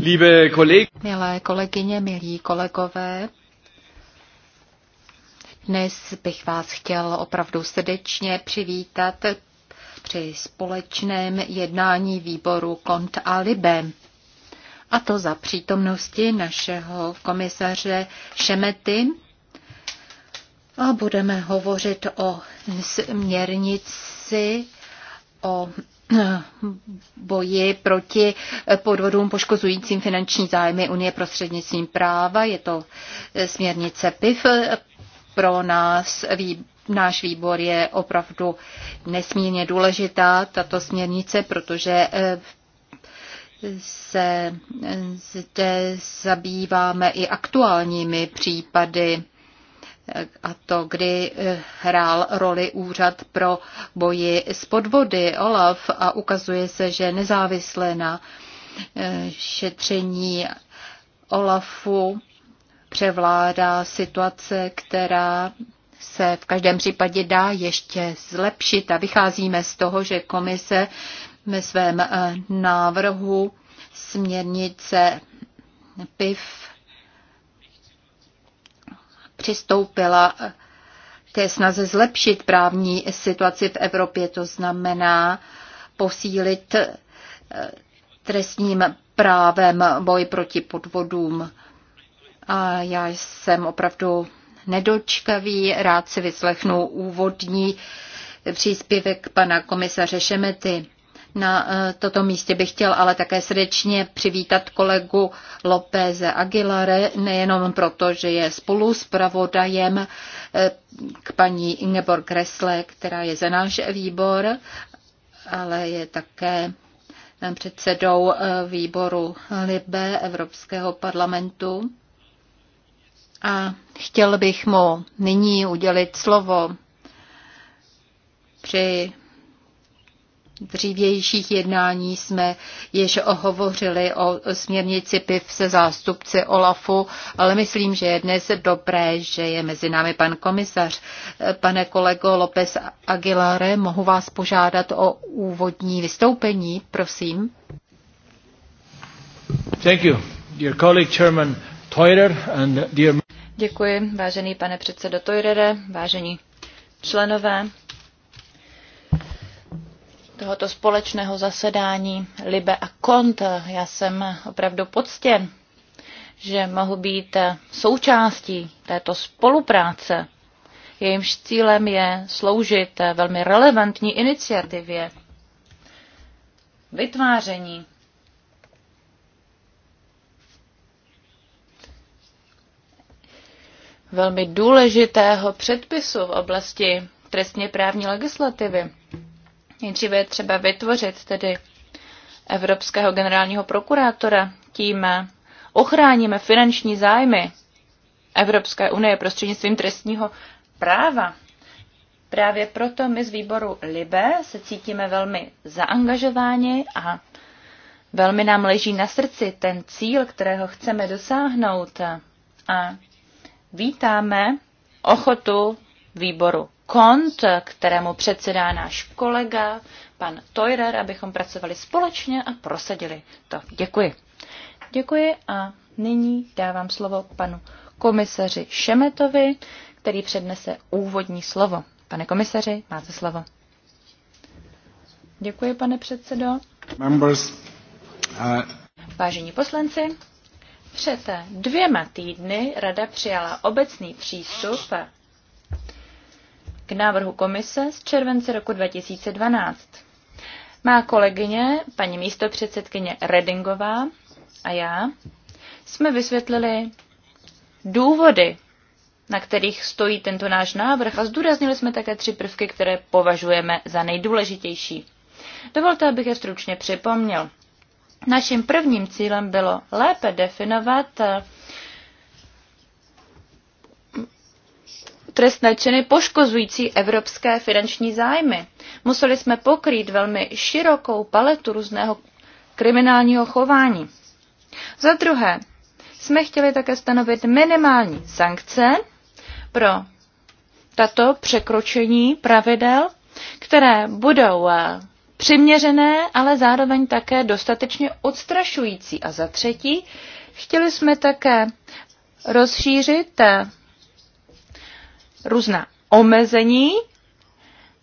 Milé kolegyně, milí kolegové, dnes bych vás chtěl opravdu srdečně přivítat při společném jednání výboru Kont a Libe. A to za přítomnosti našeho komisaře Šemety. A budeme hovořit o směrnici o boji proti podvodům poškozujícím finanční zájmy Unie prostřednictvím práva. Je to eh, směrnice PIF. Pro nás Vý, náš výbor je opravdu nesmírně důležitá, tato směrnice, protože eh, se eh, zde zabýváme i aktuálními případy a to, kdy eh, hrál roli úřad pro boji s podvody OLAF a ukazuje se, že nezávisle na eh, šetření OLAFu převládá situace, která se v každém případě dá ještě zlepšit a vycházíme z toho, že komise ve svém eh, návrhu směrnice PIF přistoupila ke snaze zlepšit právní situaci v Evropě. To znamená posílit eh, trestním právem boj proti podvodům. A já jsem opravdu nedočkavý, rád si vyslechnu úvodní příspěvek pana komisaře Šemety. Na eh, toto místě bych chtěl ale také srdečně přivítat kolegu Lópeze Aguilare, nejenom proto, že je spolu s pravodajem eh, k paní Ingeborg Kresle, která je za náš výbor, ale je také eh, předsedou výboru LIBE Evropského parlamentu. A chtěl bych mu nyní udělit slovo při dřívějších jednání jsme již hovořili o směrnici PIV se zástupci OLAFu, ale myslím, že je dnes dobré, že je mezi námi pan komisař. Pane kolego López Aguilare, mohu vás požádat o úvodní vystoupení, prosím. Thank you, dear colleague chairman Teurer and dear... Děkuji, vážený pane předsedo Teurere, vážení členové tohoto společného zasedání Libe a Kont. Já jsem opravdu poctěn, že mohu být součástí této spolupráce. Jejímž cílem je sloužit velmi relevantní iniciativě vytváření velmi důležitého předpisu v oblasti trestně právní legislativy. Nejdříve je třeba vytvořit tedy evropského generálního prokurátora, tím ochráníme finanční zájmy Evropské unie prostřednictvím trestního práva. Právě proto my z výboru Libe se cítíme velmi zaangažováni a velmi nám leží na srdci ten cíl, kterého chceme dosáhnout. A vítáme ochotu výboru kont, kterému předsedá náš kolega, pan Toirer, abychom pracovali společně a prosadili to. Děkuji. Děkuji a nyní dávám slovo panu komisaři Šemetovi, který přednese úvodní slovo. Pane komisaři, máte slovo. Děkuji, pane předsedo. Members, uh... Vážení poslanci, před dvěma týdny Rada přijala obecný přístup k návrhu komise z července roku 2012. Má kolegyně, paní místopředsedkyně Redingová a já jsme vysvětlili důvody, na kterých stojí tento náš návrh a zdůraznili jsme také tři prvky, které považujeme za nejdůležitější. Dovolte, abych je stručně připomněl. Naším prvním cílem bylo lépe definovat trestné činy poškozující evropské finanční zájmy. Museli jsme pokrýt velmi širokou paletu různého kriminálního chování. Za druhé, jsme chtěli také stanovit minimální sankce pro tato překročení pravidel, které budou eh, přiměřené, ale zároveň také dostatečně odstrašující. A za třetí, chtěli jsme také rozšířit eh, různá omezení,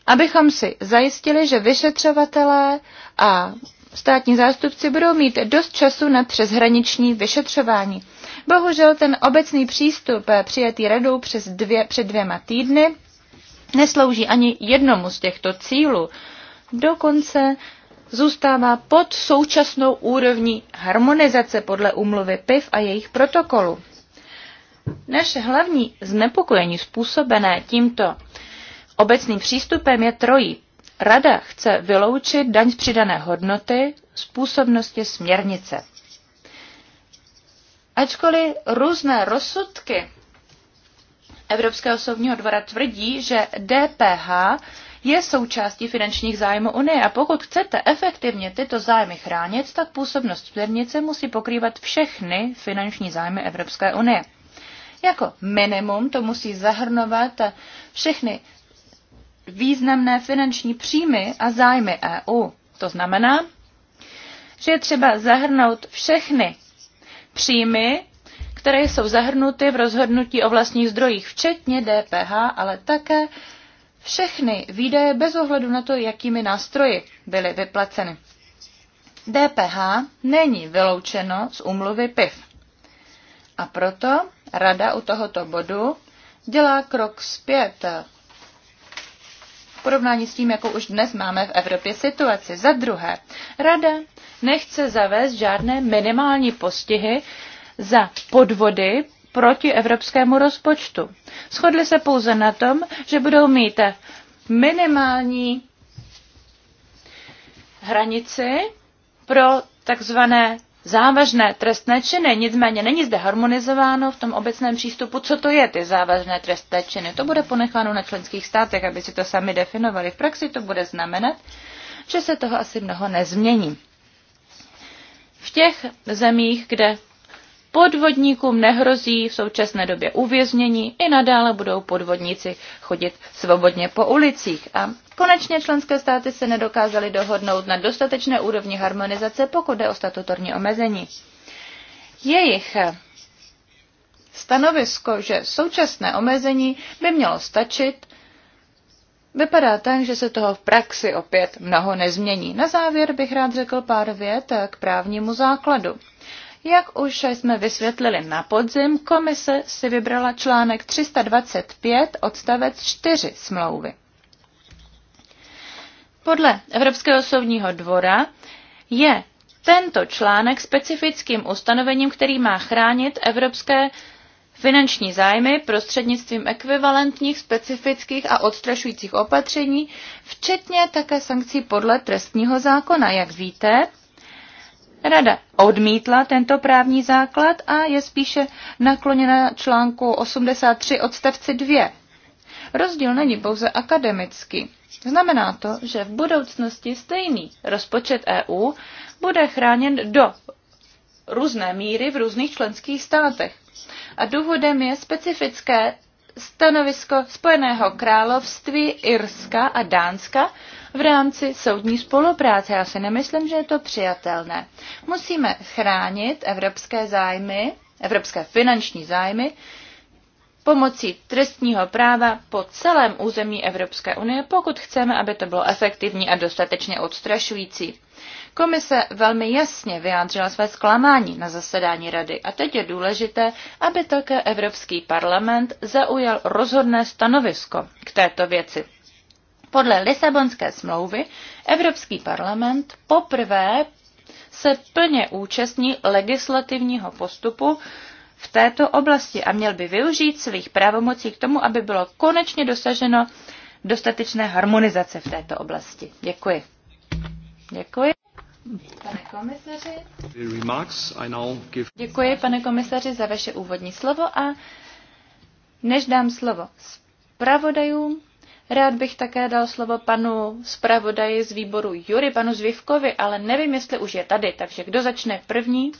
abychom si zajistili, že vyšetřovatelé a státní zástupci budou mít dost času na přeshraniční vyšetřování. Bohužel ten obecný přístup eh, přijatý radou přes dvě, před dvěma týdny neslouží ani jednomu z těchto cílů. Dokonce zůstává pod současnou úrovní harmonizace podle úmluvy PIV a jejich protokolu. Naše hlavní znepokojení způsobené tímto obecným přístupem je trojí. Rada chce vyloučit daň z přidané hodnoty z působnosti směrnice. Ačkoliv různé rozsudky Evropského soudního dvora tvrdí, že DPH je součástí finančních zájmů Unie a pokud chcete efektivně tyto zájmy chránit, tak působnost směrnice musí pokrývat všechny finanční zájmy Evropské unie. Jako minimum to musí zahrnovat všechny významné finanční příjmy a zájmy EU. To znamená, že je třeba zahrnout všechny příjmy, které jsou zahrnuty v rozhodnutí o vlastních zdrojích, včetně DPH, ale také všechny výdaje bez ohledu na to, jakými nástroji byly vyplaceny. DPH není vyloučeno z úmluvy PIF. A proto rada u tohoto bodu dělá krok zpět v porovnání s tím, jakou už dnes máme v Evropě situaci. Za druhé, rada nechce zavést žádné minimální postihy za podvody proti evropskému rozpočtu. Shodli se pouze na tom, že budou mít minimální hranici pro takzvané závažné trestné činy, nicméně není zde harmonizováno v tom obecném přístupu, co to je ty závažné trestné činy. To bude ponecháno na členských státech, aby si to sami definovali. V praxi to bude znamenat, že se toho asi mnoho nezmění. V těch zemích, kde podvodníkům nehrozí v současné době uvěznění, i nadále budou podvodníci chodit svobodně po ulicích. A Konečně členské státy se nedokázaly dohodnout na dostatečné úrovni harmonizace, pokud jde o statutorní omezení. Jejich stanovisko, že současné omezení by mělo stačit, vypadá tak, že se toho v praxi opět mnoho nezmění. Na závěr bych rád řekl pár vět k právnímu základu. Jak už jsme vysvětlili na podzim, komise si vybrala článek 325 odstavec 4 smlouvy. Podle Evropského soudního dvora je tento článek specifickým ustanovením, který má chránit evropské finanční zájmy prostřednictvím ekvivalentních, specifických a odstrašujících opatření, včetně také sankcí podle trestního zákona. Jak víte, Rada odmítla tento právní základ a je spíše nakloněna článku 83 odstavce 2. Rozdíl není pouze akademický. Znamená to, že v budoucnosti stejný rozpočet EU bude chráněn do různé míry v různých členských státech. A důvodem je specifické stanovisko Spojeného království, Irska a Dánska v rámci soudní spolupráce. Já si nemyslím, že je to přijatelné. Musíme chránit evropské zájmy, evropské finanční zájmy pomocí trestního práva po celém území Evropské unie, pokud chceme, aby to bylo efektivní a dostatečně odstrašující. Komise velmi jasně vyjádřila své zklamání na zasedání Rady a teď je důležité, aby také Evropský parlament zaujal rozhodné stanovisko k této věci. Podle Lisabonské smlouvy Evropský parlament poprvé se plně účastní legislativního postupu v této oblasti a měl by využít svých pravomocí k tomu, aby bylo konečně dosaženo dostatečné harmonizace v této oblasti. Děkuji. Děkuji. Pane komisaři. Děkuji, pane komisaři, za vaše úvodní slovo a než dám slovo zpravodajům, rád bych také dal slovo panu zpravodaji z výboru Jury, panu Zvivkovi, ale nevím, jestli už je tady, takže kdo začne první?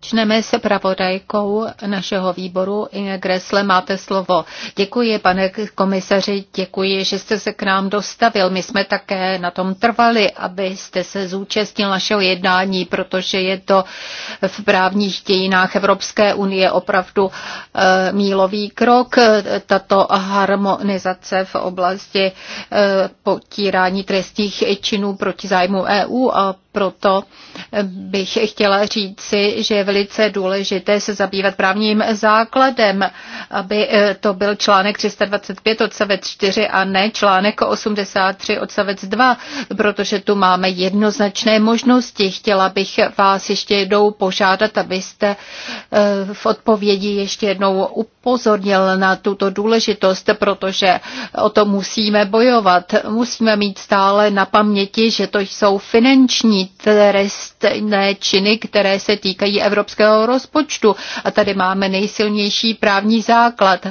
Začneme se pravodajkou našeho výboru. Inge Gressle, máte slovo. Děkuji, pane komisaři, děkuji, že jste se k nám dostavil. My jsme také na tom trvali, abyste se zúčastnil našeho jednání, protože je to v právních dějinách Evropské unie opravdu e, mílový krok. Tato harmonizace v oblasti e, potírání trestních činů proti zájmu EU a proto bych chtěla chtěla říci, že je velice důležité se zabývat právním základem, aby e, to byl článek 325 odstavec 4 a ne článek 83 odstavec 2, protože tu máme jednoznačné možnosti. Chtěla bych vás ještě jednou požádat, abyste e, v odpovědi ještě jednou upozornil na tuto důležitost, protože o to musíme bojovat. Musíme mít stále na paměti, že to jsou finanční trestné činy, které se týkají evropského rozpočtu. A tady máme nejsilnější právní základ.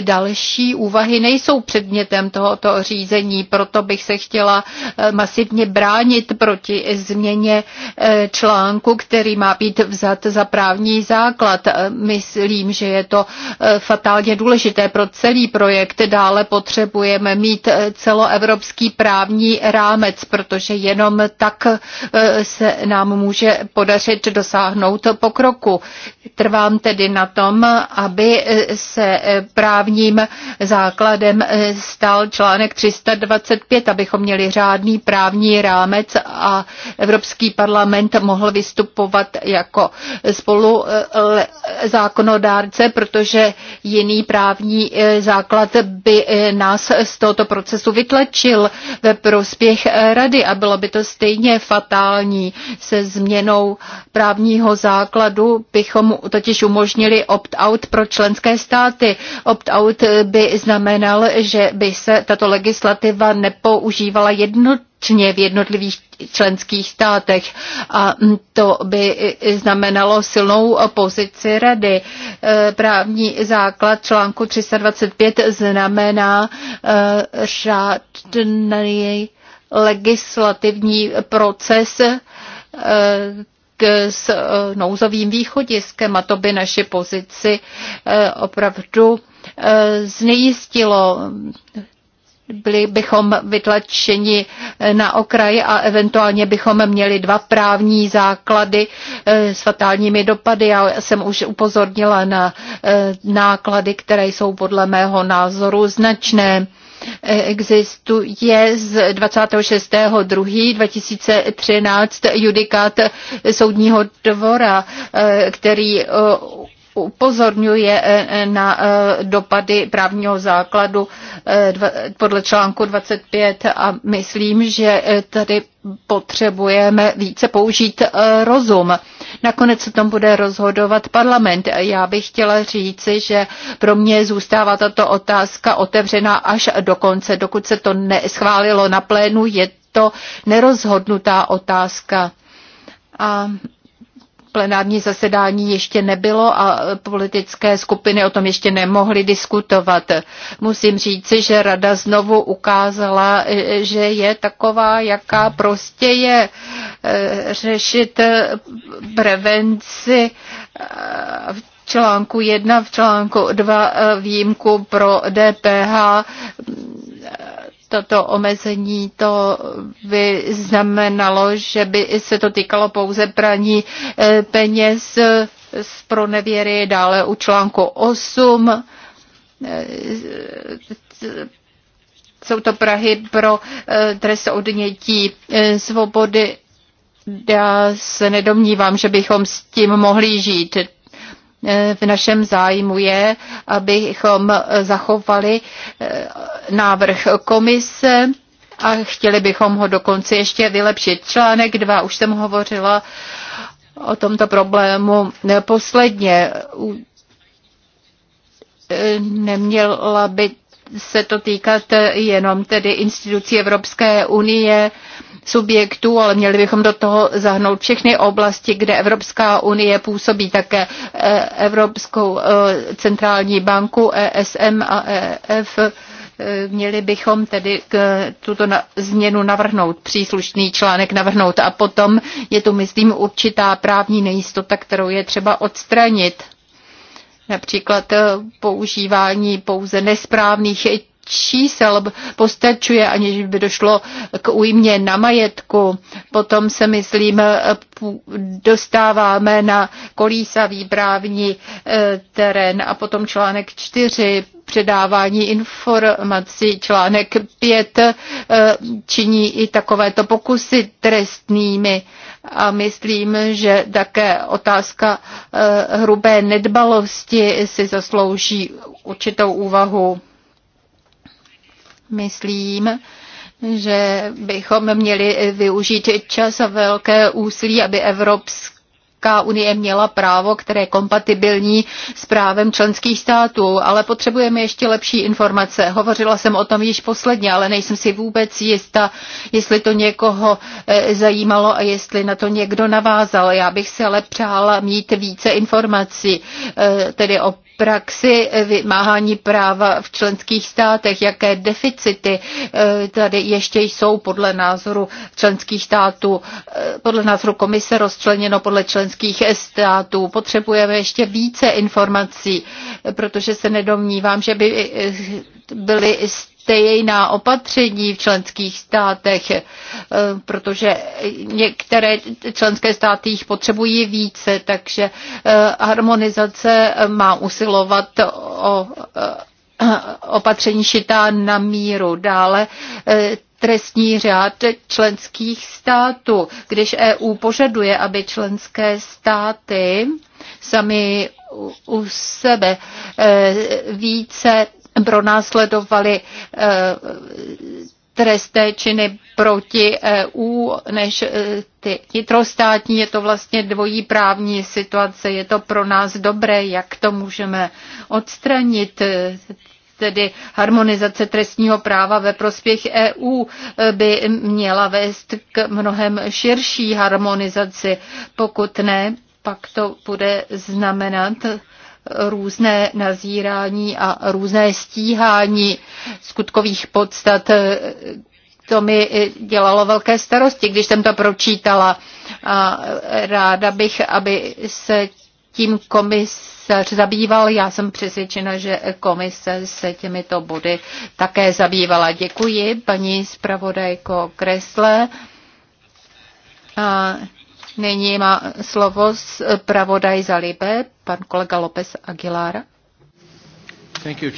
Další úvahy nejsou předmětem tohoto řízení, proto bych se chtěla eh, masivně bránit proti změně eh, článku, který má být vzat za právní základ. Eh, Myslím, že je to fatálně důležité pro celý projekt. Dále potřebujeme mít celoevropský právní rámec, protože jenom tak se nám může podařit podařit dosáhnout pokroku. Trvám tedy na tom, aby se právním základem stal článek 325, abychom měli řádný právní rámec a Evropský parlament mohl vystupovat jako spolu eh, zákonodárce, protože jiný právní eh, základ by eh, nás z tohoto procesu vytlačil ve prospěch rady a bylo by to stejně fatální se změnou právního základu bychom totiž umožnili opt-out pro členské státy. Opt-out by znamenal, že by se tato legislativa nepoužívala jednotně v jednotlivých členských státech. A to by znamenalo silnou pozici rady. E, právní základ článku 325 znamená e, řádný legislativní proces e, s eh, nouzovým východiskem a to by naši pozici eh, opravdu eh, znejistilo. Byli bychom vytlačeni na okraj a eventuálně bychom měli dva právní základy s fatálními dopady. Já jsem už upozornila na náklady, které jsou podle mého názoru značné. Existuje z 26.2.2013 judikát Soudního dvora, který eh, upozorňuje eh, na eh, dopady právního základu podle článku 25 a myslím, že tady potřebujeme více použít rozum. Nakonec se tom bude rozhodovat parlament. Já bych chtěla říci, že pro mě zůstává tato otázka otevřená až do konce. Dokud se to neschválilo na plénu, je to nerozhodnutá otázka. A plenární zasedání ještě nebylo a politické skupiny o tom ještě nemohly diskutovat. Musím říci, že rada znovu ukázala, že je taková, jaká prostě je eh, řešit prevenci eh, v článku 1, v článku 2 eh, výjimku pro DPH toto omezení, to by znamenalo, že by se to týkalo pouze praní eh, peněz eh, z pronevěry, dále u článku 8 eh, jsou to Prahy pro trest odnětí svobody. Já se nedomnívám, že bychom s tím mohli žít. Eh, v našem zájmu je, abychom eh, zachovali eh, návrh komise a chtěli bychom ho dokonce ještě vylepšit. Článek 2, už jsem hovořila o tomto problému posledně. Neměla by se to týkat jenom tedy institucí Evropské unie, subjektů, ale měli bychom do toho zahrnout všechny oblasti, kde Evropská unie působí také eh, Evropskou eh, centrální banku, ESM a EF. Eh, měli bychom tedy tuto změnu navrhnout, příslušný článek navrhnout a potom je tu, myslím, určitá právní nejistota, kterou je třeba odstranit například používání pouze nesprávných čísel postačuje, aniž by došlo k újmě na majetku. Potom se, myslím, dostáváme na kolísa výbrávní e, terén a potom článek čtyři předávání informací. Článek 5 e, činí i takovéto pokusy trestnými. A myslím, že také otázka e, hrubé nedbalosti si zaslouží určitou úvahu myslím, že bychom měli využít čas a velké úsilí, aby Evropská unie měla právo, které je kompatibilní s právem členských států, ale potřebujeme ještě lepší informace. Hovořila jsem o tom již posledně, ale nejsem si vůbec jista, jestli to někoho eh, zajímalo a jestli na to někdo navázal. Já bych se ale přála mít více informací, eh, tedy o praxi eh, vymáhání práva v členských státech, jaké deficity eh, tady ještě jsou podle názoru členských států, eh, podle názoru komise rozčleněno podle členských států. Potřebujeme ještě více informací, protože se nedomnívám, že by byly stejná opatření v členských státech, eh, protože některé členské státy jich potřebují více, takže eh, harmonizace eh, má usilovat o opatření šitá na míru. Dále trestní řád členských států. Když EU požaduje, aby členské státy sami u sebe více pronásledovali eh, trestné činy proti EU než eh, ty vnitrostátní. Je to vlastně dvojí právní situace. Je to pro nás dobré, jak to můžeme odstranit eh, tedy harmonizace trestního práva ve prospěch EU by měla vést k mnohem širší harmonizaci. Pokud ne, pak to bude znamenat, různé nazírání a různé stíhání skutkových podstat. To mi dělalo velké starosti, když jsem to pročítala. A ráda bych, aby se tím komisař zabýval. Já jsem přesvědčena, že komise se těmito body také zabývala. Děkuji, paní zpravodajko Kresle. A Nyní má slovo zpravodaj eh, za Libe, pan kolega López Aguilar. Thank you,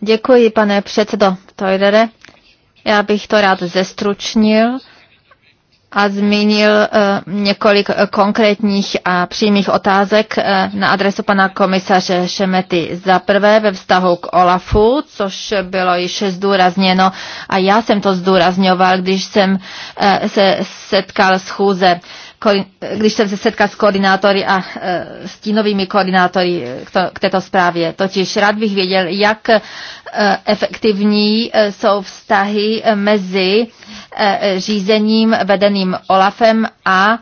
Děkuji, pane předsedo Tojdere. Já bych to rád zestručnil a zmínil eh, několik eh, konkrétních a přímých otázek eh, na adresu pana komisaře Šemety. Za prvé ve vztahu k OLAFu, což bylo již zdůrazněno a já jsem to zdůrazňoval, když jsem se setkal s chůze když jsem se setkal s koordinátory a e, stínovými koordinátory e, k této zprávě. Totiž rád bych věděl, jak e, efektivní jsou vztahy mezi řízením vedeným Olafem a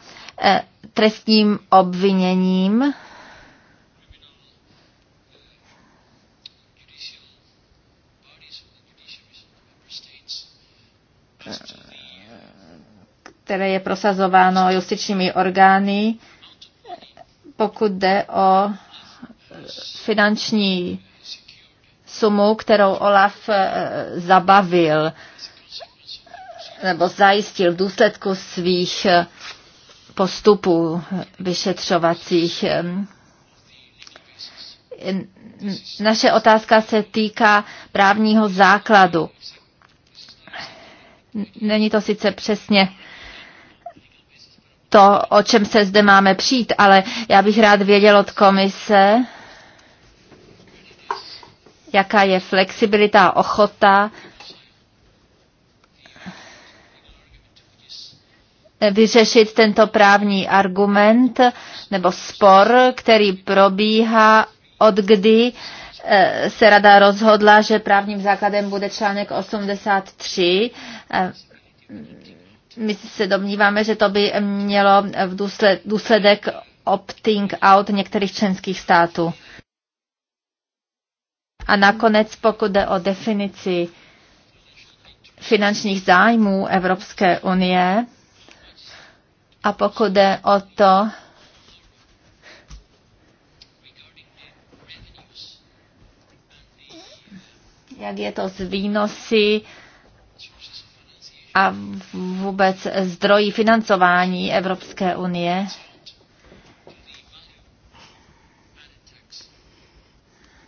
trestním obviněním které je prosazováno justičními orgány, pokud jde o finanční sumu, kterou Olaf eh, zabavil nebo zajistil v důsledku svých eh, postupů vyšetřovacích. Naše otázka se týká právního základu. Není to sice přesně to, o čem se zde máme přijít, ale já bych rád věděl od komise, jaká je flexibilita a ochota eh, vyřešit tento právní argument nebo spor, který probíhá od kdy eh, se rada rozhodla, že právním základem bude článek 83 my se domníváme, že to by mělo v důsledek opting out některých členských států. A nakonec, pokud jde o definici finančních zájmů Evropské unie a pokud jde o to, jak je to s výnosy a vůbec zdrojí financování Evropské unie.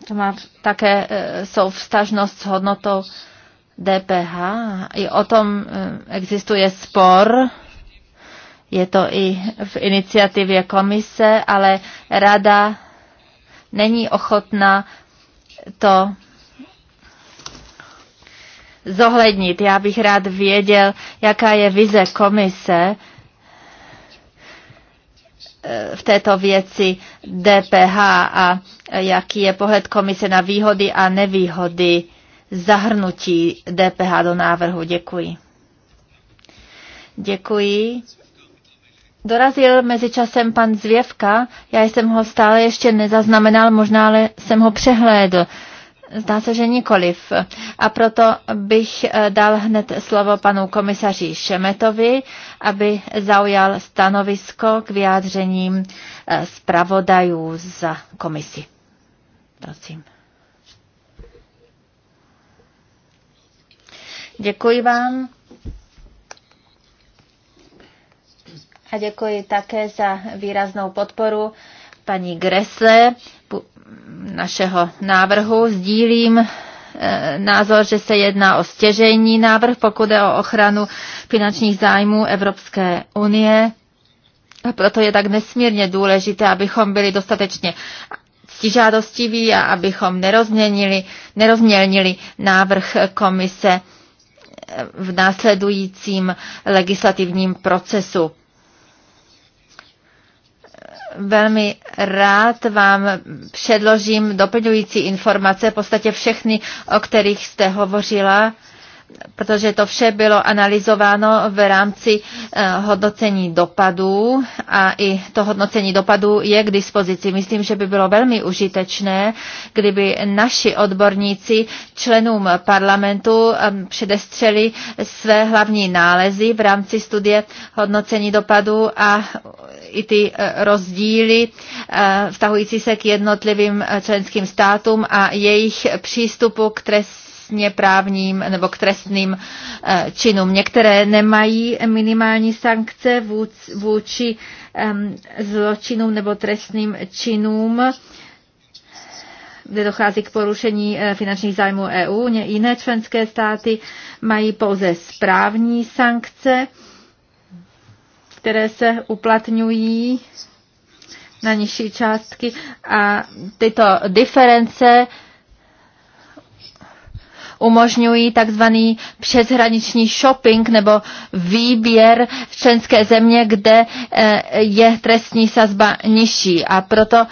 To má také e, jsou vztažnost s hodnotou DPH. I o tom e, existuje spor. Je to i v iniciativě komise, ale rada není ochotná to zohlednit. Já bych rád věděl, jaká je vize komise eh, v této věci DPH a jaký je pohled komise na výhody a nevýhody zahrnutí DPH do návrhu. Děkuji. Děkuji. Dorazil mezičasem pan Zvěvka, já jsem ho stále ještě nezaznamenal, možná ale jsem ho přehlédl. Zdá se, že nikoliv. A proto bych eh, dal hned slovo panu komisaři Šemetovi, aby zaujal stanovisko k vyjádřením eh, zpravodajů za komisi. Prosím. Děkuji vám. A děkuji také za výraznou podporu paní Gresle našeho návrhu. Sdílím eh, názor, že se jedná o stěžejní návrh, pokud je o ochranu finančních zájmů Evropské unie. A proto je tak nesmírně důležité, abychom byli dostatečně ctižádostiví a abychom nerozměnili, nerozmělnili návrh komise v následujícím legislativním procesu velmi rád vám předložím doplňující informace, v podstatě všechny, o kterých jste hovořila, protože to vše bylo analyzováno v rámci eh, hodnocení dopadů a i to hodnocení dopadů je k dispozici. Myslím, že by bylo velmi užitečné, kdyby naši odborníci členům parlamentu eh, předestřeli své hlavní nálezy v rámci studie hodnocení dopadů a i ty eh, rozdíly eh, vztahující se k jednotlivým eh, členským státům a jejich přístupu k trestně právním nebo k trestným činům. Některé nemají minimální sankce vůči zločinům nebo trestným činům kde dochází k porušení finančních zájmů EU. Jiné členské státy mají pouze správní sankce které se uplatňují na nižší částky a tyto diference umožňují takzvaný přeshraniční shopping nebo výběr v členské země, kde eh, je trestní sazba nižší a proto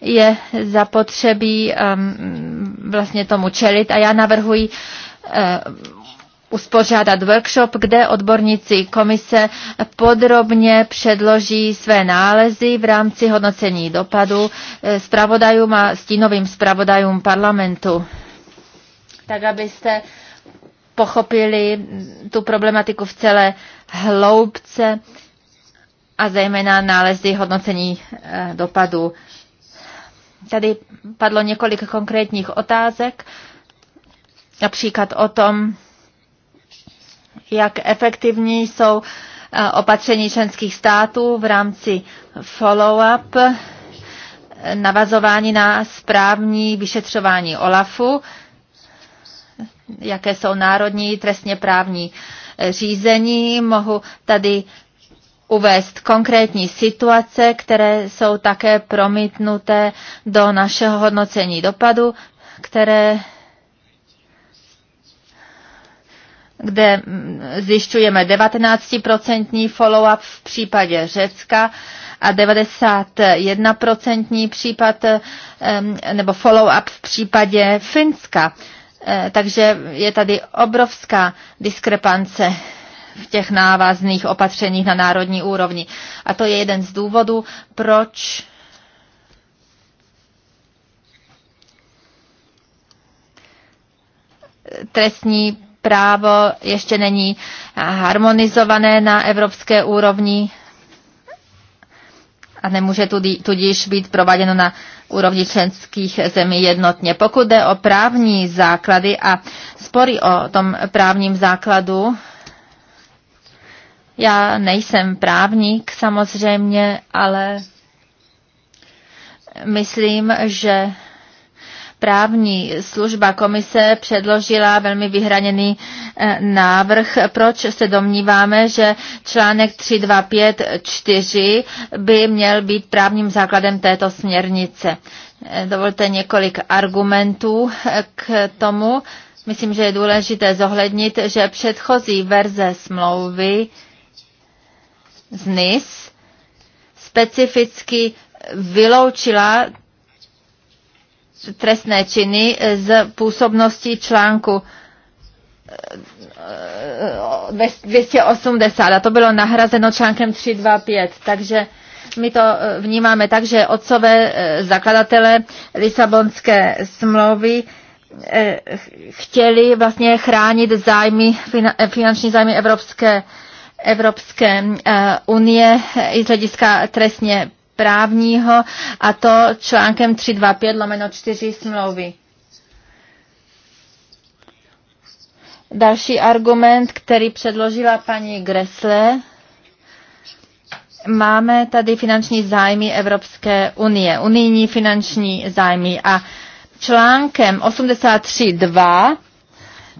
je zapotřebí ehm, vlastně tomu čelit a já navrhuji eh, uspořádat workshop, kde odborníci komise podrobně předloží své nálezy v rámci hodnocení dopadu eh, zpravodajům a stínovým zpravodajům parlamentu. Tak, abyste pochopili tu problematiku v celé hloubce a zejména nálezy hodnocení eh, dopadu. Tady padlo několik konkrétních otázek, například o tom, jak efektivní jsou eh, opatření členských států v rámci follow-up, eh, navazování na správní vyšetřování OLAFu, jaké jsou národní trestně právní eh, řízení. Mohu tady uvést konkrétní situace, které jsou také promítnuté do našeho hodnocení dopadu, které kde mm, zjišťujeme 19% follow-up v případě Řecka a 91% případ eh, mm, nebo follow-up v případě Finska. Eh, takže je tady obrovská diskrepance v těch návazných opatřeních na národní úrovni. A to je jeden z důvodů, proč trestní právo ještě není harmonizované na evropské úrovni a nemůže tudíž být prováděno na úrovni členských zemí jednotně. Pokud jde o právní základy a spory o tom právním základu, já nejsem právník samozřejmě, ale myslím, že Právní služba komise předložila velmi vyhraněný eh, návrh, proč se domníváme, že článek 3254 by měl být právním základem této směrnice. Eh, dovolte několik argumentů eh, k tomu. Myslím, že je důležité zohlednit, že předchozí verze smlouvy z NIS specificky vyloučila trestné činy eh, z působnosti článku 280 eh, eh, a to bylo nahrazeno článkem 325, takže my to vnímáme tak, že otcové zakladatele Lisabonské smlouvy chtěli vlastně chránit zájmy, finanční zájmy Evropské Evropské unie i z hlediska trestně právního a to článkem 325 lomeno 4 smlouvy. Další argument, který předložila paní Gresle, máme tady finanční zájmy Evropské unie, unijní finanční zájmy a článkem 83.2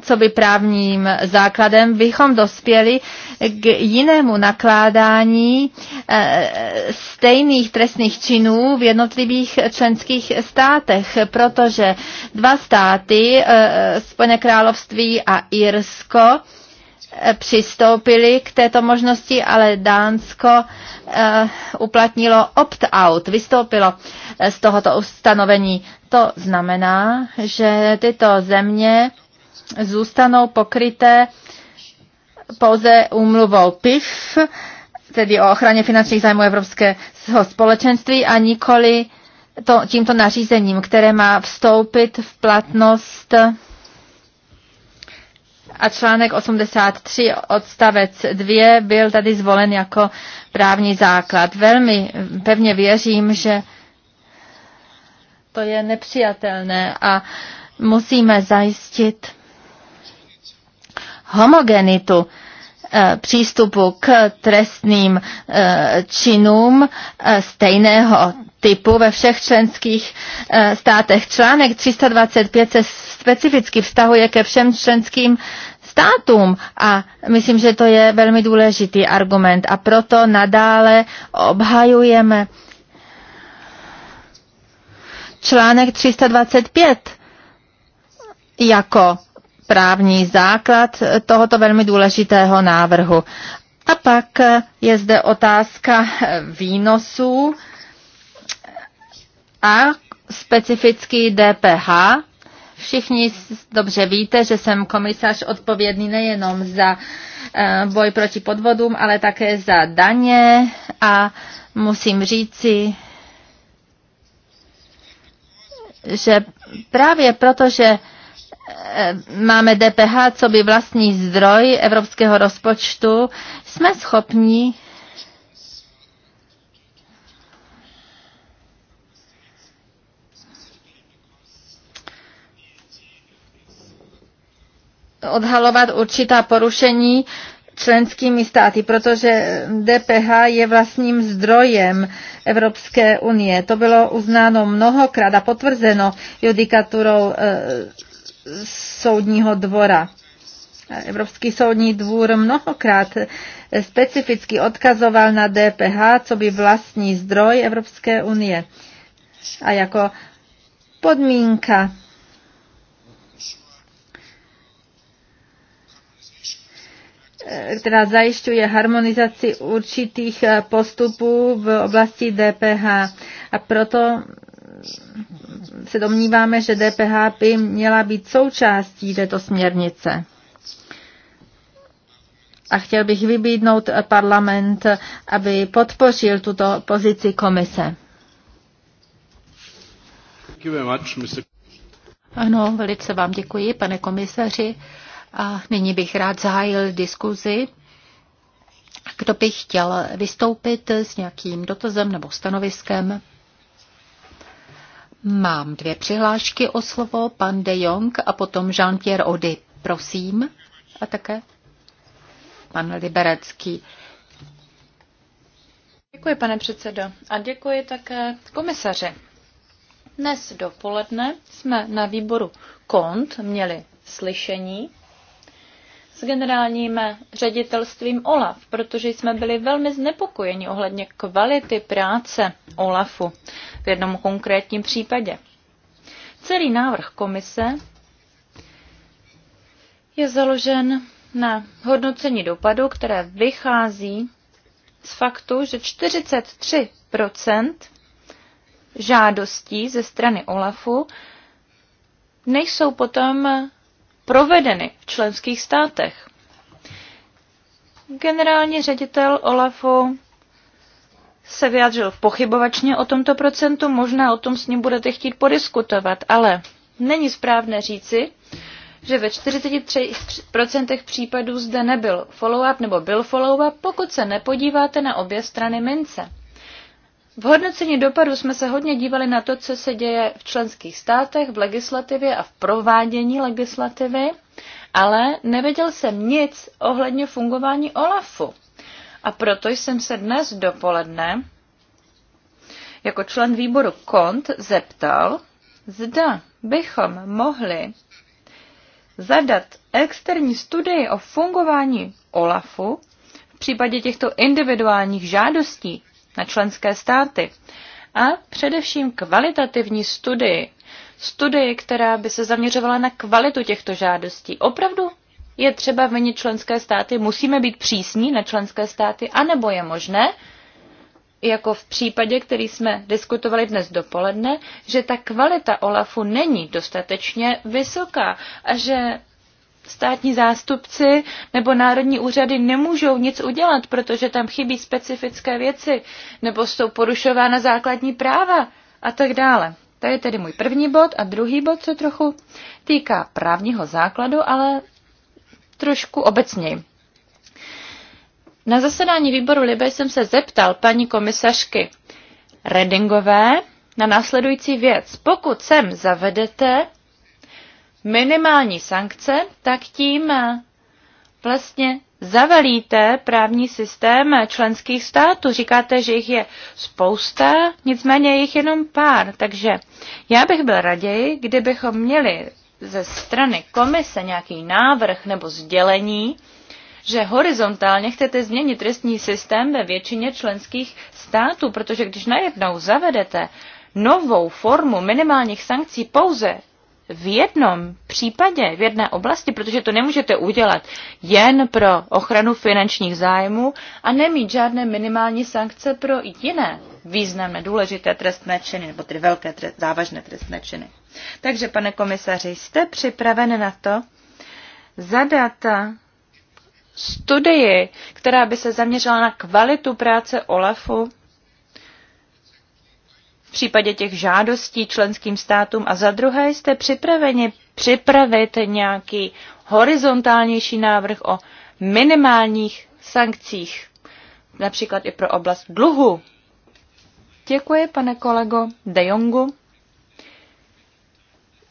co by právním základem, bychom dospěli k jinému nakládání eh, stejných trestných činů v jednotlivých členských státech, protože dva státy, eh, Spojené království a Irsko, eh, přistoupili k této možnosti, ale Dánsko uplatnilo opt-out, vystoupilo z tohoto ustanovení. To znamená, že tyto země zůstanou pokryté pouze úmluvou PIF, tedy o ochraně finančních zájmů Evropského společenství a nikoli to, tímto nařízením, které má vstoupit v platnost a článek 83 odstavec 2 byl tady zvolen jako právní základ. Velmi pevně věřím, že to je nepřijatelné a musíme zajistit homogenitu eh, přístupu k trestným eh, činům eh, stejného typu ve všech členských státech. Článek 325 se specificky vztahuje ke všem členským státům a myslím, že to je velmi důležitý argument a proto nadále obhajujeme článek 325 jako právní základ tohoto velmi důležitého návrhu. A pak je zde otázka výnosů a specifický DPH. Všichni dobře víte, že jsem komisař odpovědný nejenom za eh, boj proti podvodům, ale také za daně a musím říci, že právě proto, že Eh, máme DPH, co by vlastní zdroj evropského rozpočtu, jsme schopni odhalovat určitá porušení členskými státy, protože DPH je vlastním zdrojem Evropské unie. To bylo uznáno mnohokrát a potvrzeno judikaturou eh, soudního dvora. Evropský soudní dvůr mnohokrát specificky odkazoval na DPH, co by vlastní zdroj Evropské unie. A jako podmínka která zajišťuje harmonizaci určitých postupů v oblasti DPH. A proto se domníváme, že DPH by měla být součástí této směrnice. A chtěl bych vybídnout parlament, aby podpořil tuto pozici komise. Ano, velice vám děkuji, pane komisaři. A nyní bych rád zahájil diskuzi. Kdo by chtěl vystoupit s nějakým dotazem nebo stanoviskem? Mám dvě přihlášky o slovo, pan De Jong a potom Jean-Pierre Ody. Prosím. A také pan Liberecký. Děkuji, pane předsedo. A děkuji také komisaři. Dnes dopoledne jsme na výboru KONT měli slyšení s generálním ředitelstvím OLAF, protože jsme byli velmi znepokojeni ohledně kvality práce OLAFu v jednom konkrétním případě. Celý návrh komise je založen na hodnocení dopadu, které vychází z faktu, že 43 žádostí ze strany OLAFu nejsou potom provedeny v členských státech. Generální ředitel Olafu se vyjádřil pochybovačně o tomto procentu, možná o tom s ním budete chtít podiskutovat, ale není správné říci, že ve 43% případů zde nebyl follow-up nebo byl follow-up, pokud se nepodíváte na obě strany mince. V hodnocení dopadu jsme se hodně dívali na to, co se děje v členských státech, v legislativě a v provádění legislativy, ale nevěděl jsem nic ohledně fungování OLAFu. A proto jsem se dnes dopoledne jako člen výboru KONT zeptal, zda bychom mohli zadat externí studii o fungování OLAFu v případě těchto individuálních žádostí na členské státy. A především kvalitativní studii. Studii, která by se zaměřovala na kvalitu těchto žádostí. Opravdu je třeba vinit členské státy, musíme být přísní na členské státy, anebo je možné, jako v případě, který jsme diskutovali dnes dopoledne, že ta kvalita OLAFu není dostatečně vysoká a že státní zástupci nebo národní úřady nemůžou nic udělat, protože tam chybí specifické věci, nebo jsou porušována základní práva a tak dále. To je tedy můj první bod a druhý bod se trochu týká právního základu, ale trošku obecněji. Na zasedání výboru Libe jsem se zeptal paní komisařky Redingové na následující věc. Pokud sem zavedete minimální sankce, tak tím eh, vlastně zavalíte právní systém eh, členských států. Říkáte, že jich je spousta, nicméně jich jenom pár. Takže já bych byl raději, kdybychom měli ze strany komise nějaký návrh nebo sdělení, že horizontálně chcete změnit trestní systém ve většině členských států, protože když najednou zavedete novou formu minimálních sankcí pouze v jednom případě, v jedné oblasti, protože to nemůžete udělat jen pro ochranu finančních zájmů a nemít žádné minimální sankce pro jiné významné, důležité trestné činy, nebo tedy velké trest, závažné trestné činy. Takže, pane komisaři, jste připraven na to zadat studii, která by se zaměřila na kvalitu práce OLAFu v případě těch žádostí členským státům a za druhé jste připraveni připravit nějaký horizontálnější návrh o minimálních sankcích, například i pro oblast dluhu. Děkuji, pane kolego De Jongu.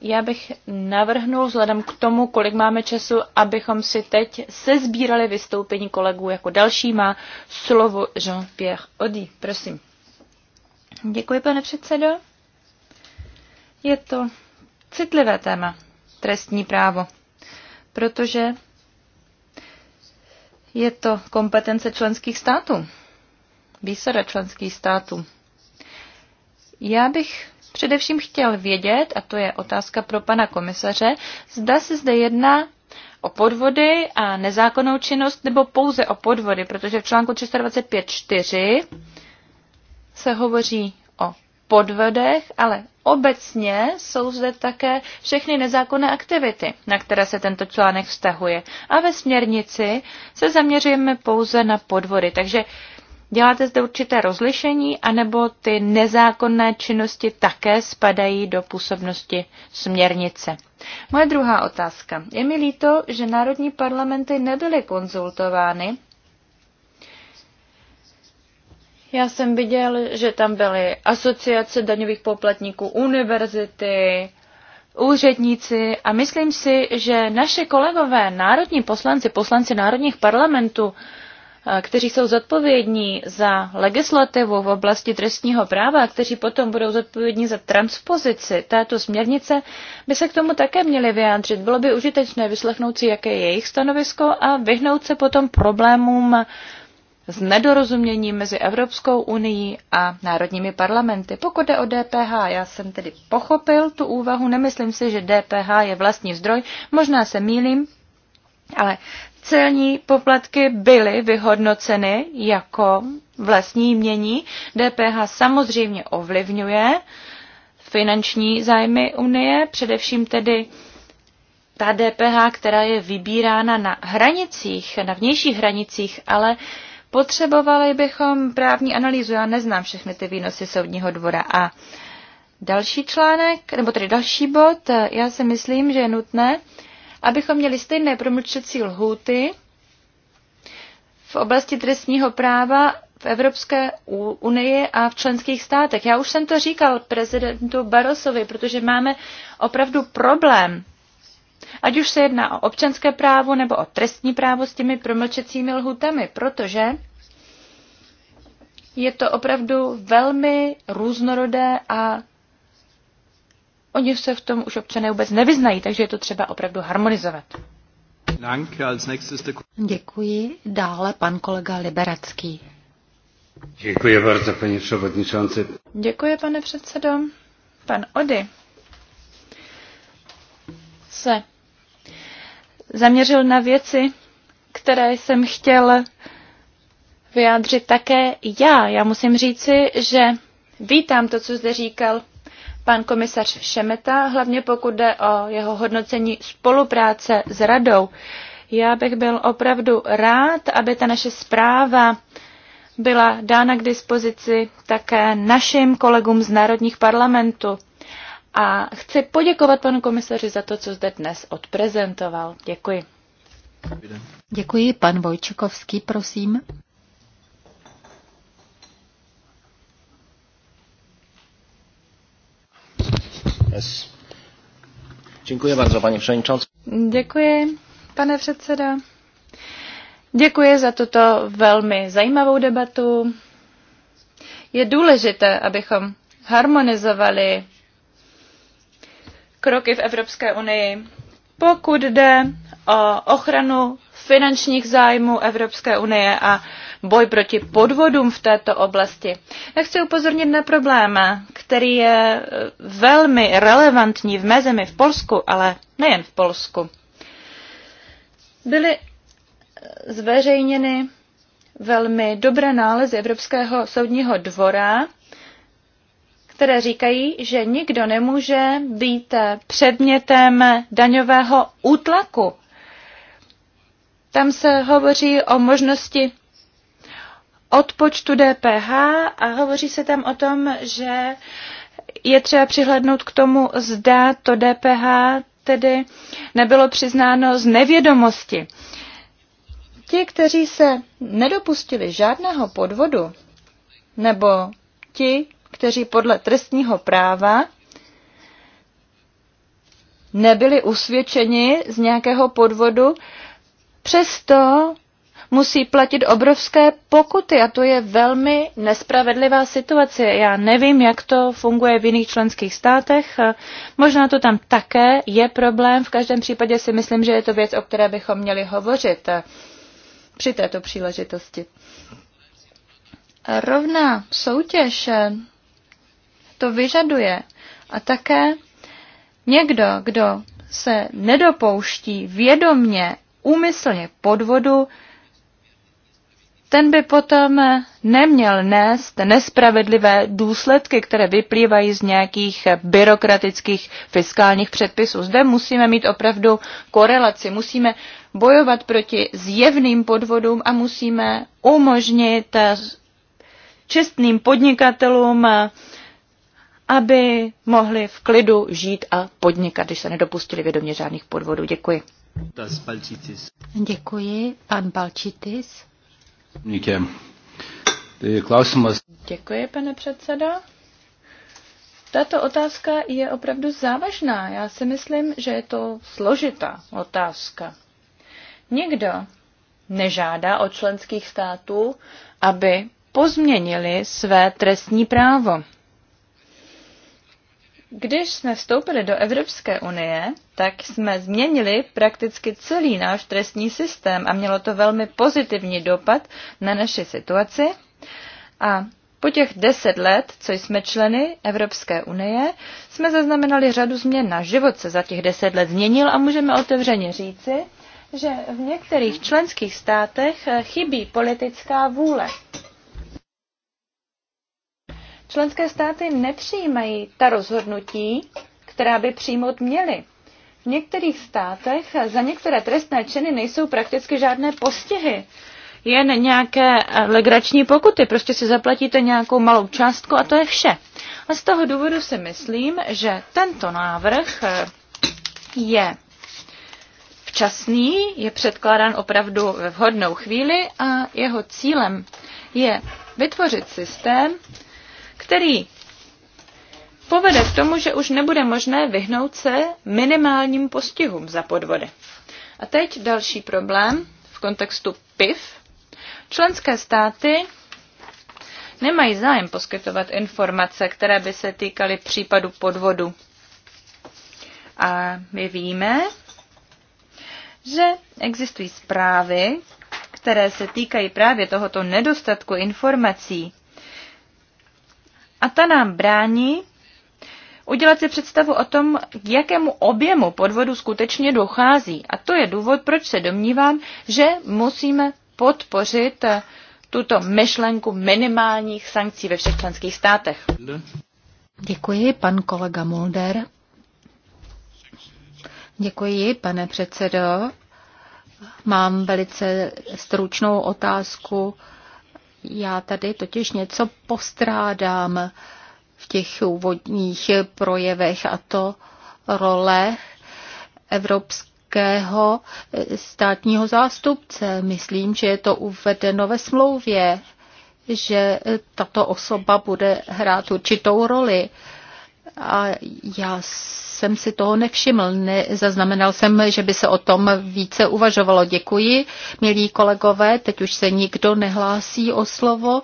Já bych navrhnul, vzhledem k tomu, kolik máme času, abychom si teď sezbírali vystoupení kolegů. Jako další má slovo Jean-Pierre Odi. Prosím. Děkuji, pane předsedo. Je to citlivé téma, trestní právo, protože je to kompetence členských států, výsada členských států. Já bych především chtěl vědět, a to je otázka pro pana komisaře, zda se zde jedná o podvody a nezákonnou činnost, nebo pouze o podvody, protože v článku 325.4 se hovoří o podvodech, ale obecně jsou zde také všechny nezákonné aktivity, na které se tento článek vztahuje. A ve směrnici se zaměřujeme pouze na podvody. Takže děláte zde určité rozlišení, anebo ty nezákonné činnosti také spadají do působnosti směrnice. Moje druhá otázka. Je mi líto, že národní parlamenty nebyly konzultovány já jsem viděl, že tam byly asociace daňových poplatníků, univerzity, úředníci a myslím si, že naše kolegové, národní poslanci, poslanci národních parlamentů, eh, kteří jsou zodpovědní za legislativu v oblasti trestního práva, a kteří potom budou zodpovědní za transpozici této směrnice, by se k tomu také měli vyjádřit. Bylo by užitečné vyslechnout si, jaké je jejich stanovisko a vyhnout se potom problémům z nedorozumění mezi Evropskou unii a národními parlamenty. Pokud jde o DPH, já jsem tedy pochopil tu úvahu, nemyslím si, že DPH je vlastní zdroj, možná se mýlím, ale celní poplatky byly vyhodnoceny jako vlastní mění. DPH samozřejmě ovlivňuje finanční zájmy Unie, především tedy ta DPH, která je vybírána na hranicích, na vnějších hranicích, ale Potřebovali bychom právní analýzu, já neznám všechny ty výnosy soudního dvora a další článek, nebo tedy další bod, já si myslím, že je nutné, abychom měli stejné promlčecí lhůty v oblasti trestního práva v Evropské unii a v členských státech. Já už jsem to říkal prezidentu Barosovi, protože máme opravdu problém, ať už se jedná o občanské právo nebo o trestní právo s těmi promlčecími lhutami, protože je to opravdu velmi různorodé a oni se v tom už občané vůbec nevyznají, takže je to třeba opravdu harmonizovat. Děkuji. Dále pan kolega Liberacký. Děkuji bardzo, paní předsedající. Děkuji, pane předsedo. Pan Ody se zaměřil na věci, které jsem chtěl vyjádřit také já. Já musím říci, že vítám to, co zde říkal pan komisař Šemeta, hlavně pokud jde o jeho hodnocení spolupráce s radou. Já bych byl opravdu rád, aby ta naše zpráva byla dána k dispozici také našim kolegům z národních parlamentů. A chci poděkovat panu komisaři za to, co zde dnes odprezentoval. Děkuji. Děkuji. Pan Vojčekovský, prosím. Děkuji bardzo, paní předsedající. Děkuji, pane předseda. Děkuji za tuto velmi zajímavou debatu. Je důležité, abychom harmonizovali kroky v Evropské unii pokud jde o ochranu finančních zájmů Evropské unie a boj proti podvodům v této oblasti. Já chci upozornit na problém, který je eh, velmi relevantní v mezemi v Polsku, ale nejen v Polsku. Byly eh, zveřejněny velmi dobré nálezy Evropského soudního dvora, které říkají, že nikdo nemůže být předmětem daňového útlaku. Tam se hovoří o možnosti odpočtu DPH a hovoří se tam o tom, že je třeba přihlednout k tomu, zda to DPH tedy nebylo přiznáno z nevědomosti. Ti, kteří se nedopustili žádného podvodu, nebo ti, kteří podle trestního práva nebyli usvědčeni z nějakého podvodu, přesto musí platit obrovské pokuty a to je velmi nespravedlivá situace. Já nevím, jak to funguje v jiných členských státech. Možná to tam také je problém. V každém případě si myslím, že je to věc, o které bychom měli hovořit při této příležitosti. Rovná soutěž to vyžaduje. A také někdo, kdo se nedopouští vědomně, úmyslně podvodu, ten by potom neměl nést nespravedlivé důsledky, které vyplývají z nějakých byrokratických fiskálních předpisů. Zde musíme mít opravdu korelaci, musíme bojovat proti zjevným podvodům a musíme umožnit čestným podnikatelům aby mohli v klidu žít a podnikat, když se nedopustili vědomě žádných podvodů. Děkuji. Děkuji. Pan Balčitis. Děkuji, pane předseda. Tato otázka je opravdu závažná. Já si myslím, že je to složitá otázka. Nikdo nežádá od členských států, aby pozměnili své trestní právo. Když jsme vstoupili do Evropské unie, tak jsme změnili prakticky celý náš trestní systém a mělo to velmi pozitivní dopad na naši situaci. A po těch deset let, co jsme členy Evropské unie, jsme zaznamenali řadu změn. na život se za těch deset let změnil a můžeme otevřeně říci, že v některých členských státech chybí politická vůle Členské státy nepřijímají ta rozhodnutí, která by přijmout měly. V některých státech za některé trestné činy nejsou prakticky žádné postihy jen nějaké eh, legrační pokuty. Prostě si zaplatíte nějakou malou částku a to je vše. A z toho důvodu si myslím, že tento návrh eh, je včasný, je předkládán opravdu ve vhodnou chvíli a jeho cílem je vytvořit systém, který povede k tomu, že už nebude možné vyhnout se minimálním postihům za podvody. A teď další problém v kontextu PIV. Členské státy nemají zájem poskytovat informace, které by se týkaly případu podvodu. A my víme, že existují zprávy, které se týkají právě tohoto nedostatku informací a ta nám brání udělat si představu o tom, k jakému objemu podvodu skutečně dochází. A to je důvod, proč se domnívám, že musíme podpořit eh, tuto myšlenku minimálních sankcí ve všech členských státech. Děkuji, pan kolega Mulder. Děkuji, pane předsedo. Mám velice stručnou otázku já tady totiž něco postrádám v těch úvodních projevech a to role evropského státního zástupce. Myslím, že je to uvedeno ve smlouvě, že tato osoba bude hrát určitou roli. A já jsem si toho nevšiml, nezaznamenal jsem, že by se o tom více uvažovalo. Děkuji, milí kolegové, teď už se nikdo nehlásí o slovo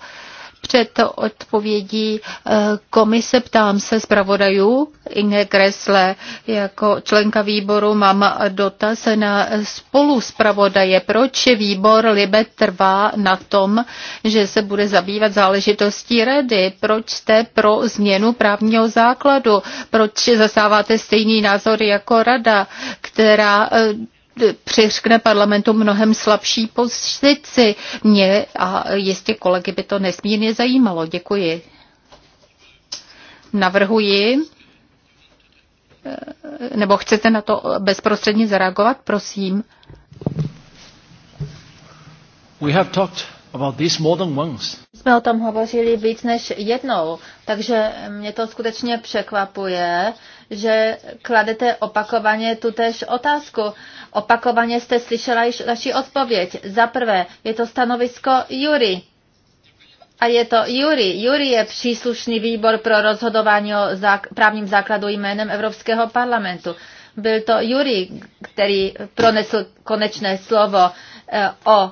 před odpovědí eh, komise ptám se zpravodajů Inge Kresle. Jako členka výboru mám dotaz na spolu zpravodaje. Proč výbor Libe trvá na tom, že se bude zabývat záležitostí rady? Proč jste pro změnu právního základu? Proč zasáváte stejný názor jako rada, která eh, přiřkne parlamentu mnohem slabší pozici. Mě a jistě kolegy by to nesmírně zajímalo. Děkuji. Navrhuji, eh, nebo chcete na to bezprostředně zareagovat, prosím. We have talked about this more than once. Jsme o tom hovořili víc než jednou, takže mě to skutečně překvapuje, že kladete opakovaně tutéž otázku. Opakovaně jste slyšela již naši odpověď. Za prvé, je to stanovisko Jury. A je to Jury. Jury je příslušný výbor pro rozhodování o zák- právním základu jménem Evropského parlamentu. Byl to Jury, který pronesl konečné slovo eh, o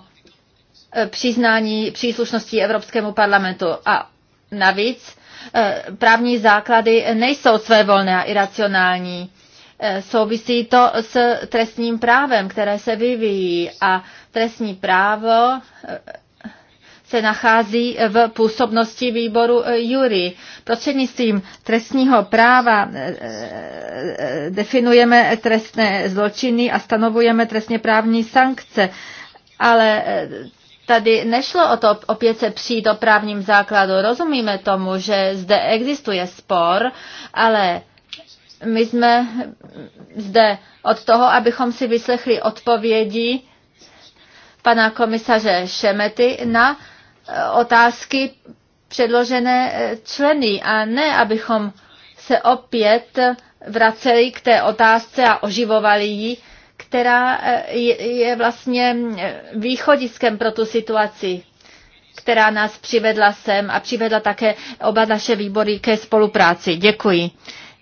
eh, přiznání příslušnosti Evropskému parlamentu. A navíc Eh, právní základy nejsou svévolné a iracionální. Eh, souvisí to s trestním právem, které se vyvíjí a trestní právo eh, se nachází v působnosti výboru jury. Prostřednictvím trestního práva definujeme trestné zločiny a stanovujeme trestně právní sankce, ale Tady nešlo o to opět se přijít o právním základu. Rozumíme tomu, že zde existuje spor, ale my jsme zde od toho, abychom si vyslechli odpovědi pana komisaře Šemety na eh, otázky předložené eh, členy a ne, abychom se opět vraceli k té otázce a oživovali ji která eh, je vlastně eh, východiskem pro tu situaci která nás přivedla sem a přivedla také oba naše výbory ke spolupráci. Děkuji.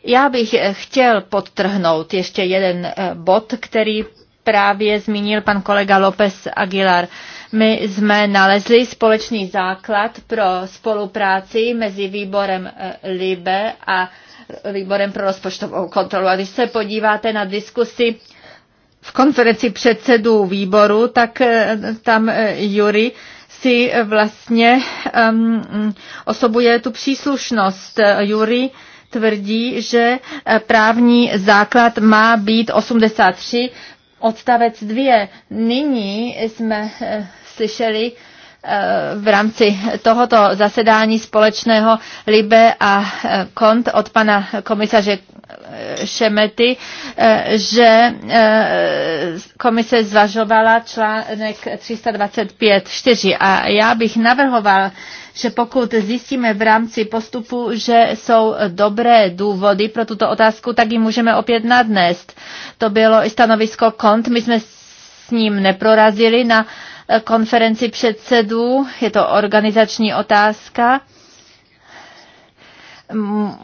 Já bych eh, chtěl podtrhnout ještě jeden bod, který právě zmínil pan kolega López Aguilar. My jsme nalezli společný základ pro spolupráci mezi výborem LIBE a výborem pro rozpočtovou kontrolu. A když se podíváte na diskusi v konferenci předsedů výboru, tak eh, tam eh, Jury si vlastně um, osobuje tu příslušnost. Jury tvrdí, že eh, právní základ má být 83 odstavec 2. Nyní jsme slyšeli v rámci tohoto zasedání společného Libe a eh, Kont od pana komisaře eh, Šemety, eh, že komise zvažovala článek 325.4 a já bych navrhoval, že pokud zjistíme v rámci postupu, že jsou dobré důvody pro tuto otázku, tak ji můžeme opět nadnést. To bylo i stanovisko kont, my jsme s ním neprorazili na uh, konferenci předsedů. Je to organizační otázka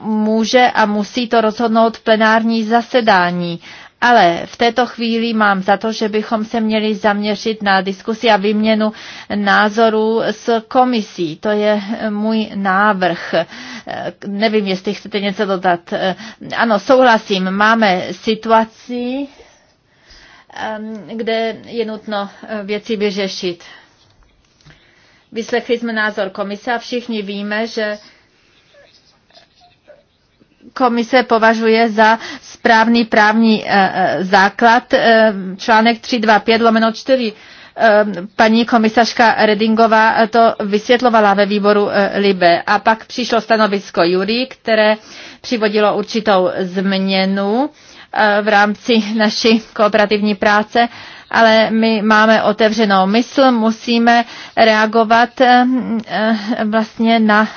může a musí to rozhodnout plenární zasedání. Ale v této chvíli mám za to, že bychom se měli zaměřit na diskusi a výměnu názorů s komisí. To je můj návrh. Nevím, jestli chcete něco dodat. Ano, souhlasím. Máme situaci, kde je nutno eh, věci vyřešit. Vyslechli jsme názor komise a všichni víme, že komise považuje za správný právní eh, eh, základ článek 325 lomeno 4 paní komisařka Redingová to vysvětlovala ve výboru Libe. A pak přišlo stanovisko Jury, které přivodilo určitou změnu Eh, v rámci naší kooperativní práce, ale my máme otevřenou mysl, musíme reagovat eh, eh, vlastně na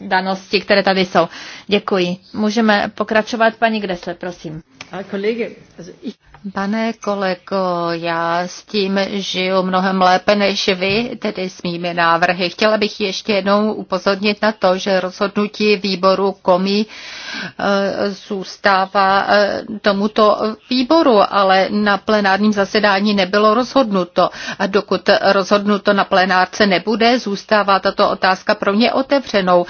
danosti, které tady jsou. Děkuji. Můžeme pokračovat, paní Gresle, prosím. Pane kolego, já s tím žiju mnohem lépe než vy, tedy s mými návrhy. Chtěla bych ještě jednou upozornit na to, že rozhodnutí výboru komí eh, zůstává eh, tomuto výboru, ale na plenárním zasedání nebylo rozhodnuto. A dokud rozhodnuto na plenárce nebude, zůstává tato otázka pro mě otevřenou.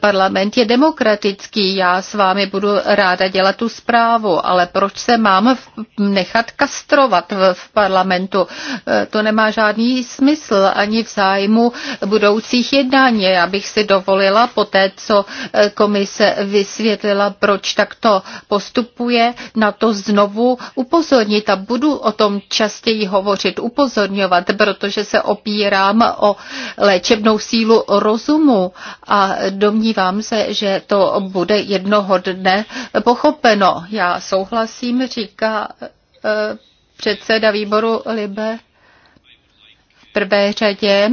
Parlament je demokratický politický. Já s vámi budu ráda dělat tu zprávu, ale proč se mám nechat kastrovat v parlamentu? E, to nemá žádný smysl ani v zájmu budoucích jednání. Já bych si dovolila po té, co e, komise vysvětlila, proč takto postupuje, na to znovu upozornit a budu o tom častěji hovořit, upozorňovat, protože se opírám o léčebnou sílu rozumu a domnívám se, že to bude jednoho dne pochopeno. Já souhlasím, říká eh, předseda výboru Libe. V prvé řadě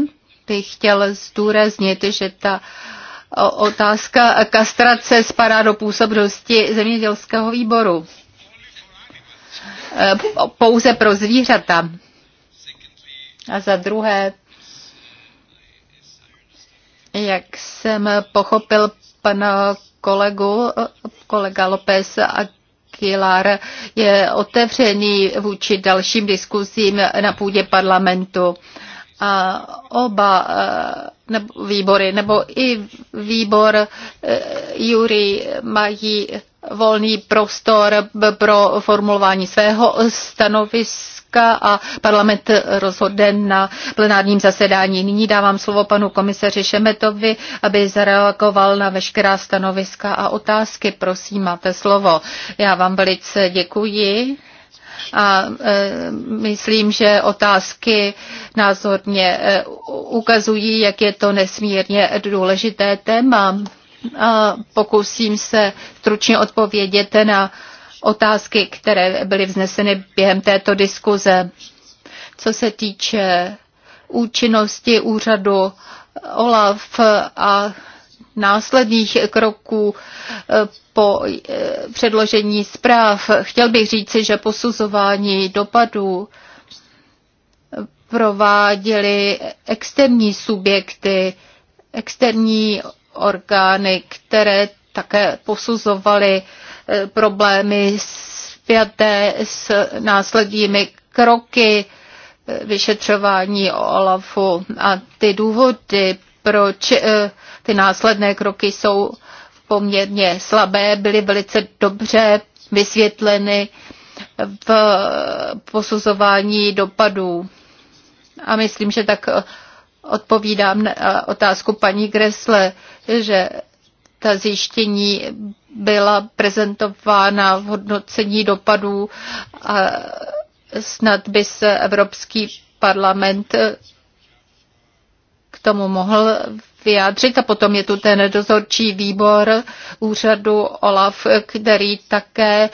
bych chtěl zdůraznit, že ta otázka kastrace spadá do působnosti zemědělského výboru. Eh, pouze pro zvířata. A za druhé, jak jsem pochopil, pana kolegu, kolega López a Kilar je otevřený vůči dalším diskuzím na půdě parlamentu uh, oba eh, nebo výbory, nebo i výbor eh, Jury mají volný prostor pro formulování svého stanoviska a parlament rozhodne na plenárním zasedání. Nyní dávám slovo panu komisaři Šemetovi, aby zareagoval na veškerá stanoviska a otázky. Prosím, máte slovo. Já vám velice děkuji a e, myslím, že otázky názorně e, ukazují, jak je to nesmírně důležité téma. A pokusím se stručně odpovědět na otázky, které byly vzneseny během této diskuze. Co se týče účinnosti úřadu OLAF a následných kroků eh, po eh, předložení zpráv. Chtěl bych říci, že posuzování dopadů prováděly externí subjekty, externí orgány, které také posuzovaly eh, problémy zpěté s následními kroky vyšetřování OLAFu a ty důvody, proč ty následné kroky jsou poměrně slabé, byly velice dobře vysvětleny v posuzování dopadů. A myslím, že tak odpovídám na otázku paní Gresle, že ta zjištění byla prezentována v hodnocení dopadů a snad by se Evropský parlament k tomu mohl vyjádřit. A potom je tu ten dozorčí výbor úřadu OLAF, který také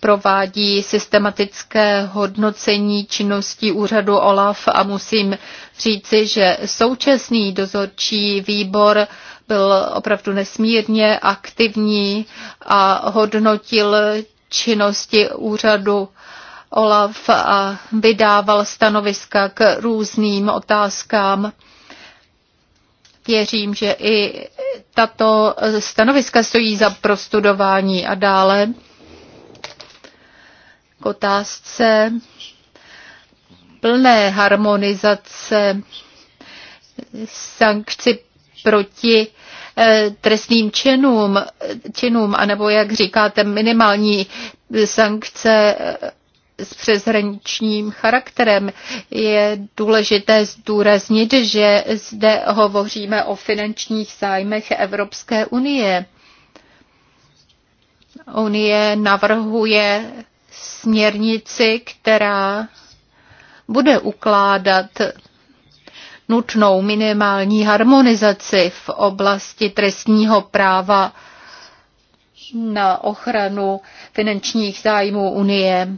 provádí systematické hodnocení činností úřadu OLAF a musím říci, že současný dozorčí výbor byl opravdu nesmírně aktivní a hodnotil činnosti úřadu OLAF a vydával stanoviska k různým otázkám Věřím, že i tato stanoviska stojí za prostudování a dále k otázce plné harmonizace sankci proti eh, trestným činům, činům, anebo jak říkáte, minimální sankce eh, s přeshraničním charakterem. Je důležité zdůraznit, že zde hovoříme o finančních zájmech Evropské unie. Unie navrhuje směrnici, která bude ukládat nutnou minimální harmonizaci v oblasti trestního práva na ochranu finančních zájmů Unie.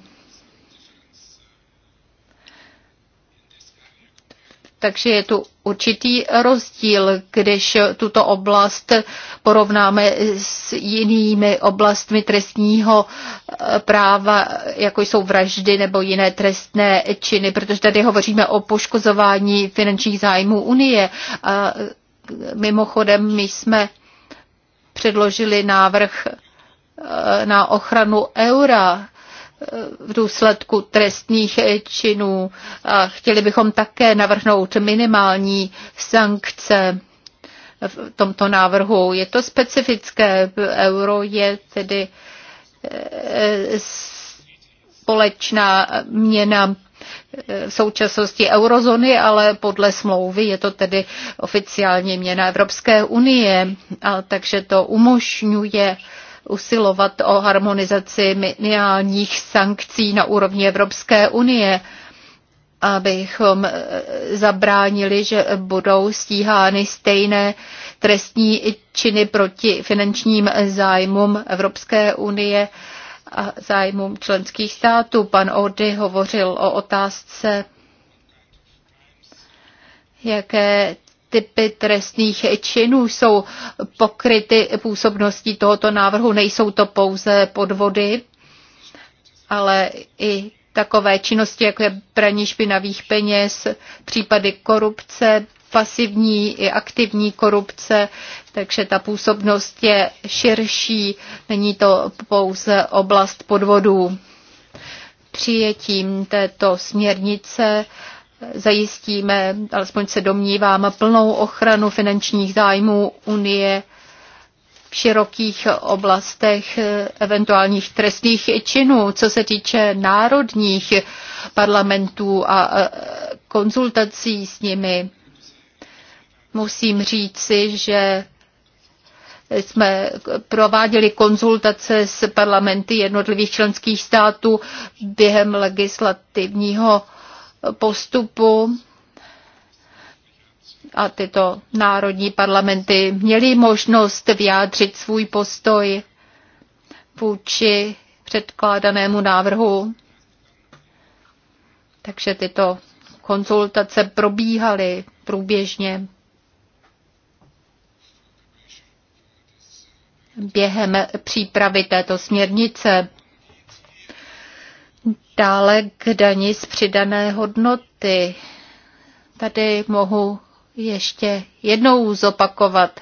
Takže je tu určitý rozdíl, když tuto oblast porovnáme s jinými oblastmi trestního eh, práva, jako jsou vraždy nebo jiné trestné činy, protože tady hovoříme o poškozování finančních zájmů Unie. A eh, mimochodem, my jsme předložili návrh eh, na ochranu eura v důsledku trestních činů. A chtěli bychom také navrhnout minimální sankce v tomto návrhu. Je to specifické. Euro je tedy eh, společná měna eh, v současnosti eurozóny, ale podle smlouvy je to tedy oficiálně měna Evropské unie, a takže to umožňuje usilovat o harmonizaci miniálních sankcí na úrovni Evropské unie, abychom e, zabránili, že budou stíhány stejné trestní činy proti finančním zájmům Evropské unie a zájmům členských států. Pan Ody hovořil o otázce, jaké typy trestných činů jsou pokryty působností tohoto návrhu. Nejsou to pouze podvody, ale i takové činnosti, jako je praní špinavých peněz, případy korupce, pasivní i aktivní korupce, takže ta působnost je širší, není to pouze oblast podvodů. Přijetím této směrnice zajistíme, alespoň se domnívám, plnou ochranu finančních zájmů Unie v širokých oblastech eventuálních trestných činů, co se týče národních parlamentů a konzultací s nimi. Musím říci, že jsme prováděli konzultace s parlamenty jednotlivých členských států během legislativního postupu a tyto národní parlamenty měly možnost vyjádřit svůj postoj vůči předkládanému návrhu. Takže tyto konzultace probíhaly průběžně během přípravy této směrnice. Dále k dani z přidané hodnoty. Tady mohu ještě jednou zopakovat.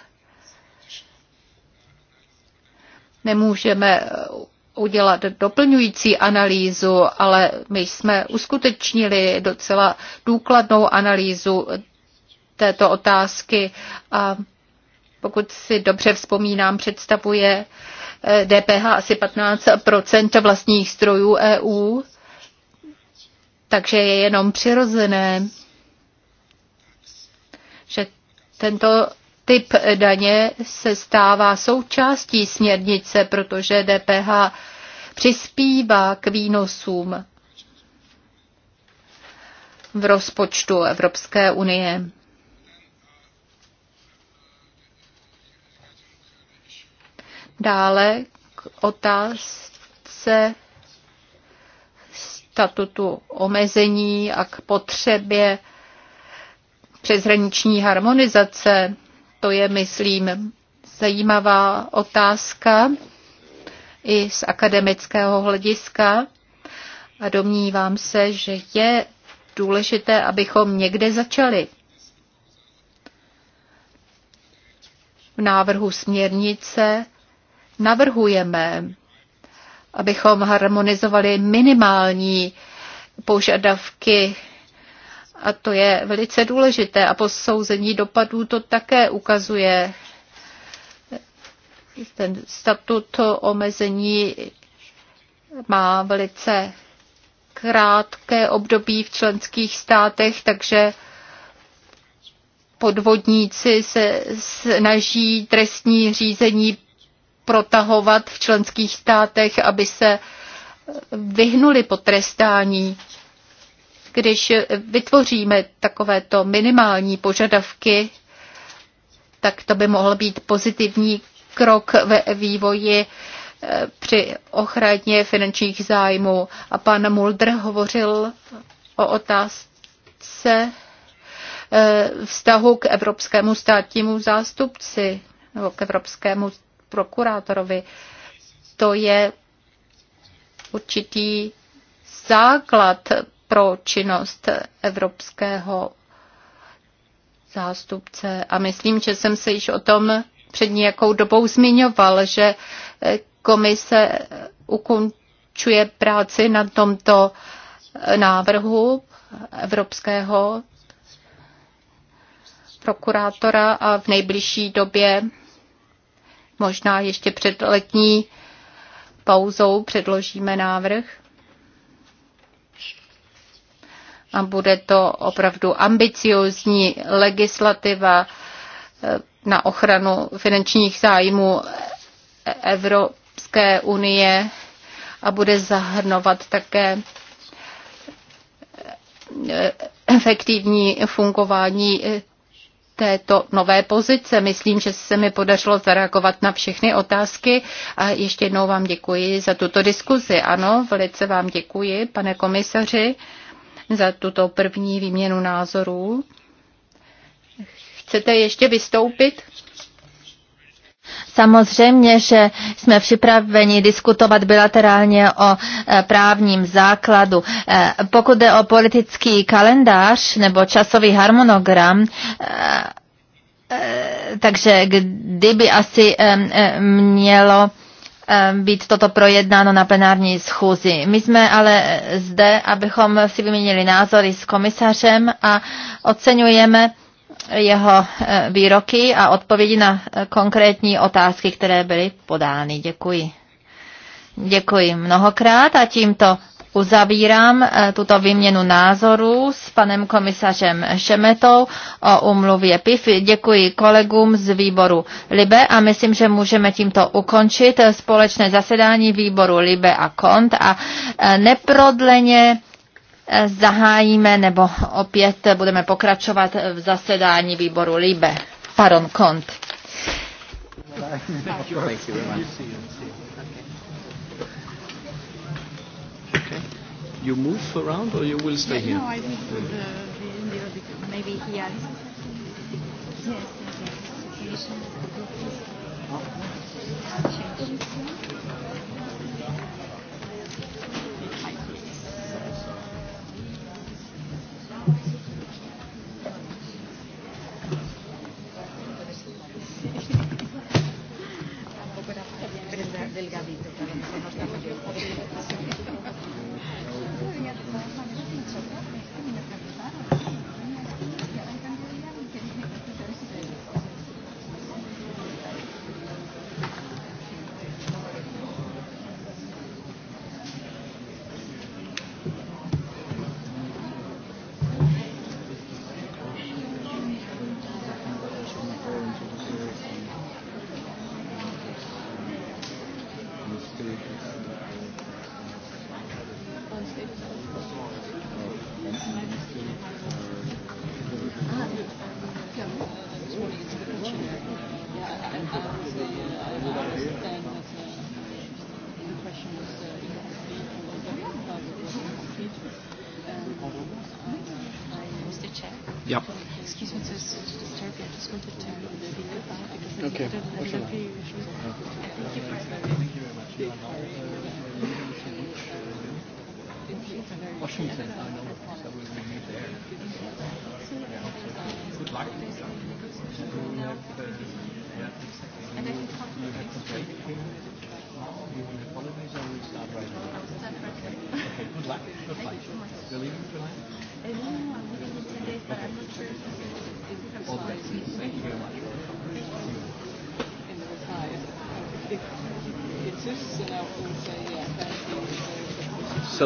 Nemůžeme udělat doplňující analýzu, ale my jsme uskutečnili docela důkladnou analýzu této otázky a pokud si dobře vzpomínám, představuje DPH asi 15 vlastních strojů EU, takže je jenom přirozené, že tento typ daně se stává součástí směrnice, protože DPH přispívá k výnosům v rozpočtu Evropské unie. Dále k otázce statutu omezení a k potřebě přeshraniční harmonizace. To je, myslím, zajímavá otázka i z akademického hlediska a domnívám se, že je důležité, abychom někde začali. V návrhu směrnice navrhujeme, abychom harmonizovali minimální požadavky a to je velice důležité a posouzení dopadů to také ukazuje. Ten statut omezení má velice krátké období v členských státech, takže podvodníci se snaží trestní řízení protahovat v členských státech, aby se vyhnuli potrestání. Když vytvoříme takovéto minimální požadavky, tak to by mohl být pozitivní krok ve vývoji eh, při ochraně finančních zájmů. A pan Mulder hovořil o otázce eh, vztahu k evropskému státnímu zástupci nebo k evropskému prokurátorovi. To je určitý základ pro činnost evropského zástupce. A myslím, že jsem se již o tom před nějakou dobou zmiňoval, že komise ukončuje práci na tomto návrhu evropského prokurátora a v nejbližší době Možná ještě před letní pauzou předložíme návrh. A bude to opravdu ambiciozní legislativa eh, na ochranu finančních zájmů Evropské unie a bude zahrnovat také eh, efektivní fungování eh, této nové pozice. Myslím, že se mi podařilo zareagovat na všechny otázky a ještě jednou vám děkuji za tuto diskuzi. Ano, velice vám děkuji, pane komisaři, za tuto první výměnu názorů. Chcete ještě vystoupit? Samozřejmě, že jsme připraveni diskutovat bilaterálně o e, právním základu. E, pokud jde o politický kalendář nebo časový harmonogram, e, takže kdyby asi mělo být toto projednáno na plenární schůzi. My jsme ale zde, abychom si vyměnili názory s komisařem a oceňujeme, jeho eh, výroky a odpovědi na eh, konkrétní otázky, které byly podány. Děkuji. Děkuji mnohokrát a tímto uzavírám eh, tuto výměnu názorů s panem komisařem Šemetou o umluvě PIF. Děkuji kolegům z výboru LIBE a myslím, že můžeme tímto ukončit společné zasedání výboru LIBE a KONT a neprodleně zahájíme nebo opět budeme pokračovat v zasedání výboru Libe. Pardon, Kont. Thank you.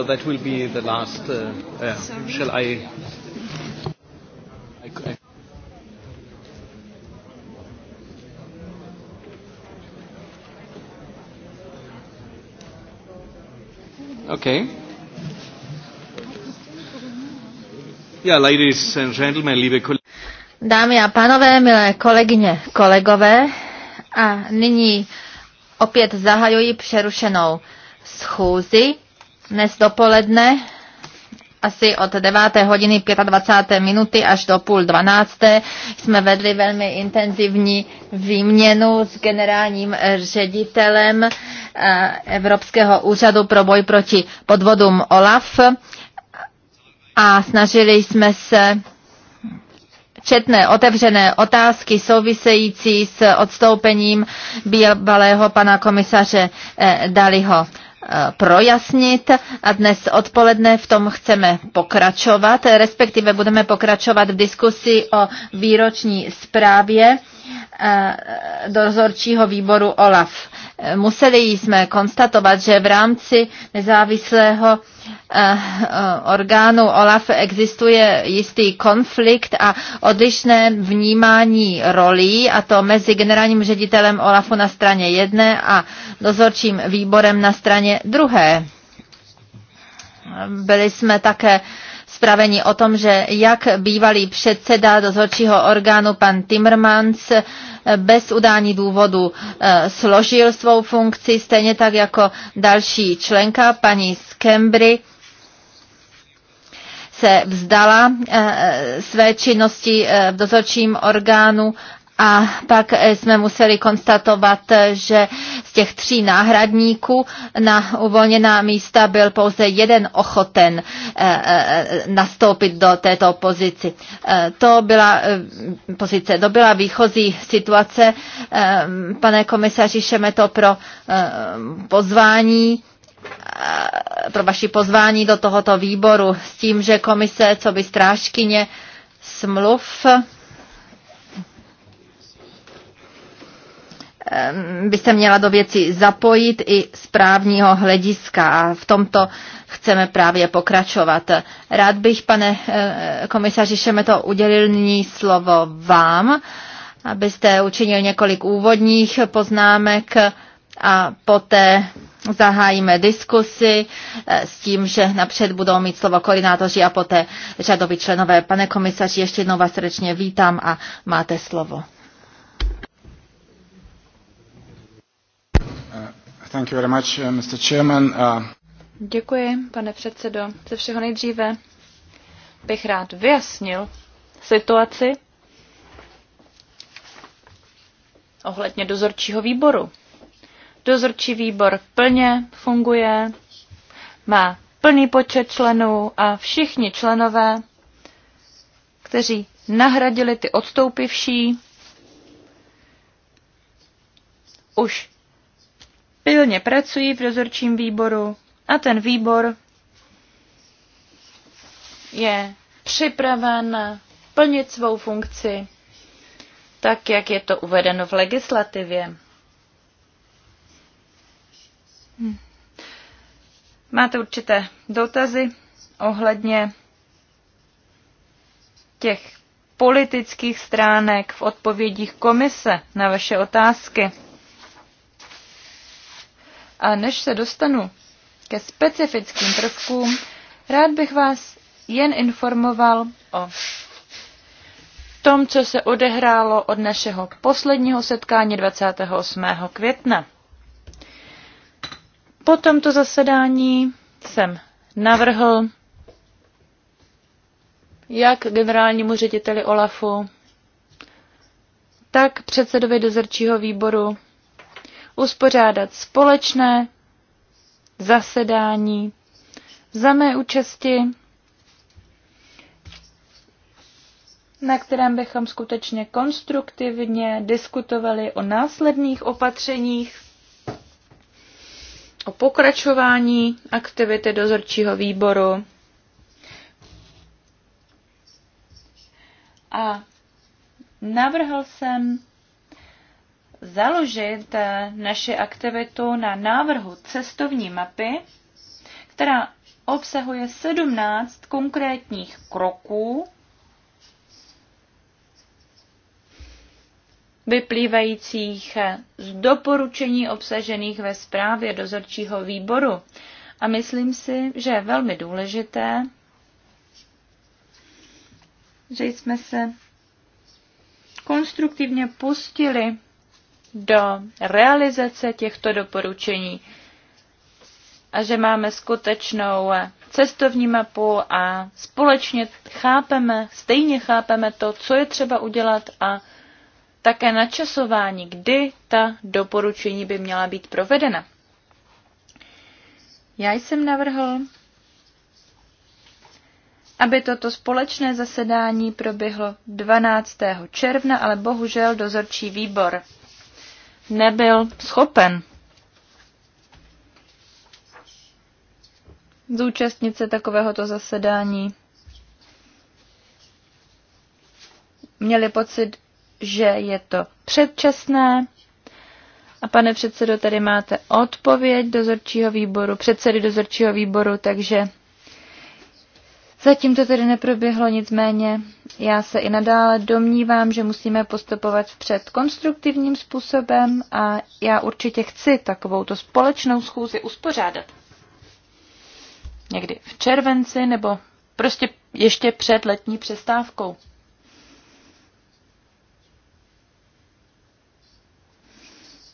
that will be the last. Uh, uh, shall I? I Okay. Yeah, ladies and gentlemen, liebe Dámy a pánové, milé kolegyně, kolegové, a nyní opět zahajuji přerušenou schůzi dnes dopoledne asi od 9. hodiny 25. minuty až do půl 12. jsme vedli velmi intenzivní výměnu s generálním ředitelem eh, Evropského úřadu pro boj proti podvodům OLAF a snažili jsme se četné otevřené otázky související s odstoupením bývalého pana komisaře eh, Daliho projasnit a dnes odpoledne v tom chceme pokračovat, respektive budeme pokračovat v diskusi o výroční zprávě eh, dozorčího výboru OLAF. Museli jsme konstatovat, že v rámci nezávislého Eh, orgánů OLAF existuje jistý konflikt a odlišné vnímání rolí, a to mezi generálním ředitelem OLAFu na straně jedné a dozorčím výborem na straně druhé. Byli jsme také spraveni o tom, že jak bývalý předseda dozorčího orgánu pan Timmermans eh, bez udání důvodu eh, složil svou funkci, stejně tak jako další členka paní Skembry. Cambry, se vzdala eh, své činnosti eh, v dozorčím orgánu a pak eh, jsme museli konstatovat, že z těch tří náhradníků na uvolněná místa byl pouze jeden ochoten nastoupit do této pozici. To byla pozice, to byla výchozí situace, pane komisaři Šemeto, pro pozvání Eh, pro vaši pozvání do tohoto výboru s tím, že komise, co by strážkyně smluv, eh, by se měla do věci zapojit i z právního hlediska a v tomto chceme právě pokračovat. Rád bych, pane eh, komisaři Šemeto, udělil nyní slovo vám, abyste učinil několik úvodních poznámek a poté zahájíme diskusy eh, s tím, že napřed budou mít slovo koordinátoři a poté řadoví členové. Pane komisaři, ještě jednou vás srdečně vítám a máte slovo. Uh, thank you very much, uh, Mr. Chairman. Uh, Děkuji, pane předsedo. Ze všeho nejdříve bych rád vyjasnil situaci ohledně dozorčího výboru. Dozorčí výbor plně funguje, má plný počet členů a všichni členové, kteří nahradili ty odstoupivší, už pilně pracují v dozorčím výboru a ten výbor je připraven plnit svou funkci tak, jak je to uvedeno v legislativě. Hmm. Máte určité dotazy ohledně těch politických stránek v odpovědích komise na vaše otázky. A než se dostanu ke specifickým prvkům, rád bych vás jen informoval o tom, co se odehrálo od našeho posledního setkání 28. května. Po tomto zasedání jsem navrhl jak generálnímu řediteli Olafu, tak předsedovi dozorčího výboru uspořádat společné zasedání za mé účasti, na kterém bychom skutečně konstruktivně diskutovali o následných opatřeních o pokračování aktivity dozorčího výboru a navrhl jsem založit eh, naši aktivitu na návrhu cestovní mapy, která obsahuje 17 konkrétních kroků, vyplývajících z doporučení obsažených ve zprávě dozorčího výboru. A myslím si, že je velmi důležité, že jsme se konstruktivně pustili do realizace těchto doporučení a že máme skutečnou cestovní mapu a společně chápeme, stejně chápeme to, co je třeba udělat a také načasování, kdy ta doporučení by měla být provedena. Já jsem navrhl, aby toto společné zasedání proběhlo 12. června, ale bohužel dozorčí výbor nebyl schopen zúčastnit se takovéhoto zasedání. Měli pocit, že je to předčasné. A pane předsedo, tady máte odpověď dozorčího výboru, předsedy dozorčího výboru, takže zatím to tedy neproběhlo, nicméně já se i nadále domnívám, že musíme postupovat před konstruktivním způsobem a já určitě chci takovouto společnou schůzi uspořádat. Někdy v červenci nebo prostě ještě před letní přestávkou.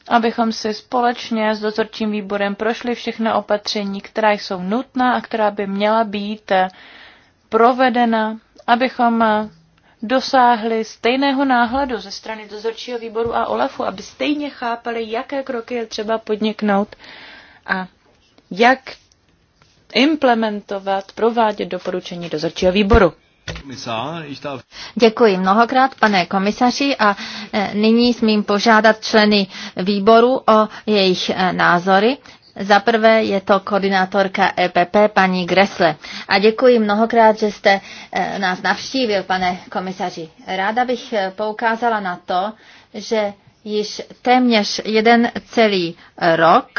abychom si společně s dozorčím výborem prošli všechna opatření, která jsou nutná a která by měla být provedena, abychom dosáhli stejného náhledu ze strany dozorčího výboru a OLAFu, aby stejně chápali, jaké kroky je třeba podniknout a jak implementovat, provádět doporučení dozorčího výboru. Děkuji mnohokrát, pane komisaři, a e, nyní smím požádat členy výboru o jejich e, názory. Za prvé je to koordinátorka EPP paní Gresle. A děkuji mnohokrát, že jste e, nás navštívil, pane komisaři. Ráda bych poukázala na to, že již téměř jeden celý rok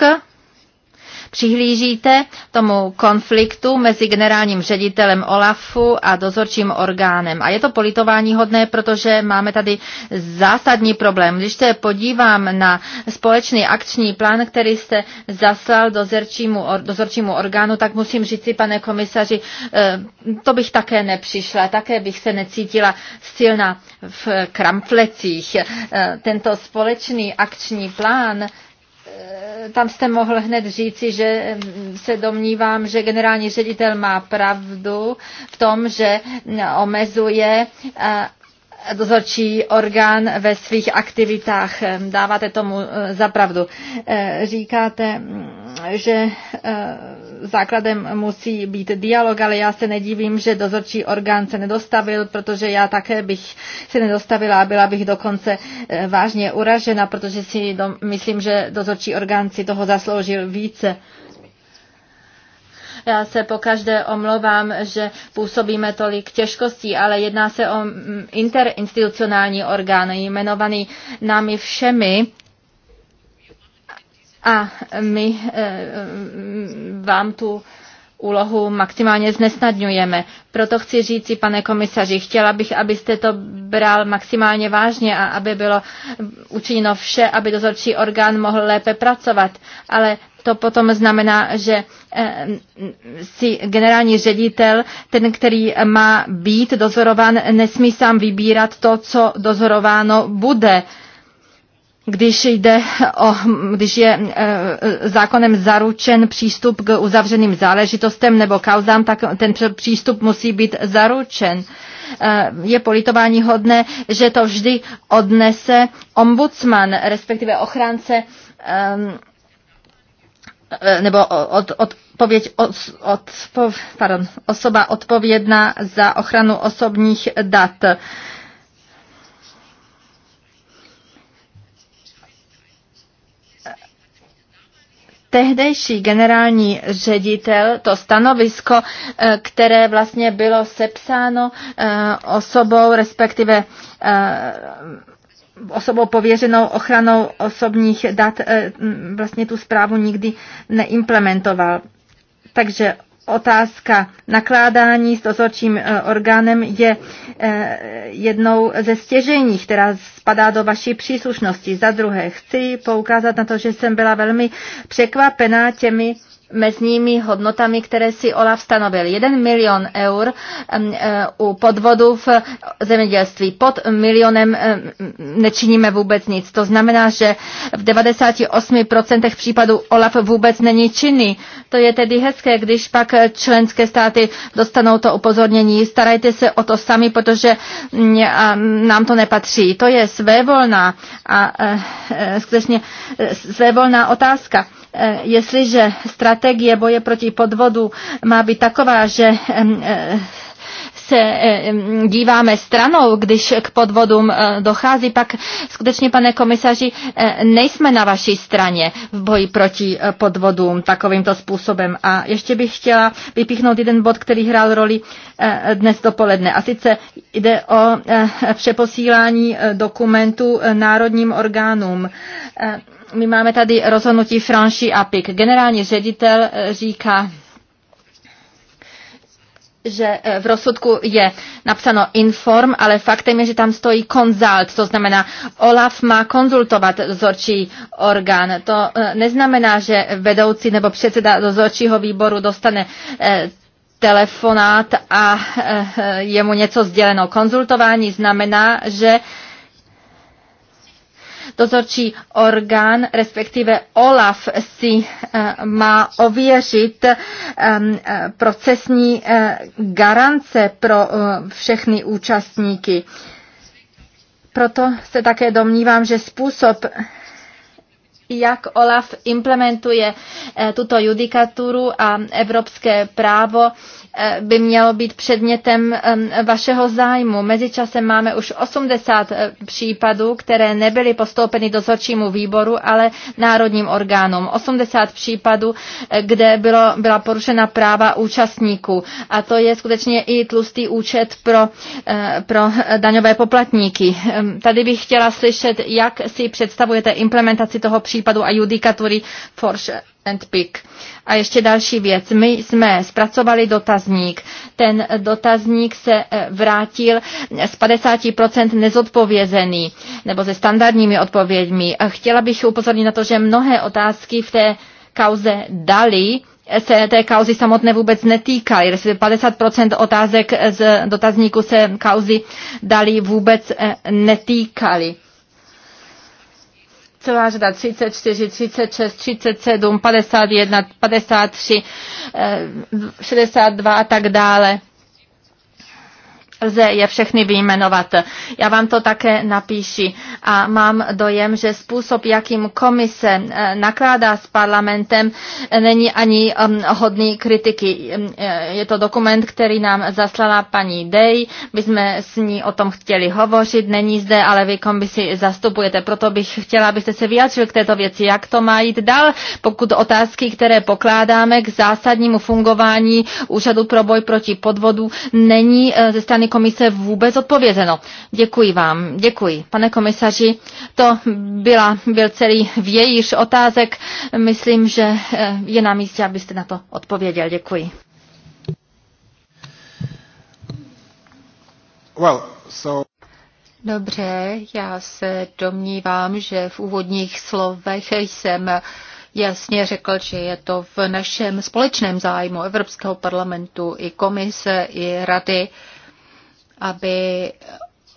přihlížíte tomu konfliktu mezi generálním ředitelem OLAFu a dozorčím orgánem. A je to politování hodné, protože máme tady zásadní problém. Když se podívám na společný akční plán, který jste zaslal dozorčímu, dozorčímu orgánu, tak musím říct si, pane komisaři, eh, to bych také nepřišla, také bych se necítila silná v kramflecích. Eh, tento společný akční plán Eh, tam jste mohl hned říci, že se domnívám, že generální ředitel má pravdu v tom, že mm, omezuje eh, dozorčí orgán ve svých aktivitách. Dáváte tomu eh, za pravdu? Říkáte, mm, že základem musí být dialog, ale já se nedivím, že dozorčí orgán se nedostavil, protože já také bych se nedostavila a byla bych dokonce eh, vážně uražena, protože si myslím, že dozorčí orgán si toho zasloužil více. Já se pokaždé omlouvám, že působíme tolik těžkostí, ale jedná se o mm, interinstitucionální orgán jmenovaný námi všemi a my eh, vám tu úlohu maximálně znesnadňujeme. Proto chci říci, pane komisaři, chtěla bych, abyste to bral maximálně vážně a aby bylo učiněno vše, aby dozorčí orgán mohl lépe pracovat. Ale to potom znamená, že eh, si generální ředitel, ten, který má být dozorován, nesmí sám vybírat to, co dozorováno bude když, jde o, když je e, zákonem zaručen přístup k uzavřeným záležitostem nebo kauzám, tak ten přístup musí být zaručen. E, je politování hodné, že to vždy odnese ombudsman, respektive ochránce e, nebo od, od, odpověď, od, od, pardon, osoba odpovědná za ochranu osobních dat. E, tehdejší generální ředitel to stanovisko, eh, které vlastně bylo sepsáno eh, osobou, respektive eh, osobou pověřenou ochranou osobních dat, vlastně tu zprávu nikdy neimplementoval. Takže otázka nakládání s dozorčím eh, orgánem je eh, jednou ze stěžení, která spadá do vaší příslušnosti. Za druhé, chci poukázat na to, že jsem byla velmi překvapená těmi mezními hodnotami, které si Olaf stanovil. 1 milion eur e, u podvodů v zemědělství. Pod milionem nečiníme vůbec nic. To znamená, že v 98% případů Olaf vůbec není činný. To je tedy hezké, když pak členské státy dostanou to upozornění. Starajte se o to sami, protože nám to nepatří. To je svévolná a e, e, skutečně svévolná otázka Eh, jestliže strategie boje proti podvodu má být taková, že eh, se díváme stranou, když k podvodům eh, dochází, pak skutečně, pane komisaři, nejsme na vaší straně v boji proti podvodům takovýmto způsobem. A ještě bych chtěla vypíchnout jeden bod, který hrál roli dnes dopoledne. A sice jde o přeposílání dokumentů národním orgánům my máme tady rozhodnutí Franši Apik. Generální ředitel eh, říká, že eh, v rozsudku je napsáno inform, ale faktem je, že tam stojí konzult, to znamená, OLAF má konzultovat dozorčí orgán. To eh, neznamená, že vedoucí nebo předseda dozorčího výboru dostane telefonát a je mu něco sděleno. Konzultování znamená, že dozorčí orgán, respektive OLAF, si eh, má ověřit eh, eh, procesní garance pro všechny účastníky. Proto se také domnívám, že způsob, jak OLAF implementuje tuto judikaturu a evropské právo, Eh, by mělo být předmětem vašeho zájmu. Mezičasem máme už 80 eh, případů, které nebyly postoupeny dozorčímu výboru, ale národním orgánům. 80 případů, eh, kde bylo, byla porušena práva účastníků. A to je skutečně i tlustý účet pro, pro daňové poplatníky. Tady bych chtěla slyšet, jak si představujete implementaci toho případu a judikatury Forge and Pick. A ještě další věc. My jsme zpracovali dotazník. Ten dotazník se eh, vrátil z 50% nezodpovězený nebo se standardními odpověďmi. A chtěla bych upozornit na to, že mnohé otázky v té kauze dali se té kauzy samotné vůbec netýkaly. 50% otázek z dotazníku se kauzy dali vůbec eh, netýkaly celá řada 34, 36, 37, 51, 53, 62 a tak dále lze je všechny vyjmenovat. Já vám to také napíši a mám dojem, že způsob, jakým komise eh, nakládá s parlamentem, eh, není ani mm, hodný kritiky. Mm, eh, je to dokument, který nám zaslala paní Dej, my jsme s ní o tom chtěli hovořit, není zde, ale vy komisi zastupujete, proto bych chtěla, abyste se vyjádřili k této věci, jak to má jít dál, pokud otázky, které pokládáme k zásadnímu fungování Úřadu pro boj proti podvodu, není ze strany strany komise vůbec odpovězeno. Děkuji vám, děkuji. Pane komisaři, to byla, byl celý vějíř otázek. Myslím, že eh, je na místě, abyste na to odpověděl. Děkuji. Well, so... Dobře, já se domnívám, že v úvodních slovech jsem jasně řekl, že je to v našem společném zájmu Evropského parlamentu i komise, i rady, aby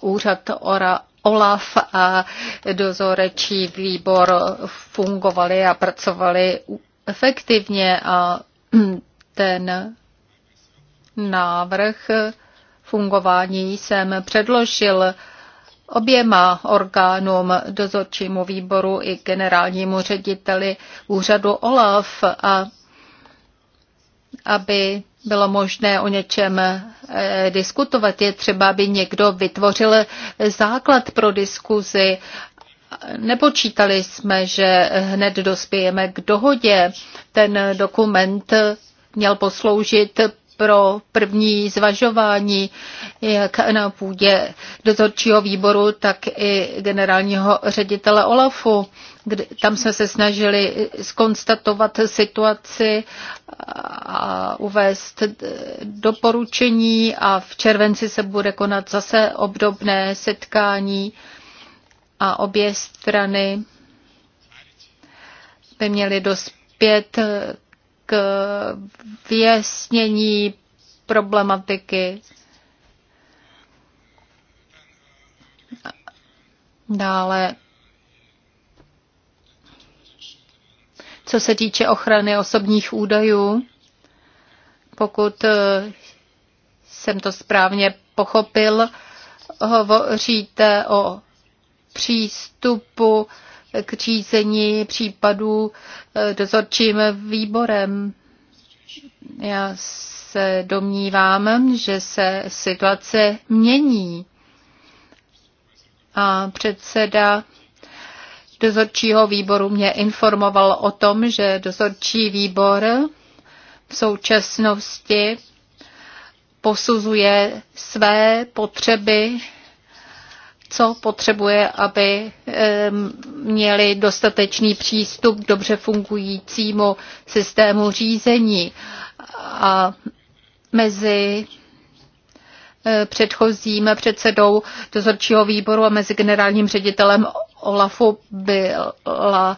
úřad ORA OLAF a dozorečí výbor fungovali a pracovali efektivně a ten návrh fungování jsem předložil oběma orgánům, dozorčímu výboru i generálnímu řediteli úřadu OLAF, a aby bylo možné o něčem eh, diskutovat. Je třeba, aby někdo vytvořil základ pro diskuzi. Nepočítali jsme, že hned dospějeme k dohodě. Ten dokument měl posloužit pro první zvažování jak na půdě dozorčího výboru, tak i generálního ředitele OLAFu kdy, tam jsme se snažili skonstatovat situaci a uvést doporučení a v červenci se bude konat zase obdobné setkání a obě strany by měly dospět k vyjasnění problematiky. Dále Co se týče ochrany osobních údajů, pokud eh, jsem to správně pochopil, hovoříte o přístupu k řízení případů eh, dozorčím výborem. Já se domnívám, že se situace mění. A předseda dozorčího výboru mě informoval o tom, že dozorčí výbor v současnosti posuzuje své potřeby, co potřebuje, aby měli dostatečný přístup k dobře fungujícímu systému řízení. A mezi eh, předchozím předsedou dozorčího výboru a mezi generálním ředitelem Olafu byla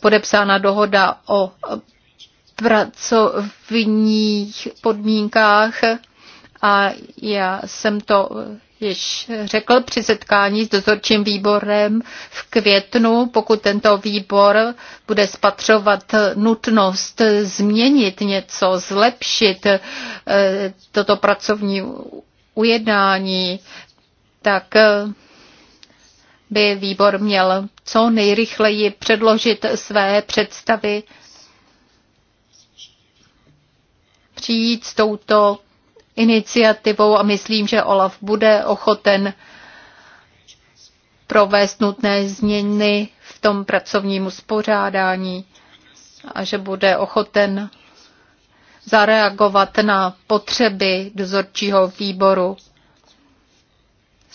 podepsána dohoda o pracovních podmínkách a já jsem to již řekl při setkání s dozorčím výborem v květnu, pokud tento výbor bude spatřovat nutnost změnit něco, zlepšit eh, toto pracovní ujednání, tak eh, by výbor měl co nejrychleji předložit své představy, přijít s touto iniciativou a myslím, že Olaf bude ochoten provést nutné změny v tom pracovním uspořádání a že bude ochoten zareagovat na potřeby dozorčího výboru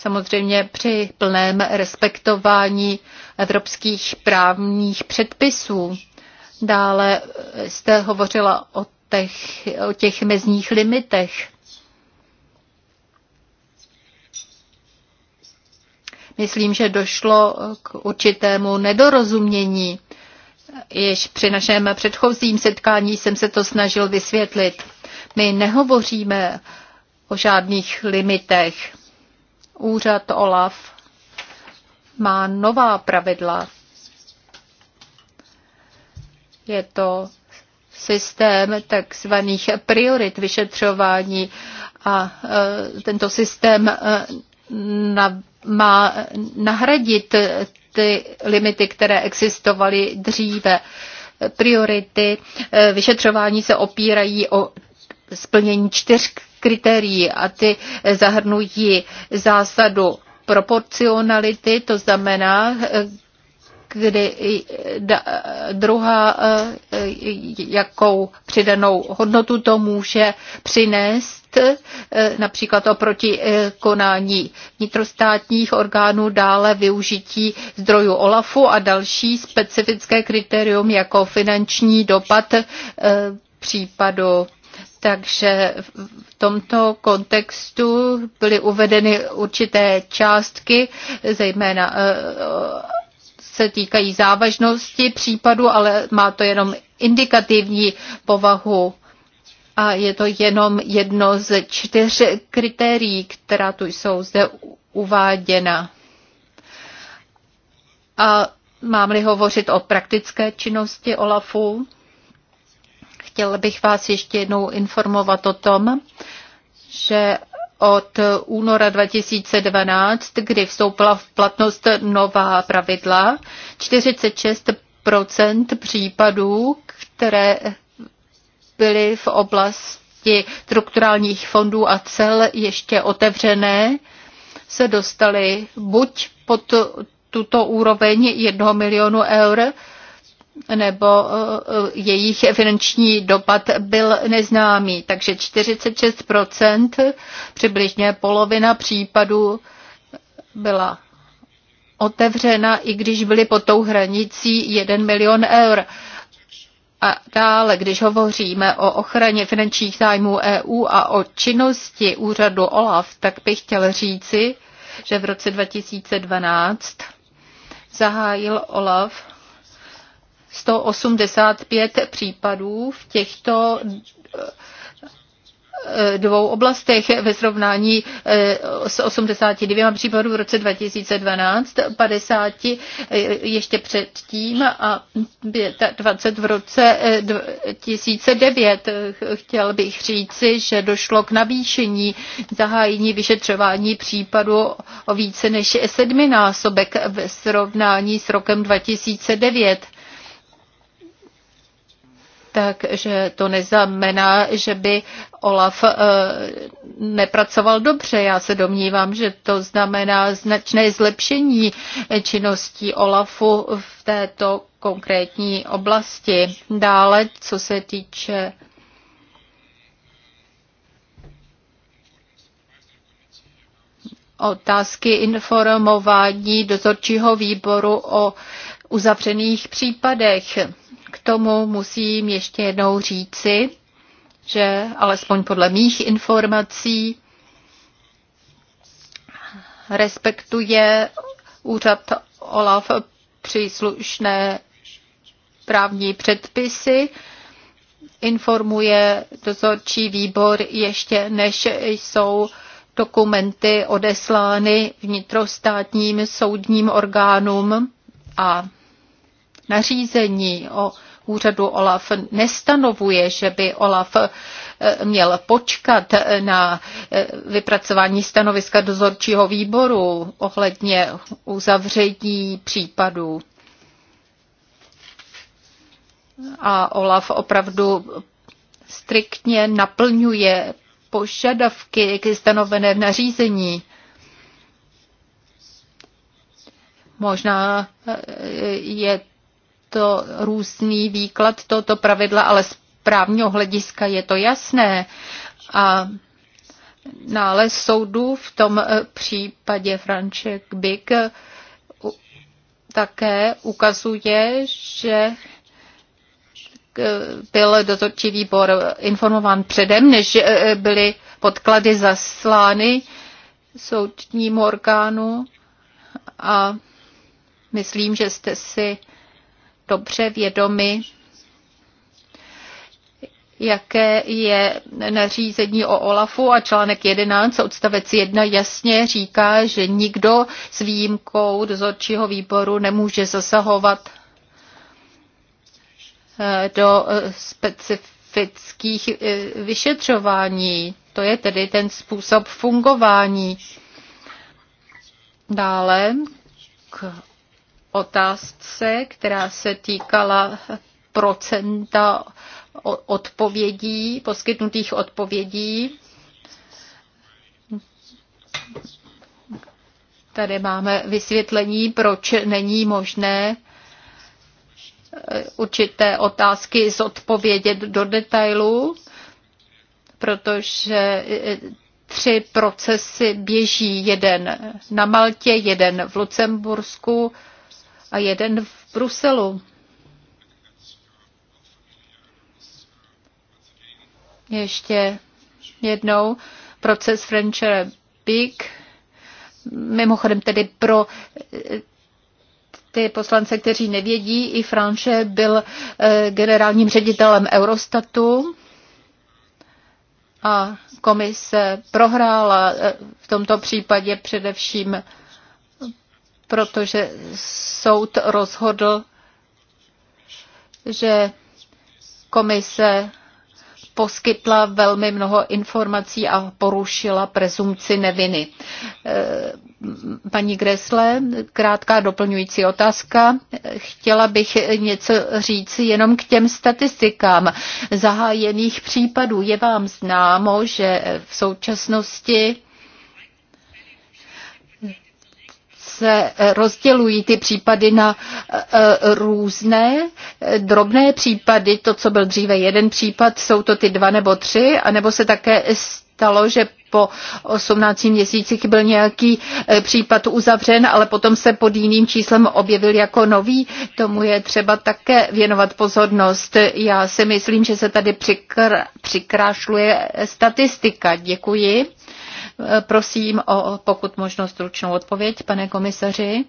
samozřejmě při plném respektování evropských právních předpisů. Dále jste hovořila o těch, o těch mezních limitech. Myslím, že došlo k určitému nedorozumění. Jež při našem předchozím setkání jsem se to snažil vysvětlit. My nehovoříme o žádných limitech. Úřad OLAF má nová pravidla. Je to systém takzvaných priorit vyšetřování a e, tento systém e, na, má nahradit ty limity, které existovaly dříve. Priority e, vyšetřování se opírají o splnění čtyř kritérií a ty zahrnují zásadu proporcionality, to znamená, kdy druhá, jakou přidanou hodnotu to může přinést, například oproti konání vnitrostátních orgánů, dále využití zdrojů OLAFu a další specifické kritérium jako finanční dopad eh, případu takže v tomto kontextu byly uvedeny určité částky, zejména e, se týkají závažnosti případu, ale má to jenom indikativní povahu a je to jenom jedno z čtyř kritérií, která tu jsou zde uváděna. A mám-li hovořit o praktické činnosti OLAFu? chtěla bych vás ještě jednou informovat o tom, že od února 2012, kdy vstoupila v platnost nová pravidla, 46 případů, které byly v oblasti strukturálních fondů a cel ještě otevřené, se dostaly buď pod tuto úroveň 1 milionu eur, nebo eh, jejich finanční dopad byl neznámý. Takže 46%, přibližně polovina případů byla otevřena, i když byly pod tou hranicí 1 milion eur. A dále, když hovoříme o ochraně finančních zájmů EU a o činnosti úřadu OLAF, tak bych chtěl říci, že v roce 2012 zahájil OLAF 185 případů v těchto eh, dvou oblastech ve srovnání eh, s 82 případů v roce 2012, 50 eh, ještě předtím a 20 v roce 2009. Chtěl bych říci, že došlo k navýšení zahájení vyšetřování případu o více než sedminásobek ve srovnání s rokem 2009 takže to neznamená, že by Olaf eh, nepracoval dobře. Já se domnívám, že to znamená značné zlepšení činností Olafu v této konkrétní oblasti. Dále, co se týče otázky informování dozorčího výboru o uzavřených případech. K tomu musím ještě jednou říci, že alespoň podle mých informací respektuje úřad OLAF příslušné právní předpisy, informuje dozorčí výbor ještě než jsou dokumenty odeslány vnitrostátním soudním orgánům a nařízení o úřadu OLAF nestanovuje, že by OLAF eh, měl počkat eh, na eh, vypracování stanoviska dozorčího výboru ohledně uzavření případů. A OLAF opravdu striktně naplňuje požadavky stanovené v nařízení. Možná je to různý výklad tohoto pravidla, ale z právního hlediska je to jasné. A nález soudu v tom eh, případě Franček Big eh, také ukazuje, že eh, byl dozorčí výbor informován předem, než byly podklady zaslány soudnímu orgánu a myslím, že jste si dobře vědomi, jaké je nařízení o OLAFu a článek 11 odstavec 1 jasně říká, že nikdo s výjimkou dozorčího výboru nemůže zasahovat eh, do eh, specifických eh, vyšetřování. To je tedy ten způsob fungování. Dále k otázce, která se týkala procenta odpovědí, poskytnutých odpovědí. Tady máme vysvětlení, proč není možné eh, určité otázky zodpovědět do detailu, protože eh, tři procesy běží, jeden na Maltě, jeden v Lucembursku a jeden v Bruselu. Ještě jednou proces Frencher Big, mimochodem tedy pro eh, ty poslance, kteří nevědí, i Franče byl eh, generálním ředitelem Eurostatu a komise prohrála eh, v tomto případě především protože soud rozhodl, že komise poskytla velmi mnoho informací a porušila prezumci neviny. Eh, paní Gresle, krátká doplňující otázka. Chtěla bych něco říct jenom k těm statistikám zahájených případů. Je vám známo, že v současnosti se eh, rozdělují ty případy na eh, eh, různé drobné případy. To, co byl dříve jeden případ, jsou to ty dva nebo tři, anebo se také stalo, že po 18 měsících byl nějaký případ uzavřen, ale potom se pod jiným číslem objevil jako nový. Tomu je třeba také věnovat pozornost. Já si myslím, že se tady přikr- přikrášluje statistika. Děkuji. Prosím o pokud možno stručnou odpověď, pane komisaři.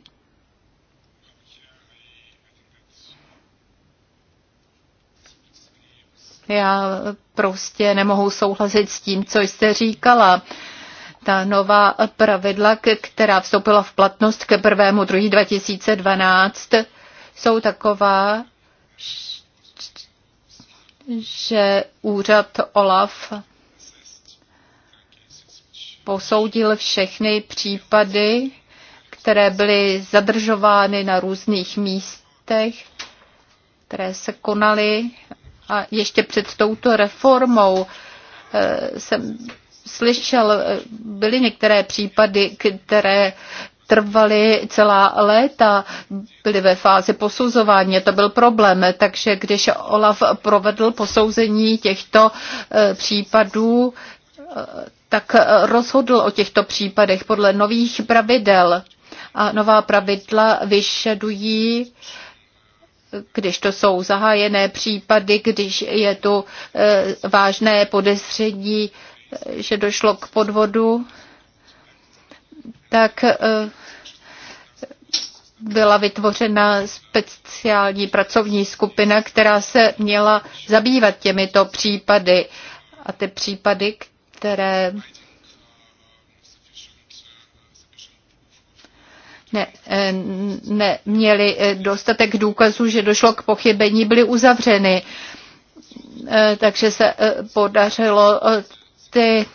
Já prostě nemohu souhlasit s tím, co jste říkala. Ta nová pravidla, která vstoupila v platnost ke 1. 2. 2012, jsou taková, že úřad OLAF posoudil všechny případy, které byly zadržovány na různých místech, které se konaly. A ještě před touto reformou eh, jsem slyšel, eh, byly některé případy, které trvaly celá léta, byly ve fázi posuzování, to byl problém. Takže když Olaf provedl posouzení těchto eh, případů, tak eh, rozhodl o těchto případech podle nových pravidel. A nová pravidla vyžadují, když to jsou zahájené případy, když je tu eh, vážné podezření, eh, že došlo k podvodu, tak byla vytvořena speciální pracovní skupina, která se měla zabývat těmito případy. A ty případy, které ne, eh, neměli eh, dostatek důkazů, že došlo k pochybení, byly uzavřeny. Eh, takže se podařilo ty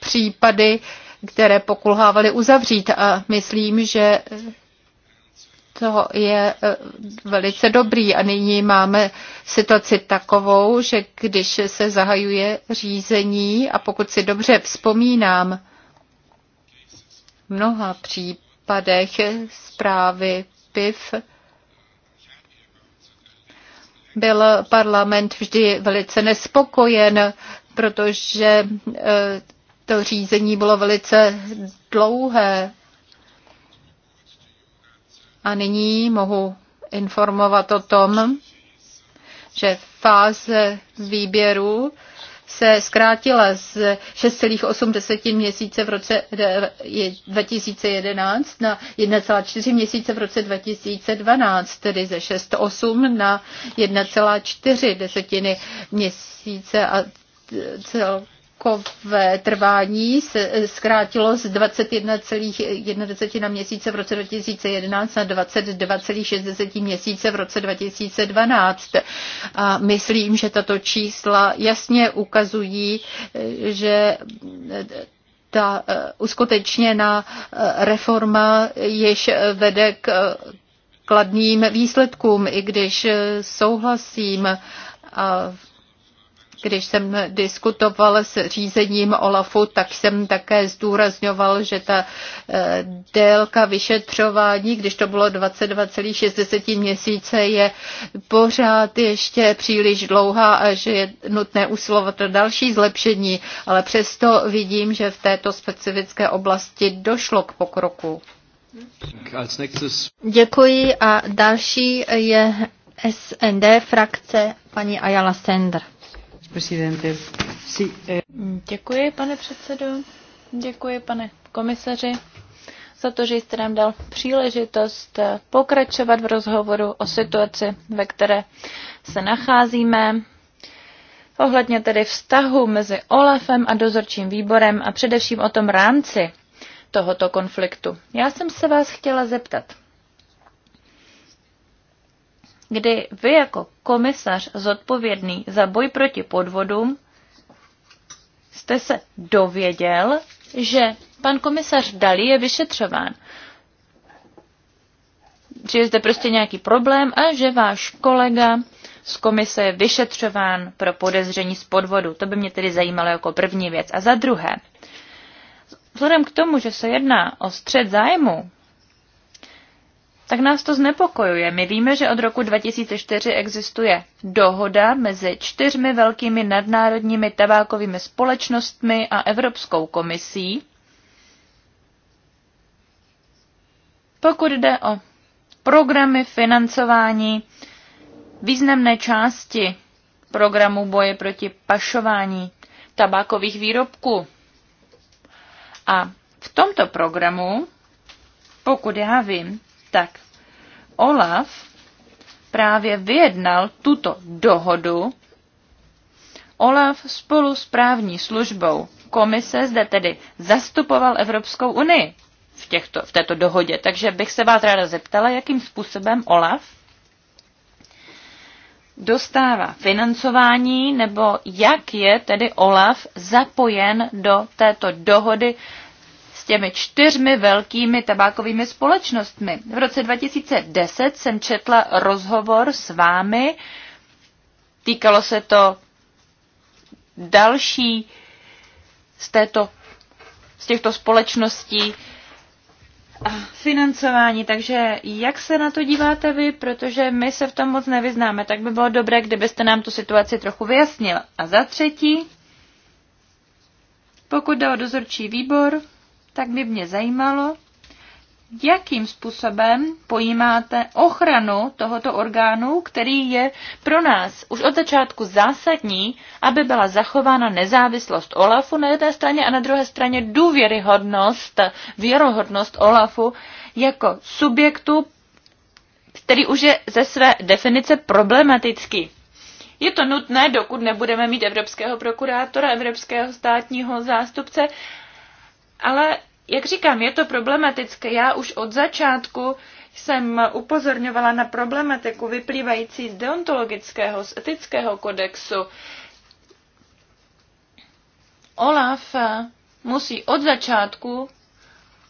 případy, které pokulhávaly, uzavřít. A myslím, že to je eh, velice dobrý. A nyní máme situaci takovou, že když se zahajuje řízení, a pokud si dobře vzpomínám, v mnoha případech zprávy PIV byl parlament vždy velice nespokojen, protože eh, to řízení bylo velice dlouhé a nyní mohu informovat o tom, že fáze výběru se zkrátila z 6,8 měsíce v roce 2011 na 1,4 měsíce v roce 2012, tedy ze 6,8 na 1,4 desetiny měsíce a cel celkové trvání se eh, zkrátilo z 21,1 měsíce v roce 2011 na 22,6 měsíce v roce 2012. A myslím, že tato čísla jasně ukazují, eh, že eh, ta uskutečněná reforma již vede k kladným výsledkům, i když souhlasím a když jsem diskutoval s řízením OLAFu, tak jsem také zdůrazňoval, že ta eh, délka vyšetřování, když to bylo 22,6 měsíce, je pořád ještě příliš dlouhá a že je nutné usilovat o další zlepšení, ale přesto vidím, že v této specifické oblasti došlo k pokroku. Děkuji a další je SND frakce paní Ayala Sender. Eh. Děkuji, pane předsedo. Děkuji, pane komisaři, za to, že jste nám dal příležitost pokračovat v rozhovoru o situaci, ve které se nacházíme, ohledně tedy vztahu mezi OLAFem a dozorčím výborem a především o tom rámci tohoto konfliktu. Já jsem se vás chtěla zeptat kdy vy jako komisař zodpovědný za boj proti podvodům jste se dověděl, že pan komisař Dalí je vyšetřován. Že je zde prostě nějaký problém a že váš kolega z komise je vyšetřován pro podezření z podvodu. To by mě tedy zajímalo jako první věc. A za druhé, vzhledem k tomu, že se jedná o střed zájmu, tak nás to znepokojuje. My víme, že od roku 2004 existuje dohoda mezi čtyřmi velkými nadnárodními tabákovými společnostmi a Evropskou komisí. Pokud jde o programy financování významné části programu boje proti pašování tabákových výrobků. A v tomto programu, pokud já vím, tak Olaf právě vyjednal tuto dohodu. Olaf spolu s právní službou komise zde tedy zastupoval Evropskou unii v, těchto, v této dohodě. Takže bych se vás ráda zeptala, jakým způsobem Olaf dostává financování, nebo jak je tedy OLAF zapojen do této dohody těmi čtyřmi velkými tabákovými společnostmi. V roce 2010 jsem četla rozhovor s vámi, týkalo se to další z, této, z těchto společností a financování. Takže jak se na to díváte vy, protože my se v tom moc nevyznáme, tak by bylo dobré, kdybyste nám tu situaci trochu vyjasnil. A za třetí, pokud jde o dozorčí výbor, tak by mě zajímalo, jakým způsobem pojímáte ochranu tohoto orgánu, který je pro nás už od začátku zásadní, aby byla zachována nezávislost OLAFu na jedné straně a na druhé straně důvěryhodnost, věrohodnost OLAFu jako subjektu, který už je ze své definice problematický. Je to nutné, dokud nebudeme mít evropského prokurátora, evropského státního zástupce ale jak říkám, je to problematické. Já už od začátku jsem upozorňovala na problematiku vyplývající z deontologického, z etického kodexu. Olaf eh, musí od začátku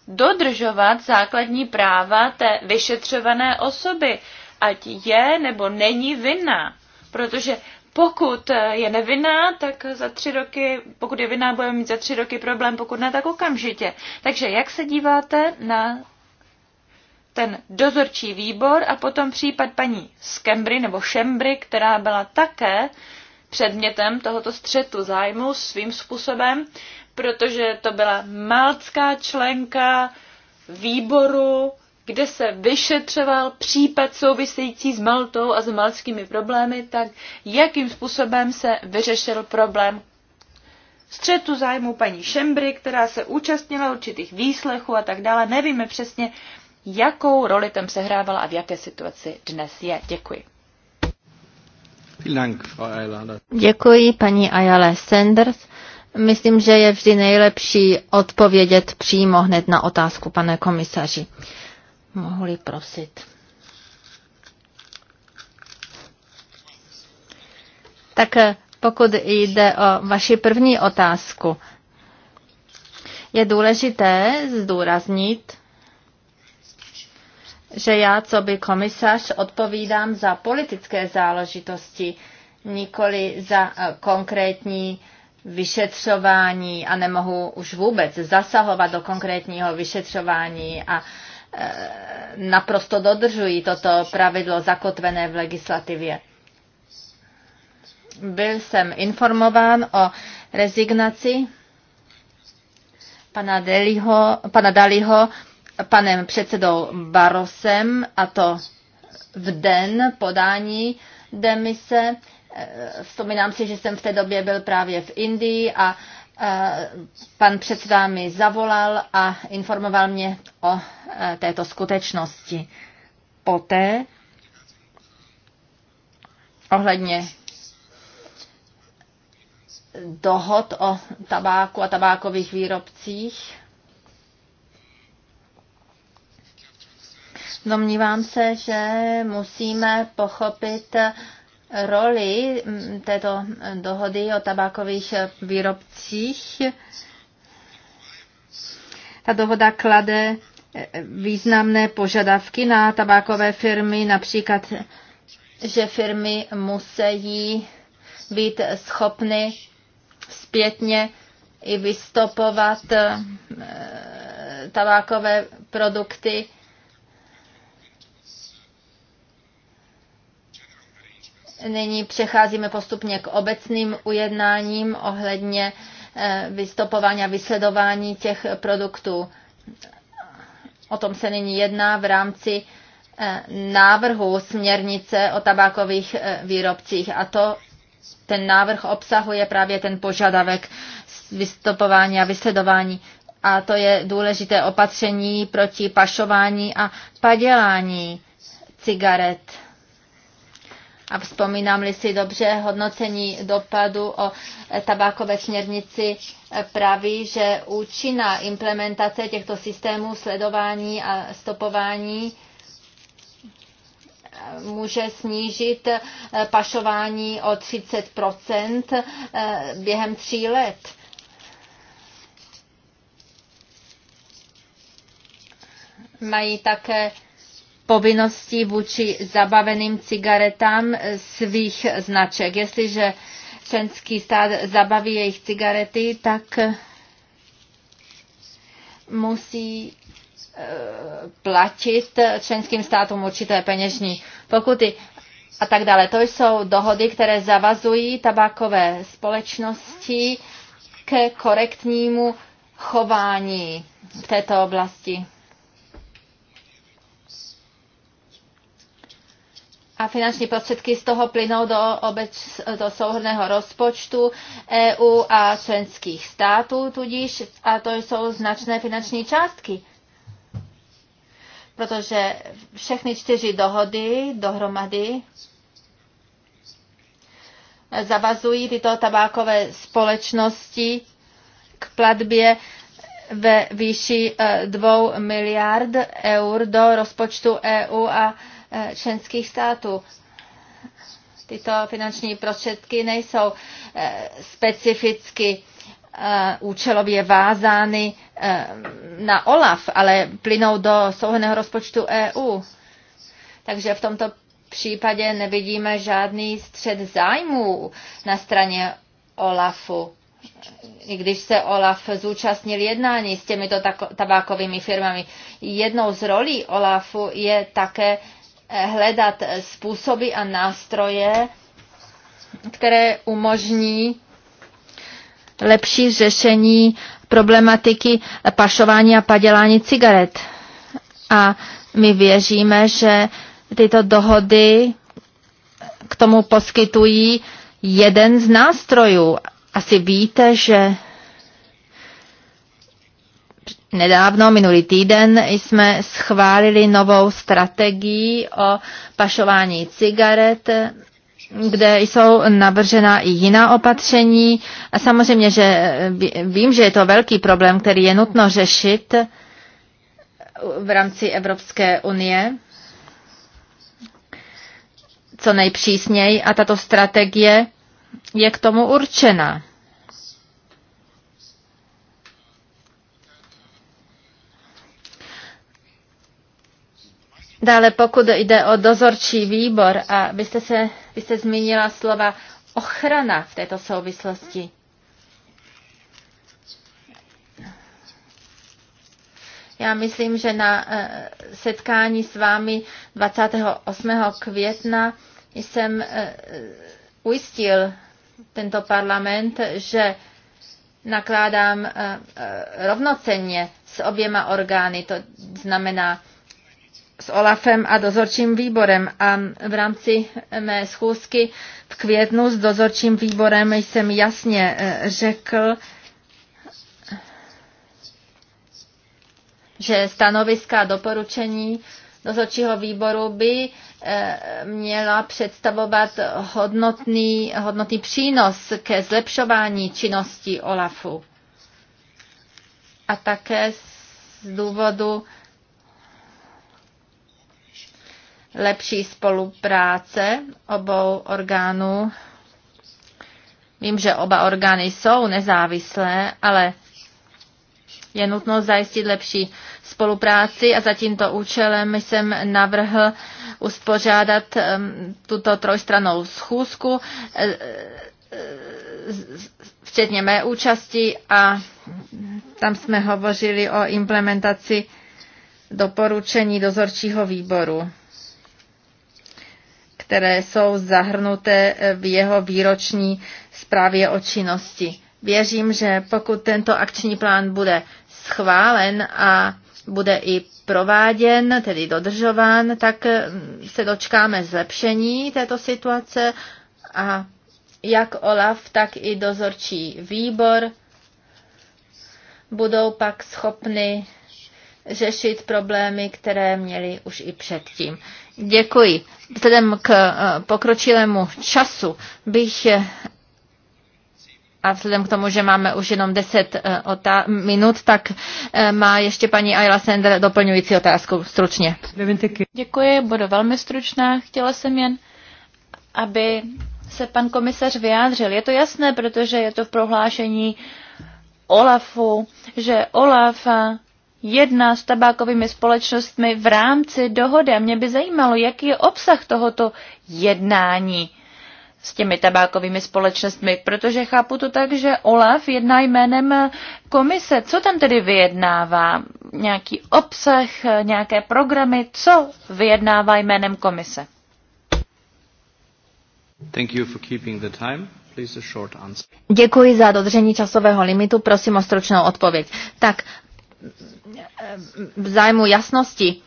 dodržovat základní práva té vyšetřované osoby, ať je nebo není vinná. Protože pokud je nevinná, tak za tři roky, pokud je vinná, budeme mít za tři roky problém, pokud ne, tak okamžitě. Takže jak se díváte na ten dozorčí výbor a potom případ paní Skembry nebo Šembry, která byla také předmětem tohoto střetu zájmu svým způsobem, protože to byla malcká členka výboru kde se vyšetřoval případ související s Maltou a s maltskými problémy, tak jakým způsobem se vyřešil problém střetu zájmu paní Šembry, která se účastnila určitých výslechů a tak dále. Nevíme přesně, jakou roli tam sehrávala a v jaké situaci dnes je. Děkuji. Děkuji paní Ayala Sanders. Myslím, že je vždy nejlepší odpovědět přímo hned na otázku, pane komisaři mohli prosit. Tak eh, pokud jde o vaši první otázku, je důležité zdůraznit, že já, co by komisař, odpovídám za politické záležitosti, nikoli za eh, konkrétní vyšetřování a nemohu už vůbec zasahovat do konkrétního vyšetřování a naprosto dodržují toto pravidlo zakotvené v legislativě. Byl jsem informován o rezignaci pana, Deliho, pana Daliho panem předsedou Barosem a to v den podání demise. E, vzpomínám si, že jsem v té době byl právě v Indii a Eh, pan předseda mi zavolal a informoval mě o eh, této skutečnosti. Poté ohledně dohod o tabáku a tabákových výrobcích. Domnívám se, že musíme pochopit roli mm, této dohody o tabákových výrobcích. Ta dohoda klade eh, významné požadavky na tabákové firmy, například, že firmy musí být schopny zpětně i vystopovat eh, tabákové produkty Nyní přecházíme postupně k obecným ujednáním ohledně eh, vystupování, a vysledování těch produktů. O tom se nyní jedná v rámci eh, návrhu směrnice o tabákových eh, výrobcích a to ten návrh obsahuje právě ten požadavek vystupování, a vysledování a to je důležité opatření proti pašování a padělání cigaret a vzpomínám-li si dobře, hodnocení dopadu o tabákové směrnici eh, praví, že účinná implementace těchto systémů sledování a stopování eh, může snížit eh, pašování o 30 během tří let. Mají také povinností vůči zabaveným cigaretám svých značek. Jestliže členský stát zabaví jejich cigarety, tak eh, musí eh, platit členským státům určité peněžní pokuty a tak dále. To jsou dohody, které zavazují tabákové společnosti ke korektnímu chování v této oblasti. a finanční prostředky z toho plynou do, obec, do souhrného rozpočtu EU a členských států, tudíž a to jsou značné finanční částky. Protože všechny čtyři dohody dohromady zavazují tyto tabákové společnosti k platbě ve výši 2 e, miliard eur do rozpočtu EU a Eh, členských států. Tyto finanční prostředky nejsou eh, specificky eh, účelově vázány na OLAF, ale plynou do souhrného rozpočtu EU. Takže v tomto případě nevidíme žádný střed zájmů na straně OLAFu. I když se OLAF zúčastnil jednání s těmito tabákovými firmami, jednou z rolí OLAFu je také Eh, hledat eh, způsoby a nástroje, které umožní lepší řešení problematiky pašování a padělání cigaret. A my věříme, že tyto dohody k tomu poskytují jeden z nástrojů. Asi víte, že Nedávno, minulý týden, jsme schválili novou strategii o pašování cigaret, kde jsou navržena i jiná opatření. A samozřejmě, že eh, vím, že je to velký problém, který je nutno řešit v rámci Evropské unie co nejpřísněji a tato strategie je k tomu určena. Dále pokud jde o dozorčí výbor, a vy jste, se, vy jste zmínila slova ochrana v této souvislosti. Já myslím, že na eh, setkání s vámi 28. května jsem eh, ujistil tento parlament, že nakládám eh, rovnocenně s oběma orgány, to znamená s OLAFem a dozorčím výborem a v rámci mé schůzky v květnu s dozorčím výborem jsem jasně eh, řekl, že stanoviska a doporučení dozorčího výboru by eh, měla představovat hodnotný, hodnotný přínos ke zlepšování činnosti OLAFu. A také z důvodu lepší spolupráce obou orgánů. Vím, že oba orgány jsou nezávislé, ale je nutno zajistit lepší spolupráci a za tímto účelem jsem navrhl uspořádat tuto trojstranou schůzku, e, e, včetně mé účasti a tam jsme hovořili o implementaci doporučení dozorčího výboru které jsou zahrnuté v jeho výroční zprávě o činnosti. Věřím, že pokud tento akční plán bude schválen a bude i prováděn, tedy dodržován, tak se dočkáme zlepšení této situace a jak OLAF, tak i dozorčí výbor budou pak schopny řešit problémy, které měli už i předtím. Děkuji. Vzhledem k eh, pokročilému času bych eh, a vzhledem k tomu, že máme už jenom 10 eh, minut, tak má ještě paní Ayla Sender doplňující otázku stručně. Děkuji, budu velmi stručná. Chtěla jsem jen, aby se pan komisař vyjádřil. Je to jasné, protože je to v prohlášení Olafu, že Olaf jedná s tabákovými společnostmi v rámci dohody. A mě by zajímalo, jaký je obsah tohoto jednání s těmi tabákovými společnostmi, protože chápu to tak, že Olaf jedná jménem komise. Co tam tedy vyjednává? Nějaký obsah, nějaké programy? Co vyjednává jménem komise? Thank you for keeping the time. Děkuji za dodržení časového limitu. Prosím o stručnou odpověď. Tak, v zájmu jasnosti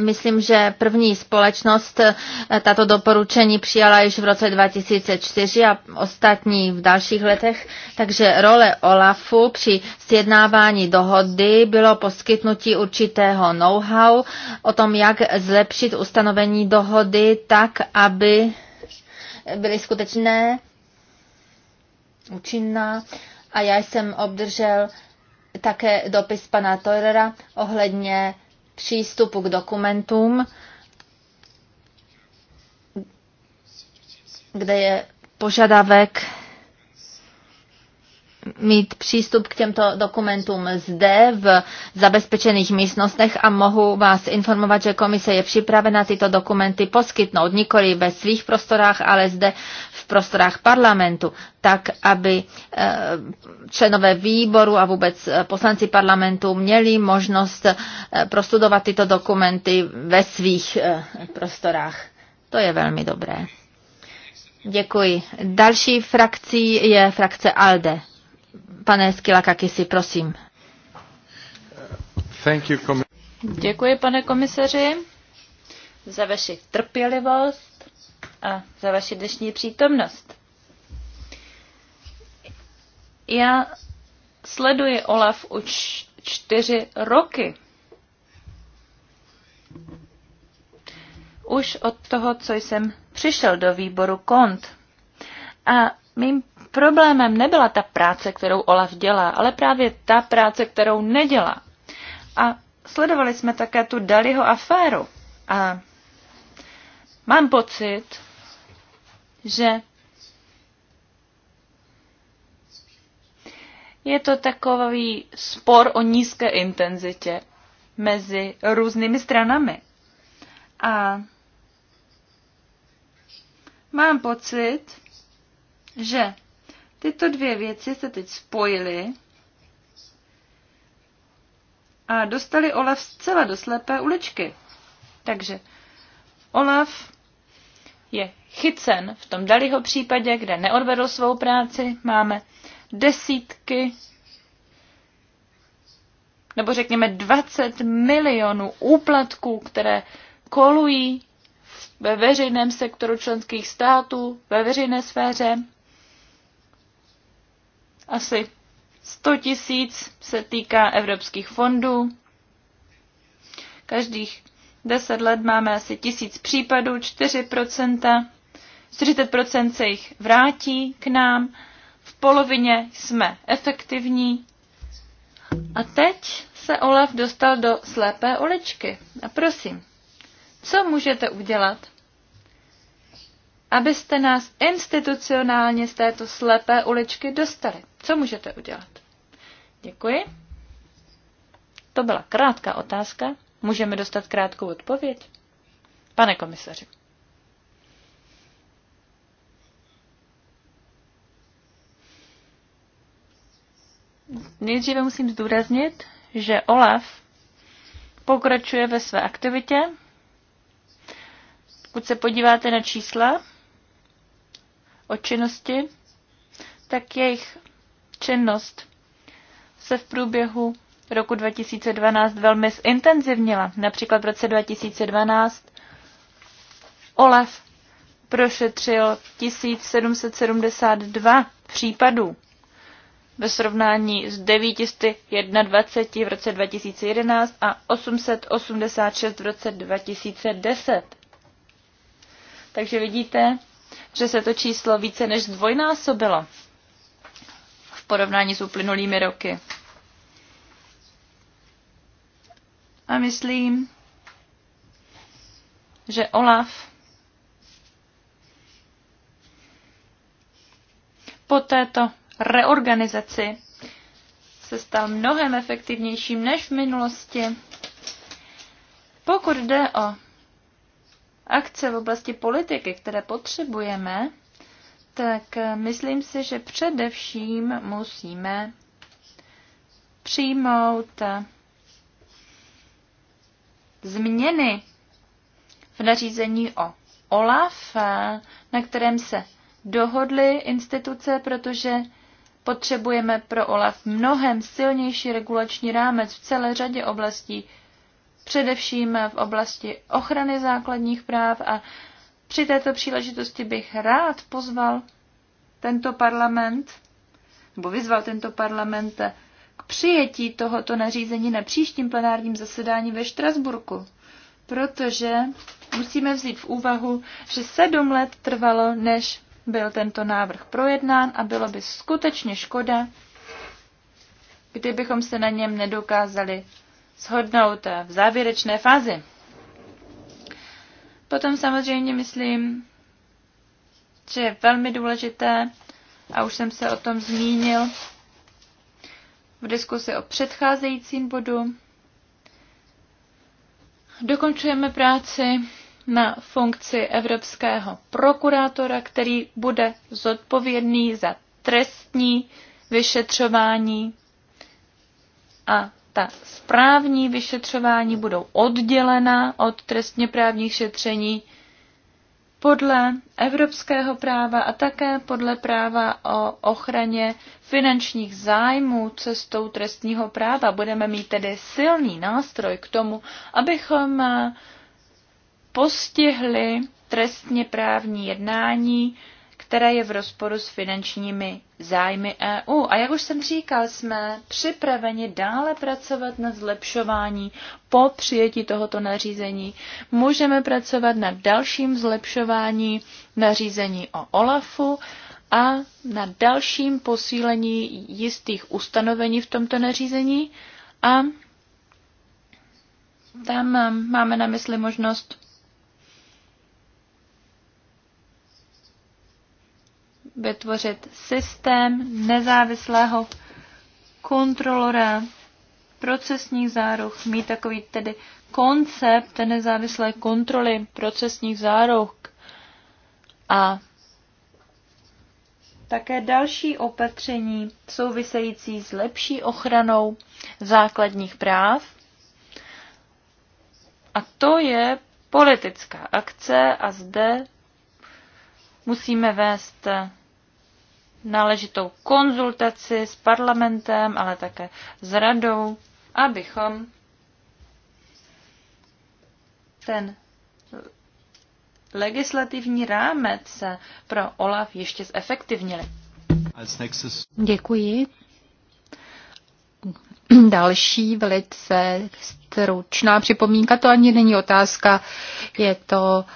Myslím, že první společnost eh, tato doporučení přijala již v roce 2004 a ostatní v dalších letech, takže role OLAFu při sjednávání dohody bylo poskytnutí určitého know-how o tom, jak zlepšit ustanovení dohody tak, aby byly skutečné, účinná a já jsem obdržel také dopis pana Teurera ohledně přístupu k dokumentům, kde je požadavek mít přístup k těmto dokumentům zde v zabezpečených místnostech a mohu vás informovat, že komise je připravena tyto dokumenty poskytnout nikoli ve svých prostorách, ale zde v prostorách parlamentu, tak aby eh, členové výboru a vůbec eh, poslanci parlamentu měli možnost eh, prostudovat tyto dokumenty ve svých prostorách. To je velmi dobré. Děkuji. Další frakcí je frakce ALDE. Pane Skilakakisi, prosím. Thank you, Děkuji, pane komisaři, za vaši trpělivost a za vaši dnešní přítomnost. Já sleduji Olaf už čtyři roky. Už od toho, co jsem přišel do výboru KONT. A mým Problémem nebyla ta práce, kterou Olaf dělá, ale právě ta práce, kterou nedělá. A sledovali jsme také tu Daliho aféru. A mám pocit, že je to takový spor o nízké intenzitě mezi různými stranami. A mám pocit, že Tyto dvě věci se teď spojily a dostali Olaf zcela do slepé uličky. Takže Olaf je chycen v tom Daliho případě, kde neodvedl svou práci. Máme desítky nebo řekněme 20 milionů úplatků, které kolují ve veřejném sektoru členských států, ve veřejné sféře asi 100 tisíc se týká evropských fondů. Každých 10 let máme asi tisíc případů, 4%, 40% se jich vrátí k nám, v polovině jsme efektivní. A teď se Olaf dostal do slepé uličky. A prosím, co můžete udělat, abyste nás institucionálně z této slepé uličky dostali? Co můžete udělat? Děkuji. To byla krátká otázka. Můžeme dostat krátkou odpověď? Pane komisaři. Nejdříve musím zdůraznit, že Olaf pokračuje ve své aktivitě. Pokud se podíváte na čísla o činnosti, tak jejich činnost se v průběhu roku 2012 velmi zintenzivnila. Například v roce 2012 OLAF prošetřil 1772 případů ve srovnání s 921 v roce 2011 a 886 v roce 2010. Takže vidíte, že se to číslo více než zdvojnásobilo porovnání s uplynulými roky. A myslím, že Olaf po této reorganizaci se stal mnohem efektivnějším než v minulosti. Pokud jde o akce v oblasti politiky, které potřebujeme, tak myslím si, že především musíme přijmout změny v nařízení o OLAF, na kterém se dohodly instituce, protože potřebujeme pro OLAF mnohem silnější regulační rámec v celé řadě oblastí, především v oblasti ochrany základních práv a při této příležitosti bych rád pozval tento parlament, nebo vyzval tento parlament k přijetí tohoto nařízení na příštím plenárním zasedání ve Štrasburku, protože musíme vzít v úvahu, že sedm let trvalo, než byl tento návrh projednán a bylo by skutečně škoda, kdybychom se na něm nedokázali shodnout v závěrečné fázi. Potom samozřejmě myslím, že je velmi důležité, a už jsem se o tom zmínil v diskusi o předcházejícím bodu, dokončujeme práci na funkci evropského prokurátora, který bude zodpovědný za trestní vyšetřování a ta správní vyšetřování budou oddělena od trestně právních šetření podle evropského práva a také podle práva o ochraně finančních zájmů cestou trestního práva. Budeme mít tedy silný nástroj k tomu, abychom eh, postihli trestně právní jednání které je v rozporu s finančními zájmy EU. A jak už jsem říkal, jsme připraveni dále pracovat na zlepšování po přijetí tohoto nařízení. Můžeme pracovat na dalším zlepšování nařízení o OLAFu a na dalším posílení jistých ustanovení v tomto nařízení a tam eh, máme na mysli možnost vytvořit systém nezávislého kontrolora procesních záruch. mít takový tedy koncept nezávislé kontroly procesních záruk a také další opatření související s lepší ochranou základních práv. A to je politická akce a zde musíme vést náležitou konzultaci s parlamentem, ale také s radou, abychom ten legislativní rámec pro OLAF ještě zefektivnili. Děkuji. Další velice stručná připomínka, to ani není otázka, je to uh,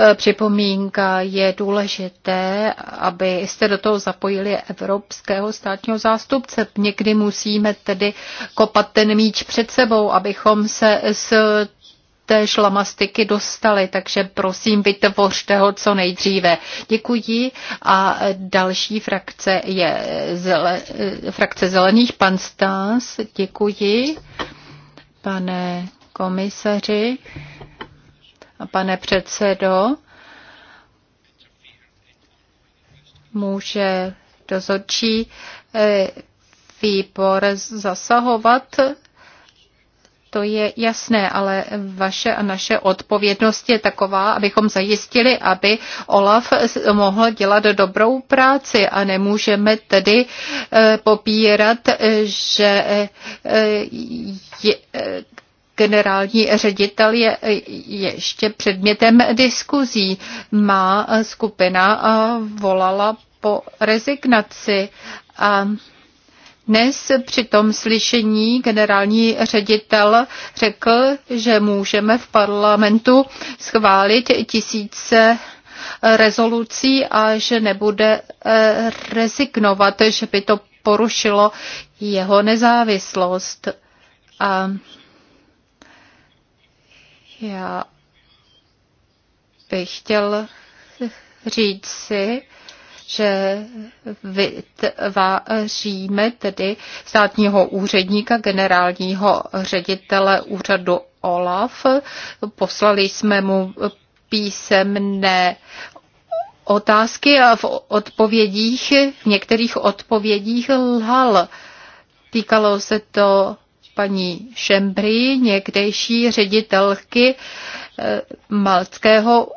E, připomínka. Je důležité, abyste do toho zapojili evropského státního zástupce. Někdy musíme tedy kopat ten míč před sebou, abychom se s té šlamastiky dostali, takže prosím, vytvořte ho co nejdříve. Děkuji a další frakce je zele, frakce zelených. Pan Stás, děkuji. Pane komisaři, pane předsedo, může dozorčí eh, výbor zasahovat. To je jasné, ale vaše a naše odpovědnost je taková, abychom zajistili, aby OLAF mohl dělat dobrou práci a nemůžeme tedy eh, popírat, eh, že generální ředitel je ještě předmětem diskuzí. Má skupina volala po rezignaci a dnes při tom slyšení generální ředitel řekl, že můžeme v parlamentu schválit tisíce rezolucí a že nebude e, rezignovat, že by to porušilo jeho nezávislost. A já bych chtěl říct si, že vytváříme tedy státního úředníka, generálního ředitele úřadu OLAF. Poslali jsme mu písemné otázky a v odpovědích, v některých odpovědích lhal. Týkalo se to paní Šembry, někdejší ředitelky eh, Malckého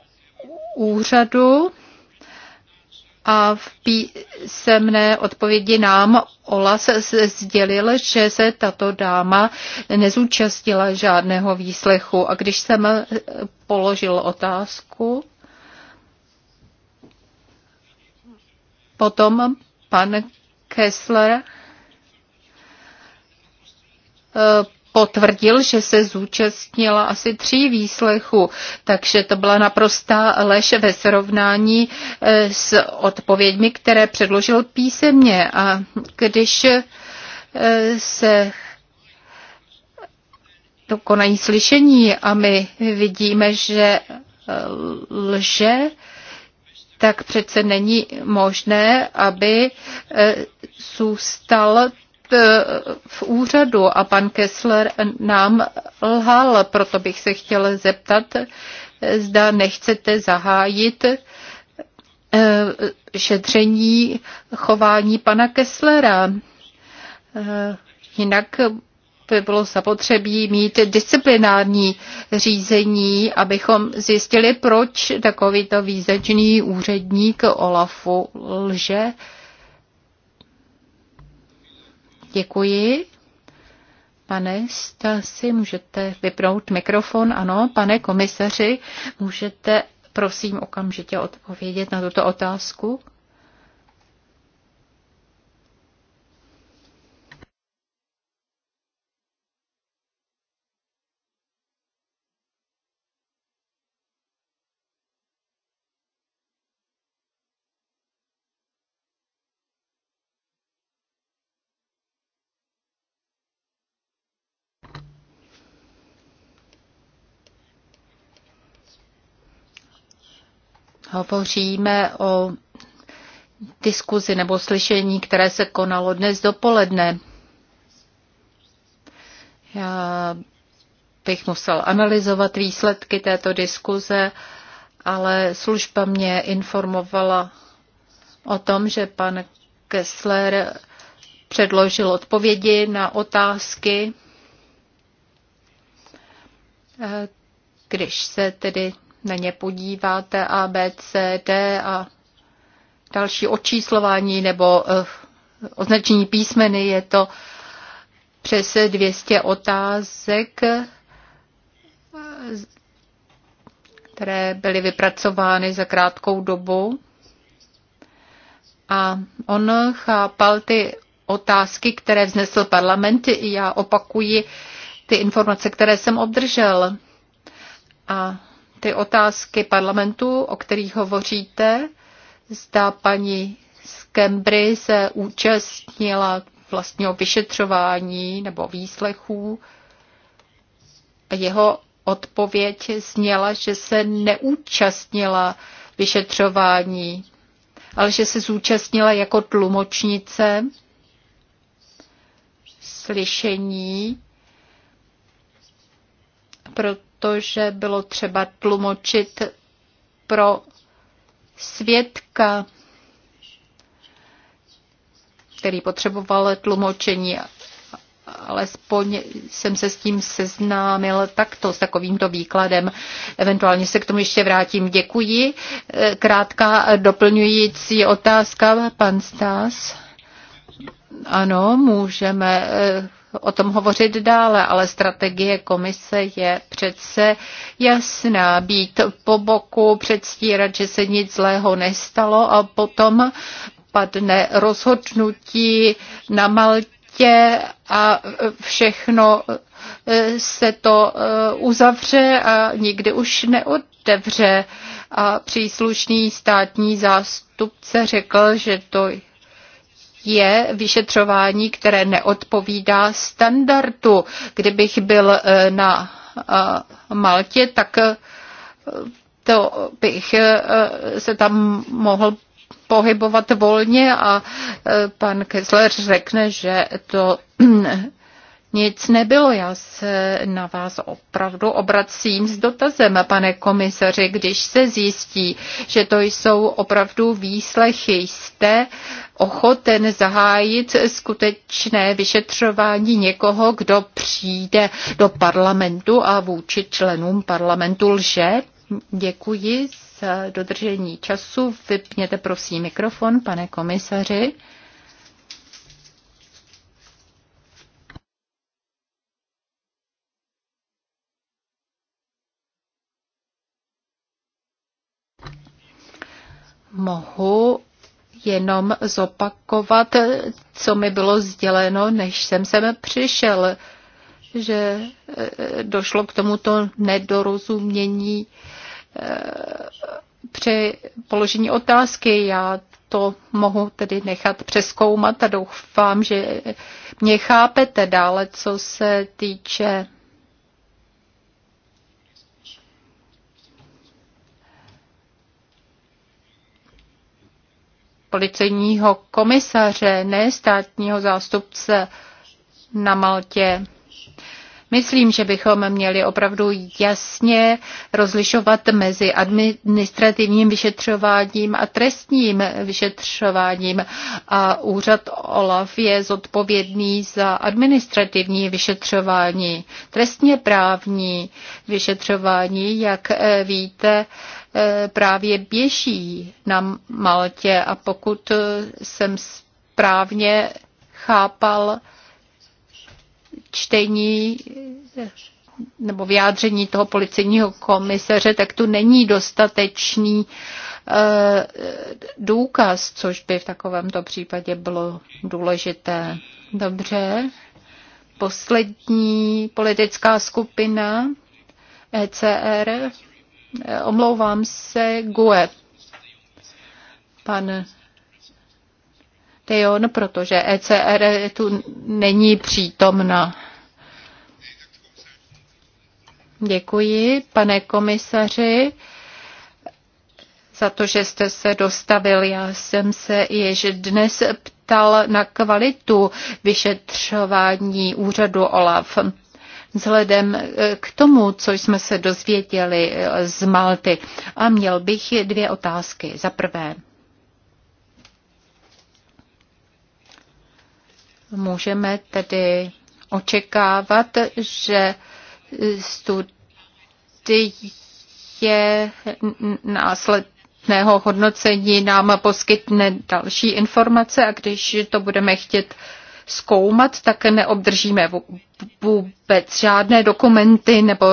úřadu a v písemné odpovědi nám Olas sdělil, že se tato dáma nezúčastnila žádného výslechu. A když jsem položil otázku, potom pan Kessler Eh, potvrdil, že se zúčastnila asi tří výslechu, takže to byla naprostá lež ve srovnání eh, s odpověďmi, které předložil písemně. A když eh, se dokonají slyšení a my vidíme, že lže, tak přece není možné, aby zůstal E, v úřadu a pan Kessler nám lhal, proto bych se chtěl zeptat, zda nechcete zahájit e, šetření chování pana Kesslera. E, jinak by bylo zapotřebí mít disciplinární řízení, abychom zjistili, proč takovýto výzečný úředník Olafu lže. Děkuji. Pane Stasi, můžete vypnout mikrofon? Ano, pane komisaři, můžete prosím okamžitě odpovědět na tuto otázku? Hovoříme o diskuzi nebo slyšení, které se konalo dnes dopoledne. Já bych musel analyzovat výsledky této diskuze, ale služba mě informovala o tom, že pan Kessler předložil odpovědi na otázky, eh, když se tedy na ně podíváte, A, B, C, D a další očíslování nebo eh, označení písmeny, je to přes 200 otázek, které byly vypracovány za krátkou dobu. A on chápal ty otázky, které vznesl parlament. Já opakuji ty informace, které jsem obdržel. A ty otázky parlamentu, o kterých hovoříte. Zda paní z Kembry se účastnila vlastního vyšetřování nebo výslechů. Jeho odpověď zněla, že se neúčastnila vyšetřování, ale že se zúčastnila jako tlumočnice slyšení, proto protože bylo třeba tlumočit pro svědka, který potřeboval tlumočení. Alespoň jsem se s tím seznámil takto, s takovýmto výkladem. Eventuálně se k tomu ještě vrátím. Děkuji. Krátká doplňující otázka, pan Stas. Ano, můžeme eh, o tom hovořit dále, ale strategie komise je přece jasná. Být po boku, předstírat, že se nic zlého nestalo a potom padne rozhodnutí na Maltě a všechno eh, se to eh, uzavře a nikdy už neotevře. A příslušný státní zástupce řekl, že to je vyšetřování, které neodpovídá standardu. Kdybych byl eh, na eh, Maltě, tak eh, to bych se tam mohl pohybovat volně a pan Kessler řekne, že to nic nebylo. Já se na vás opravdu obracím s dotazem, pane komisaři, když se zjistí, že to jsou opravdu výslechy. Jste ochoten zahájit skutečné vyšetřování někoho, kdo přijde do parlamentu a vůči členům parlamentu lže? Děkuji za dodržení času. Vypněte prosím mikrofon, pane komisaři. mohu jenom zopakovat, co mi bylo sděleno, než jsem sem přišel, že eh, došlo k tomuto nedorozumění eh, při položení otázky. Já to mohu tedy nechat přeskoumat a doufám, že mě chápete dále, co se týče policejního komisaře, ne státního zástupce na Maltě. Myslím, že bychom měli opravdu jasně rozlišovat mezi administrativním vyšetřováním a trestním vyšetřováním. A úřad OLAF je zodpovědný za administrativní vyšetřování. Trestně právní vyšetřování, jak eh, víte, Eh, právě běží na Maltě a pokud eh, jsem správně chápal čtení eh, nebo vyjádření toho policejního komisaře, tak tu není dostatečný důkaz, což by v takovémto případě bylo důležité. Dobře. Poslední politická skupina ECR. Omlouvám se, Gue. Pan Tejon, protože ECR tu není přítomna. Děkuji, pane komisaři, za to, že jste se dostavil. Já jsem se již dnes ptal na kvalitu vyšetřování úřadu OLAF vzhledem eh, k tomu, co jsme se dozvěděli eh, z Malty. A měl bych dvě otázky. Za prvé, můžeme tedy očekávat, že studie následného hodnocení nám poskytne další informace a když to budeme chtět zkoumat, tak neobdržíme vůbec žádné dokumenty nebo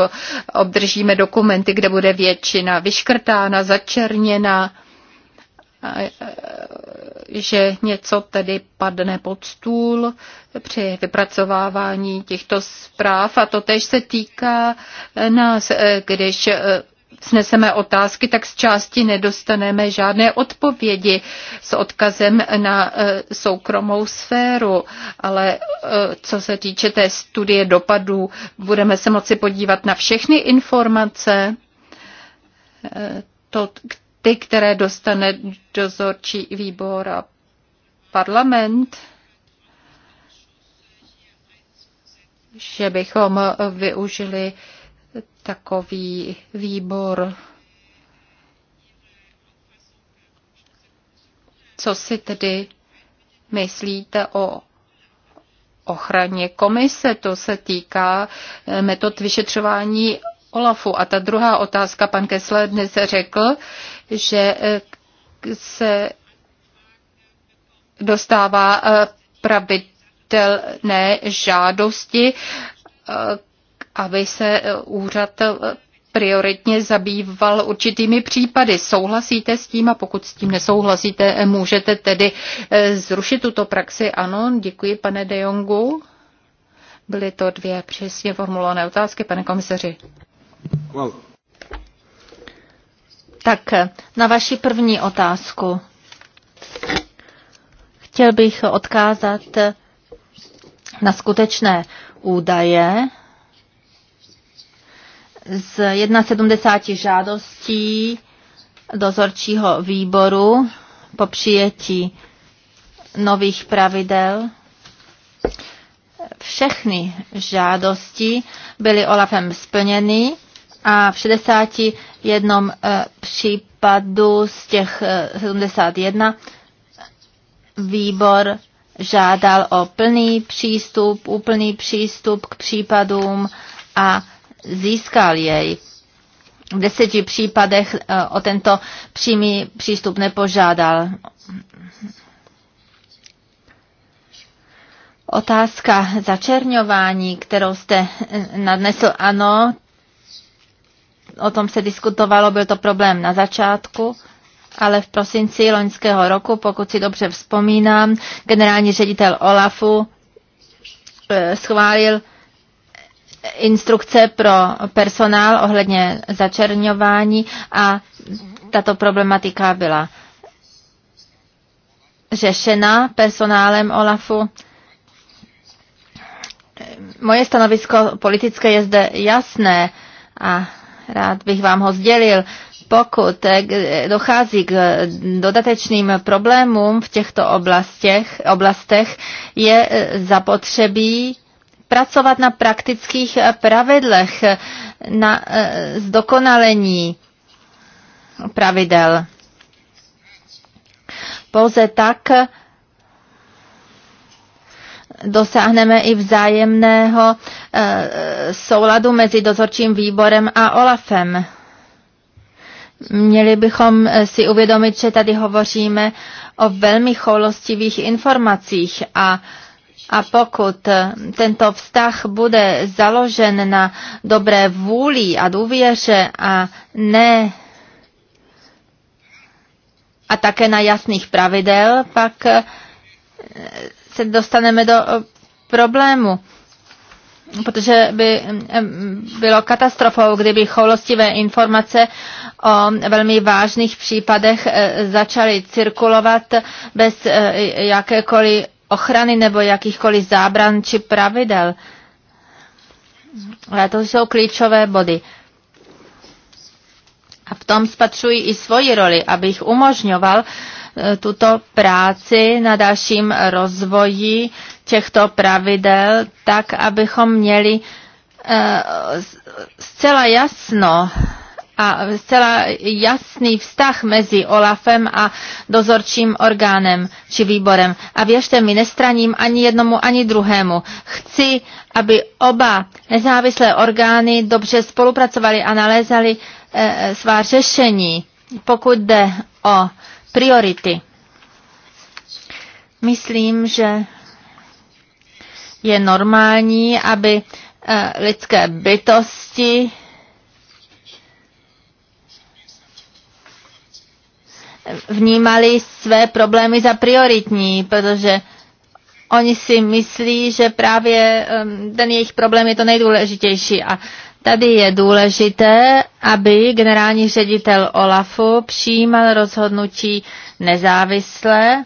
obdržíme dokumenty, kde bude většina vyškrtána, začerněna, že něco tedy padne pod stůl při vypracovávání těchto zpráv. A to tež se týká nás, e, když e, sneseme otázky, tak z části nedostaneme žádné odpovědi s odkazem na eh, soukromou sféru. Ale eh, co se týče té studie dopadů, budeme se moci podívat na všechny informace, eh, to, ty, které dostane dozorčí výbor a parlament že bychom využili takový výbor. Co si tedy myslíte o ochraně komise? To se týká eh, metod vyšetřování Olafu. A ta druhá otázka, pan Kessler dnes řekl, že eh, se dostává eh, pravidelné žádosti aby se eh, úřad eh, prioritně zabýval určitými případy. Souhlasíte s tím a pokud s tím nesouhlasíte, eh, můžete tedy zrušit tuto praxi? Ano, děkuji pane De Jongu. Byly to dvě přesně formulované otázky, pane komisaři. Well. Tak na vaši první otázku. Chtěl bych odkázat na skutečné údaje z 71 žádostí dozorčího výboru po přijetí nových pravidel všechny žádosti byly Olafem splněny a v 61 eh, případu z těch 71 eh, výbor žádal o plný přístup, úplný přístup k případům a získal jej. V deseti případech eh, o tento přímý přístup nepožádal. Otázka začerňování, kterou jste eh, nadnesl, ano, o tom se diskutovalo, byl to problém na začátku, ale v prosinci loňského roku, pokud si dobře vzpomínám, generální ředitel Olafu eh, schválil instrukce pro personál ohledně začerňování a tato problematika byla řešena personálem OLAFu. Moje stanovisko politické je zde jasné a rád bych vám ho sdělil. Pokud dochází k dodatečným problémům v těchto oblastech, oblastech je zapotřebí pracovat na praktických eh, pravidlech, eh, na eh, zdokonalení pravidel. Pouze tak dosáhneme i vzájemného souladu mezi dozorčím výborem a OLAFem. Měli bychom si uvědomit, že tady hovoříme o velmi choulostivých informacích a a pokud tento vztah bude založen na dobré vůli a důvěře a ne a také na jasných pravidel, pak eh, se dostaneme do eh, problému protože by eh, bylo katastrofou, kdyby choulostivé informace o velmi vážných případech začaly cirkulovat bez jakékoliv ochrany nebo jakýchkoliv zábran či pravidel. Ale to jsou klíčové body. A v tom spatřuji i svoji roli, abych umožňoval e, tuto práci na dalším rozvoji těchto pravidel, tak abychom měli e, zcela jasno a zcela jasný vztah mezi OLAFem a dozorčím orgánem či výborem. A věřte mi, nestraním ani jednomu, ani druhému. Chci, aby oba nezávislé orgány dobře spolupracovali a nalézali e, svá řešení, pokud jde o priority. Myslím, že je normální, aby eh, lidské bytosti vnímali své problémy za prioritní, protože oni si myslí, že právě um, ten jejich problém je to nejdůležitější. A tady je důležité, aby generální ředitel Olafu přijímal rozhodnutí nezávisle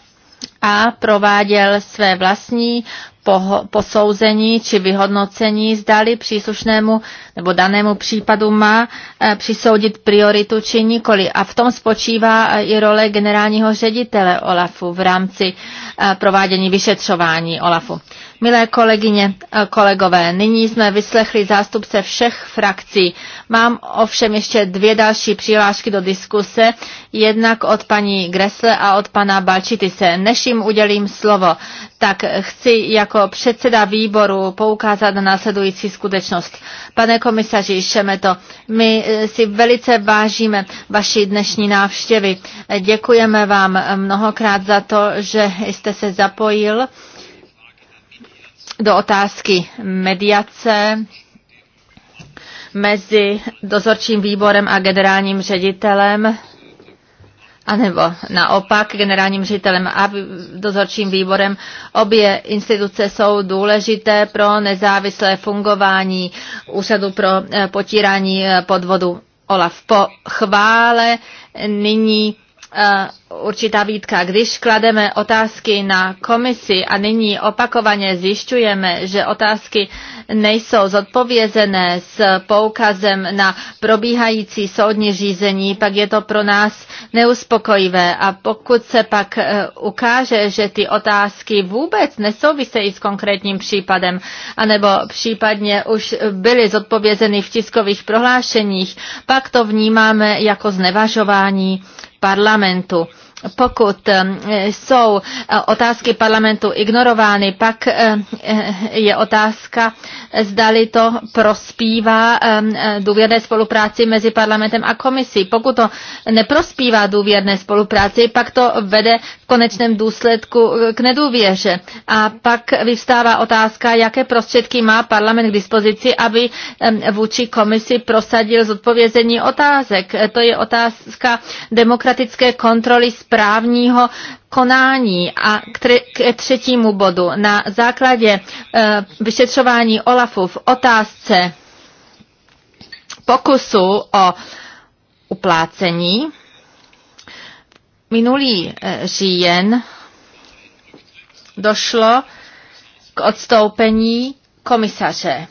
a prováděl své vlastní posouzení či vyhodnocení zdali příslušnému nebo danému případu má eh, přisoudit prioritu či nikoli. A v tom spočívá eh, i role generálního ředitele OLAFu v rámci eh, provádění vyšetřování OLAFu. Milé kolegyně, kolegové, nyní jsme vyslechli zástupce všech frakcí. Mám ovšem ještě dvě další přihlášky do diskuse, jednak od paní Gresle a od pana Balčitise. Než jim udělím slovo, tak chci jako předseda výboru poukázat na následující skutečnost. Pane komisaři Šemeto, my eh, si velice vážíme vaší dnešní návštěvy. Eh, děkujeme vám eh, mnohokrát za to, že jste se zapojil do otázky mediace mezi dozorčím výborem a generálním ředitelem anebo naopak generálním ředitelem a dozorčím výborem. Obě instituce jsou důležité pro nezávislé fungování Úřadu pro eh, potírání eh, podvodu OLAF. Po chvále nyní Eh, určitá výtka. Když klademe otázky na komisi a nyní opakovaně zjišťujeme, že otázky nejsou zodpovězené s poukazem na probíhající soudní řízení, pak je to pro nás neuspokojivé. A pokud se pak eh, ukáže, že ty otázky vůbec nesouvisejí s konkrétním případem, anebo případně už byly zodpovězeny v tiskových prohlášeních, pak to vnímáme jako znevažování parlamentu pokud eh, jsou eh, otázky parlamentu ignorovány, pak eh, je otázka, zdali to prospívá důvěrné spolupráci mezi parlamentem a komisí. Pokud to neprospívá důvěrné spolupráci, pak to vede v konečném důsledku k nedůvěře. A pak vyvstává otázka, jaké prostředky má parlament k dispozici, aby vůči komisi prosadil zodpovězení otázek. To je otázka demokratické kontroly správního konání a k třetímu bodu. Na základě eh, vyšetřování OLAFu v otázce pokusu o uplácení minulý eh, říjen došlo k odstoupení komisaře.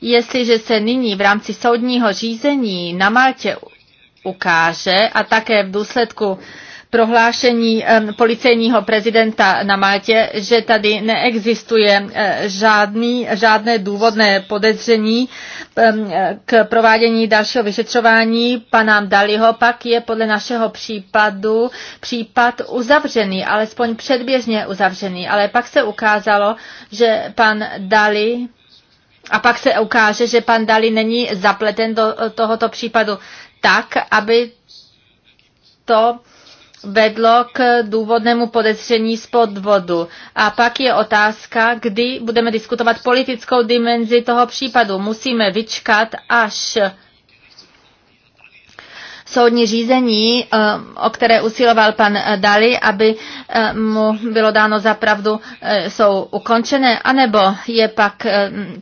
Jestliže se nyní v rámci soudního řízení na Maltě ukáže a také v důsledku prohlášení policejního prezidenta na Maltě, že tady neexistuje eh, žádný, žádné důvodné podezření k provádění dalšího vyšetřování pana Daliho, pak je podle našeho případu případ uzavřený, alespoň předběžně uzavřený, ale pak se ukázalo, že pan Dali a pak se ukáže, že pan Dali není zapleten do tohoto případu tak, aby to vedlo k důvodnému podezření z podvodu. A pak je otázka, kdy budeme diskutovat politickou dimenzi toho případu. Musíme vyčkat, až soudní řízení, eh, o které usiloval pan eh, Dali, aby eh, mu bylo dáno za pravdu, jsou ukončené, anebo je pak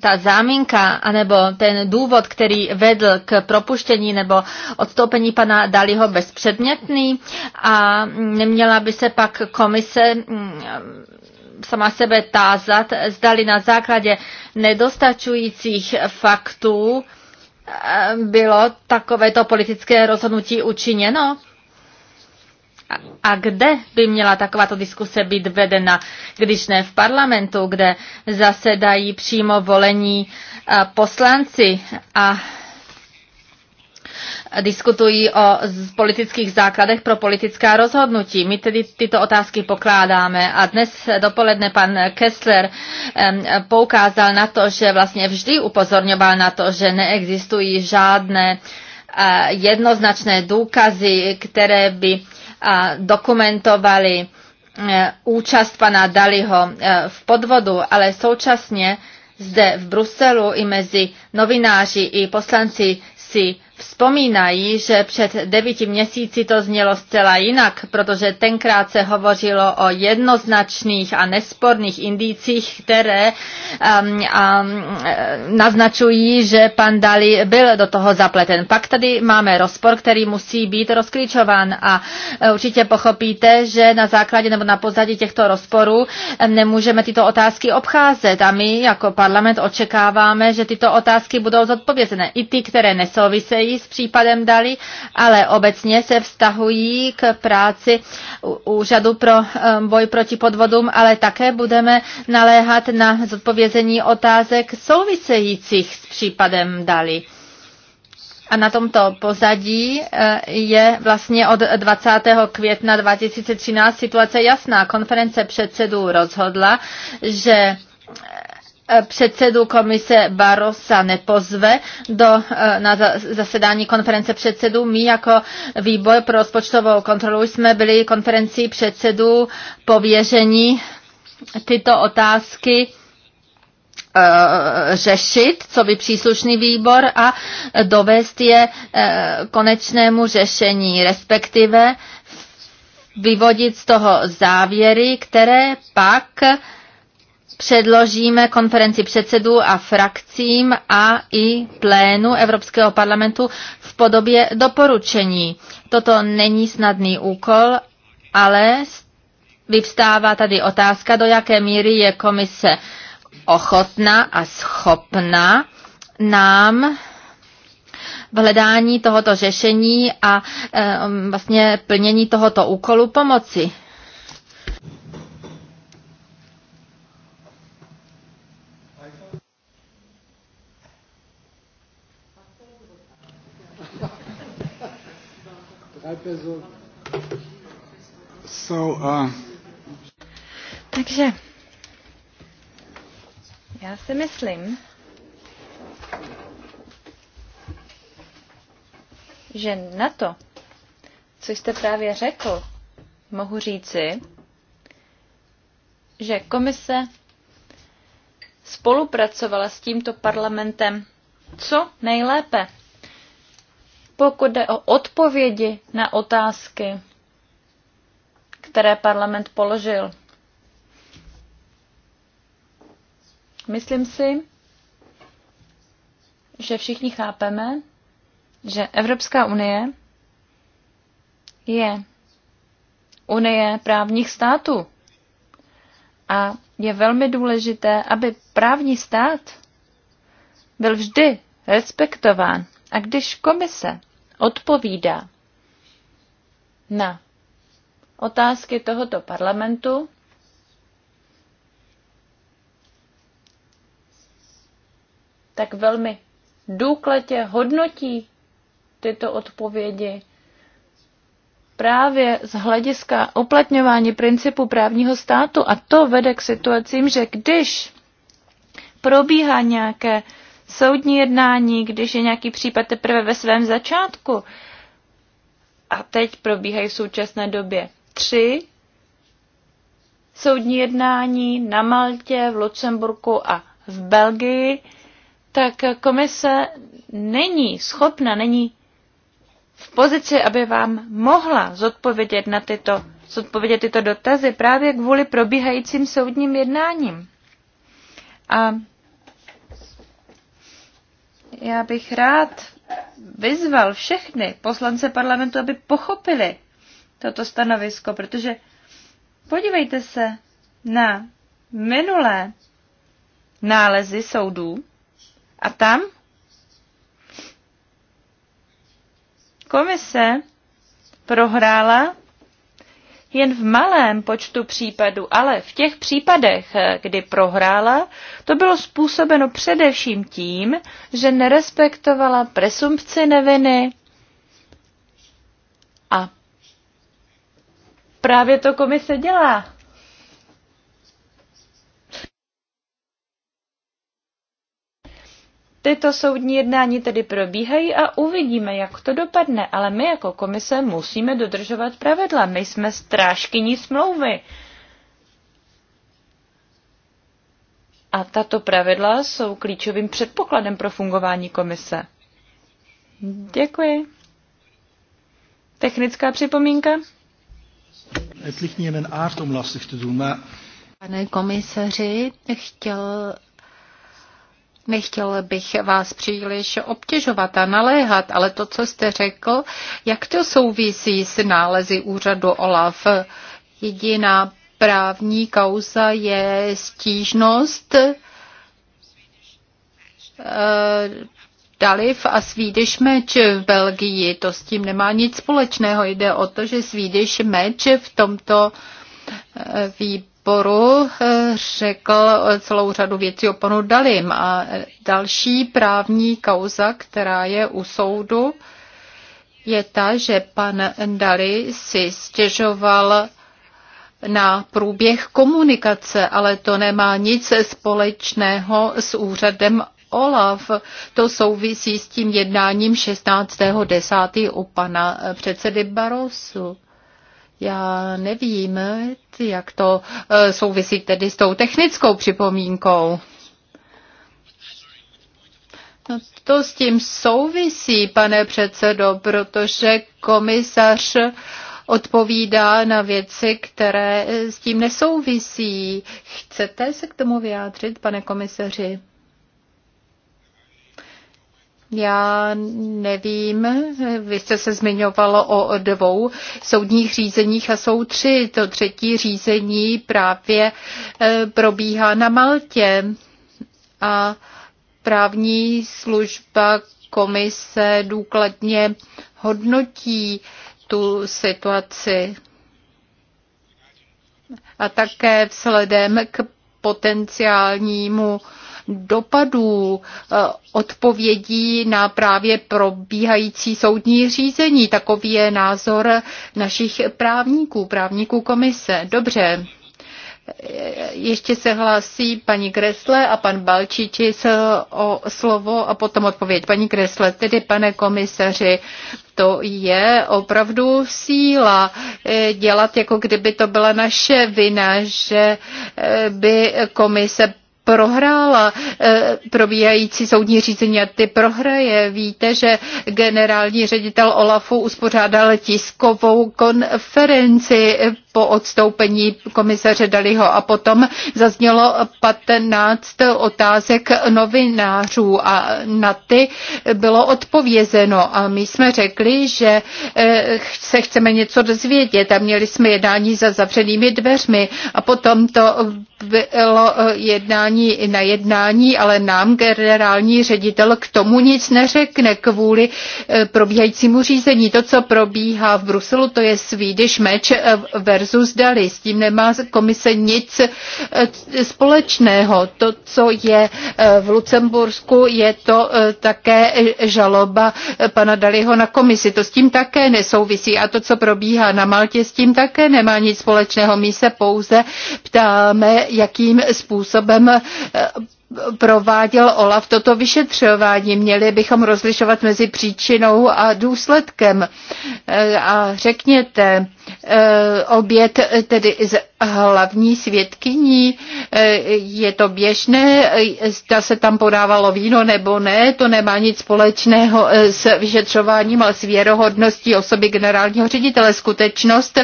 ta záminka, anebo ten důvod, který vedl k propuštění nebo odstoupení pana Daliho bezpředmětný a neměla by se pak komise mm, sama sebe tázat, zdali na základě nedostačujících faktů Eh, bylo takovéto politické rozhodnutí učiněno? A kde by měla takováto diskuse být vedena, když ne v parlamentu, kde zasedají přímo volení eh, poslanci a diskutují o politických základech pro politická rozhodnutí. My tedy tyto otázky pokládáme a dnes dopoledne pan Kessler poukázal na to, že vlastně vždy upozorňoval na to, že neexistují žádné eh, jednoznačné důkazy, které by eh, dokumentovaly eh, účast pana Daliho v podvodu, ale současně zde v Bruselu i mezi novináři i poslanci si vzpomínají, že před devíti měsíci to znělo zcela jinak, protože tenkrát se hovořilo o jednoznačných a nesporných indicích, které um, um, naznačují, že pan Dali byl do toho zapleten. Pak tady máme rozpor, který musí být rozklíčován a e, určitě pochopíte, že na základě nebo na pozadí těchto rozporů nemůžeme tyto otázky obcházet a my jako parlament očekáváme, že tyto otázky budou zodpovězené. I ty, které nesouvisejí souvisejí s případem Dali, ale obecně se vztahují k práci Úřadu pro eh, boj proti podvodům, ale také budeme naléhat na zodpovězení otázek souvisejících s případem Dali. A na tomto pozadí eh, je vlastně od 20. května 2013 situace jasná. Konference předsedů rozhodla, že Eh, předsedu komise Barosa nepozve do, eh, na zasedání konference předsedů. My jako výbor pro rozpočtovou kontrolu jsme byli konferencí předsedů pověření tyto otázky eh, řešit, co by příslušný výbor a dovést je konečnému řešení, respektive vyvodit z toho závěry, které pak předložíme konferenci předsedů a frakcím a i plénu Evropského parlamentu v podobě doporučení. Toto není snadný úkol, ale vyvstává tady otázka, do jaké míry je komise ochotná a schopná nám v hledání tohoto řešení a e, vlastně plnění tohoto úkolu pomoci. So, uh... Takže já si myslím, že na to, co jste právě řekl, mohu říci, že komise spolupracovala s tímto parlamentem co nejlépe pokud jde o odpovědi na otázky, které parlament položil. Myslím si, že všichni chápeme, že Evropská unie je unie právních států. A je velmi důležité, aby právní stát byl vždy respektován. A když komise odpovídá na otázky tohoto parlamentu, tak velmi důkletě hodnotí tyto odpovědi právě z hlediska uplatňování principu právního státu. A to vede k situacím, že když probíhá nějaké soudní jednání, když je nějaký případ teprve ve svém začátku. A teď probíhají v současné době tři soudní jednání na Maltě, v Lucemburku a v Belgii, tak komise není schopna, není v pozici, aby vám mohla zodpovědět na tyto, zodpovědět tyto dotazy právě kvůli probíhajícím soudním jednáním. A já bych rád vyzval všechny poslance parlamentu, aby pochopili toto stanovisko, protože podívejte se na minulé nálezy soudů a tam komise prohrála jen v malém počtu případů, ale v těch případech, eh, kdy prohrála, to bylo způsobeno především tím, že nerespektovala presumpci neviny a právě to komise dělá. Tyto soudní jednání tedy probíhají a uvidíme, jak to dopadne, ale my jako komise musíme dodržovat pravidla. My jsme strážkyní smlouvy. A tato pravidla jsou klíčovým předpokladem pro fungování komise. Děkuji. Technická připomínka? Pane komisaři, chtěl Nechtěl bych vás příliš obtěžovat a naléhat, ale to, co jste řekl, jak to souvisí s nálezy úřadu OLAF? Jediná právní kauza je stížnost eh, Daliv a Swedish Match v Belgii. To s tím nemá nic společného. Jde o to, že Swedish Match v tomto eh, výboru Sporu eh, řekl eh, celou řadu věcí o panu Dalim a další právní kauza, která je u soudu, je ta, že pan Dali si stěžoval na průběh komunikace, ale to nemá nic společného s úřadem Olaf. To souvisí s tím jednáním 16.10. u pana eh, předsedy Barosu. Já nevím, jak to e, souvisí tedy s tou technickou připomínkou. No to s tím souvisí, pane předsedo, protože komisař odpovídá na věci, které s tím nesouvisí. Chcete se k tomu vyjádřit, pane komisaři? Já nevím, vy jste se zmiňovalo o dvou soudních řízeních a jsou tři. To třetí řízení právě e, probíhá na Maltě a právní služba komise důkladně hodnotí tu situaci. A také vzhledem k potenciálnímu dopadů eh, odpovědí na právě probíhající soudní řízení. Takový je názor našich právníků, právníků komise. Dobře. Eh, ještě se hlásí paní Kresle a pan Balčičis o slovo a potom odpověď. Paní Kresle, tedy pane komisaři, to je opravdu síla eh, dělat, jako kdyby to byla naše vina, že by komise prohrála eh, probíhající soudní řízení a ty prohraje. Víte, že generální ředitel Olafu uspořádal tiskovou konferenci po odstoupení komisaře Daliho a potom zaznělo 15 otázek novinářů a na ty bylo odpovězeno a my jsme řekli, že eh, se chceme něco dozvědět a měli jsme jednání za zavřenými dveřmi a potom to bylo eh, jednání pozvání na jednání, ale nám generální ředitel k tomu nic neřekne kvůli eh, probíhajícímu řízení. To, co probíhá v Bruselu, to je Swedish match eh, versus Dali. S tím nemá komise nic eh, společného. To, co je v Lucembursku, je to také žaloba pana Daliho na komisi. To s tím také nesouvisí a to, co probíhá na Maltě, s tím také nemá nic společného. My se pouze ptáme, jakým způsobem Eh, prováděl OLAF toto vyšetřování. Měli bychom rozlišovat mezi příčinou a důsledkem. Eh, a řekněte, Eh, oběd eh, tedy z hlavní světkyní. Eh, je to běžné, zda se tam podávalo víno nebo ne, to nemá nic společného s vyšetřováním, ale s věrohodností osoby generálního ředitele. Skutečnost,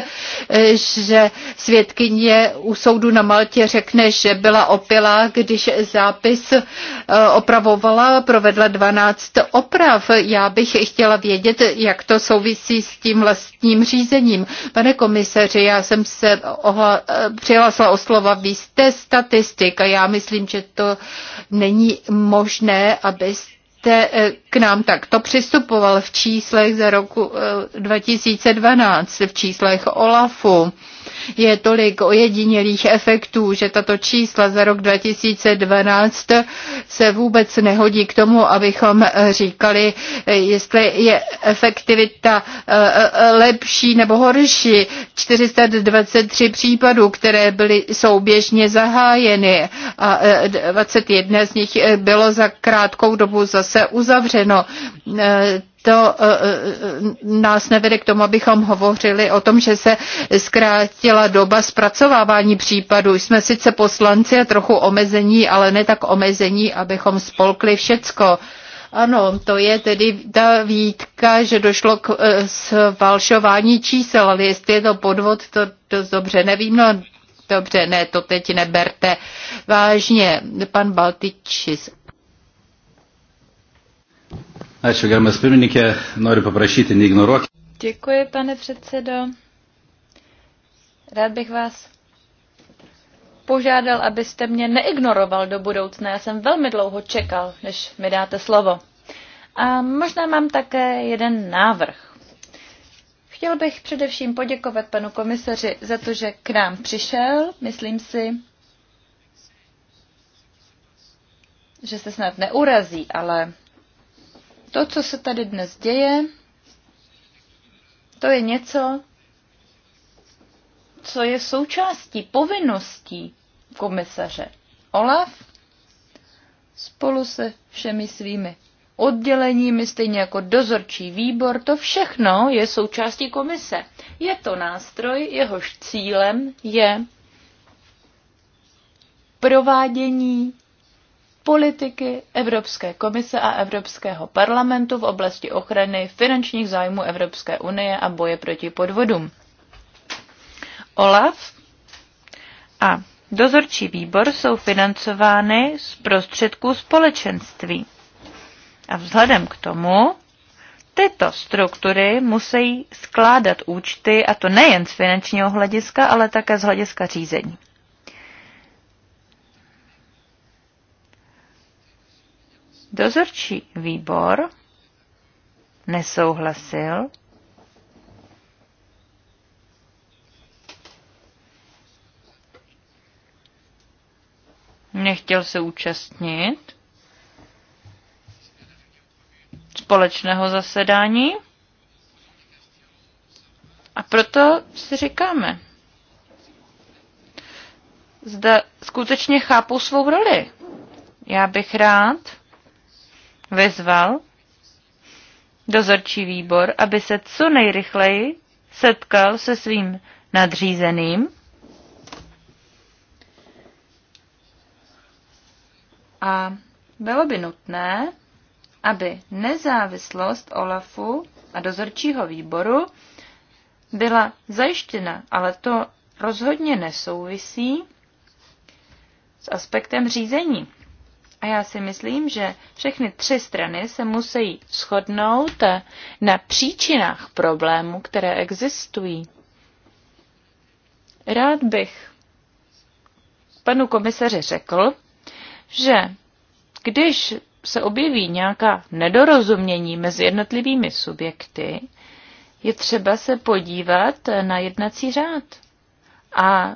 že svědkyně u soudu na Maltě řekne, že byla opila, když zápis opravovala, provedla 12 oprav. Já bych chtěla vědět, jak to souvisí s tím vlastním řízením. Pane komisaři, já jsem se ohla, přihlásila o slova, vy jste statistik a já myslím, že to není možné, abyste eh, k nám takto přistupoval v číslech za roku 2012, eh, v číslech OLAFu je tolik ojedinělých efektů, že tato čísla za rok 2012 se vůbec nehodí k tomu, abychom eh, říkali, eh, jestli je efektivita eh, lepší nebo horší. 423 případů, které byly souběžně zahájeny a 21 z nich bylo za krátkou dobu zase uzavřeno to eh, eh, nás nevede k tomu, abychom hovořili o tom, že se zkrátila doba zpracovávání případů. Jsme sice poslanci a trochu omezení, ale ne tak omezení, abychom spolkli všecko. Ano, to je tedy ta výtka, že došlo k sfalšování eh, čísel, ale jestli je to podvod, to dost dobře nevím. No, dobře, ne, to teď neberte vážně. Pan Baltič Ačiū, gerbiamas pirmininkė, noriu paprašyti, neignoruok. Děkuji, pane předsedo. Rád bych vás požádal, abyste mě neignoroval do budoucna. Já jsem velmi dlouho čekal, než mi dáte slovo. A možná mám také jeden návrh. Chtěl bych především poděkovat panu komisaři za to, že k nám přišel. Myslím si, že se snad neurazí, ale to, co se tady dnes děje, to je něco, co je součástí povinností komisaře Olaf spolu se všemi svými odděleními, stejně jako dozorčí výbor, to všechno je součástí komise. Je to nástroj, jehož cílem je provádění politiky Evropské komise a Evropského parlamentu v oblasti ochrany finančních zájmů Evropské unie a boje proti podvodům. OLAF a dozorčí výbor jsou financovány z prostředků společenství. A vzhledem k tomu, tyto struktury musí skládat účty, a to nejen z finančního hlediska, ale také z hlediska řízení. Dozorčí výbor nesouhlasil nechtěl se účastnit společného zasedání. A proto si říkáme, zda skutečně chápou svou roli. Já bych rád, vyzval dozorčí výbor, aby se co nejrychleji setkal se svým nadřízeným a bylo by nutné, aby nezávislost OLAFu a dozorčího výboru byla zajištěna, ale to rozhodně nesouvisí s aspektem řízení. A já si myslím, že všechny tři strany se musí shodnout na příčinách problémů, které existují. Rád bych panu komisaři řekl, že když se objeví nějaká nedorozumění mezi jednotlivými subjekty, je třeba se podívat na jednací řád. A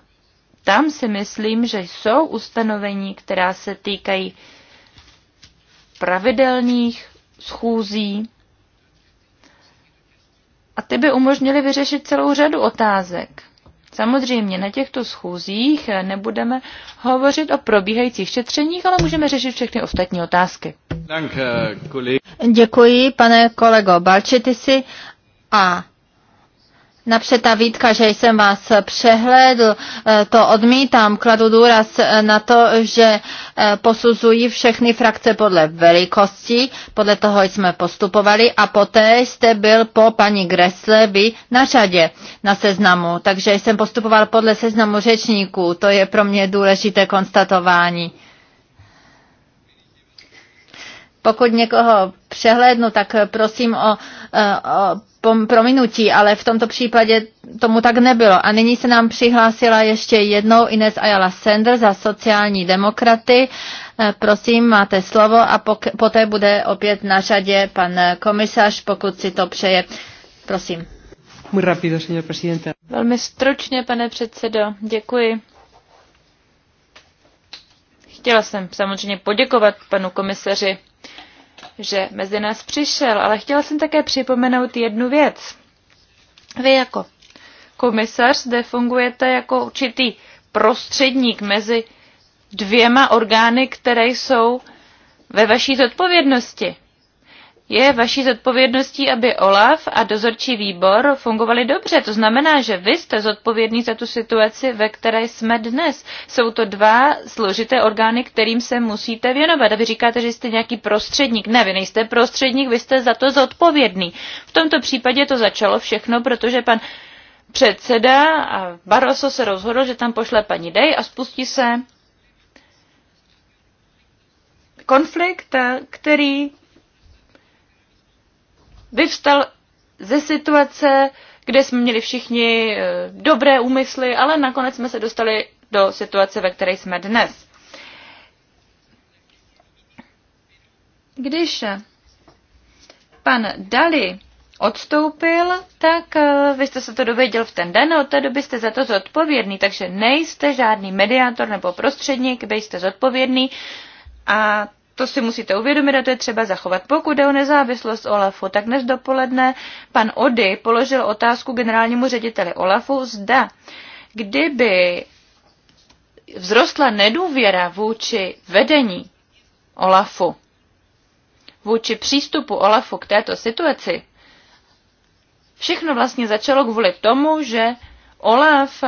tam si myslím, že jsou ustanovení, která se týkají pravidelných schůzí a ty by umožnily vyřešit celou řadu otázek. Samozřejmě na těchto schůzích nebudeme hovořit o probíhajících šetřeních, ale můžeme řešit všechny ostatní otázky. Děkuji, pane kolego Balčetisi. A Napřed ta výtka, že jsem vás přehlédl, eh, to odmítám. Kladu důraz eh, na to, že eh, posuzují všechny frakce podle velikosti, podle toho jsme postupovali a poté jste byl po paní Gressle vy na řadě na seznamu. Takže jsem postupoval podle seznamu řečníků. To je pro mě důležité konstatování pokud někoho přehlédnu, tak prosím o, e, o, o prominutí, ale v tomto případě tomu tak nebylo. A nyní se nám přihlásila ještě jednou Ines Ayala Sender za sociální demokraty. E, prosím, máte slovo a pok- poté bude opět na řadě pan komisař, pokud si to přeje. Prosím. Muy rápido, señor presidente. Velmi stručně, pane předsedo. Děkuji. Chtěla jsem samozřejmě poděkovat panu komisaři že mezi nás přišel, ale chtěla jsem také připomenout jednu věc. Vy jako komisař zde fungujete jako určitý prostředník mezi dvěma orgány, které jsou ve vaší zodpovědnosti je vaší zodpovědností, aby OLAF a dozorčí výbor fungovali dobře. To znamená, že vy jste zodpovědní za tu situaci, ve které jsme dnes. Jsou to dva složité orgány, kterým se musíte věnovat. A vy říkáte, že jste nějaký prostředník. Ne, vy nejste prostředník, vy jste za to zodpovědný. V tomto případě to začalo všechno, protože pan předseda a Barroso se rozhodl, že tam pošle paní Dej a spustí se konflikt, který vyvstal ze situace, kde jsme měli všichni eh, dobré úmysly, ale nakonec jsme se dostali do situace, ve které jsme dnes. Když pan Dali odstoupil, tak eh, vy jste se to dověděl v ten den a od té doby jste za to zodpovědný, takže nejste žádný mediátor nebo prostředník, byste zodpovědný a to si musíte uvědomit a to je třeba zachovat. Pokud jde o nezávislost OLAFu, tak dnes dopoledne pan Ody položil otázku generálnímu řediteli OLAFu, zda kdyby vzrostla nedůvěra vůči vedení OLAFu, vůči přístupu OLAFu k této situaci, všechno vlastně začalo kvůli tomu, že OLAF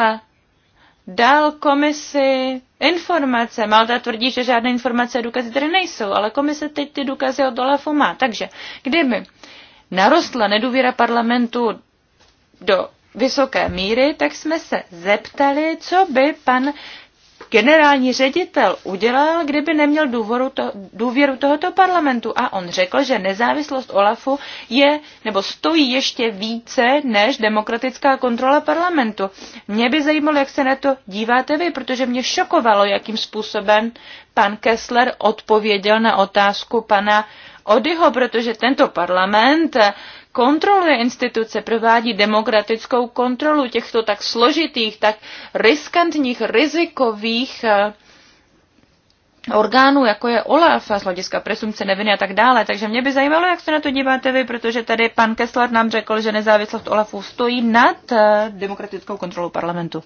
dal komisi informace. Malta tvrdí, že žádné informace a důkazy tady nejsou, ale komise teď ty důkazy od Olafu má. Takže kdyby narostla nedůvěra parlamentu do vysoké míry, tak jsme se zeptali, co by pan generální ředitel udělal, kdyby neměl důvoru to, důvěru tohoto parlamentu. A on řekl, že nezávislost OLAFu je nebo stojí ještě více než demokratická kontrola parlamentu. Mě by zajímalo, jak se na to díváte vy, protože mě šokovalo, jakým způsobem pan Kessler odpověděl na otázku pana Odyho, protože tento parlament kontroluje instituce, provádí demokratickou kontrolu těchto tak složitých, tak riskantních, rizikových eh, orgánů, jako je OLAF, a hlediska presumce neviny a tak dále. Takže mě by zajímalo, jak se na to díváte vy, protože tady pan Kessler nám řekl, že nezávislost OLAFu stojí nad eh, demokratickou kontrolou parlamentu.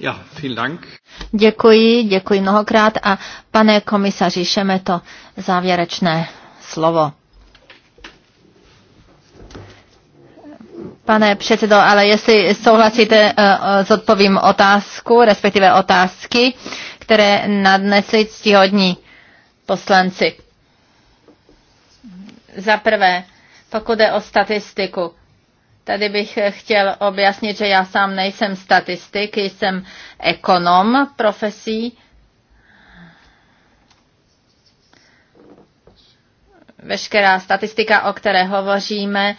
Ja, vielen Dank. Děkuji, děkuji mnohokrát a pane komisaři Šemeto, závěrečné slovo. Pane předsedo, ale jestli souhlasíte, eh, eh, zodpovím otázku, respektive otázky, které nadnesli ctihodní poslanci. Za prvé, pokud jde o statistiku, tady bych chtěl objasnit, že já sám nejsem statistik, jsem ekonom profesí. Veškerá statistika, o které hovoříme,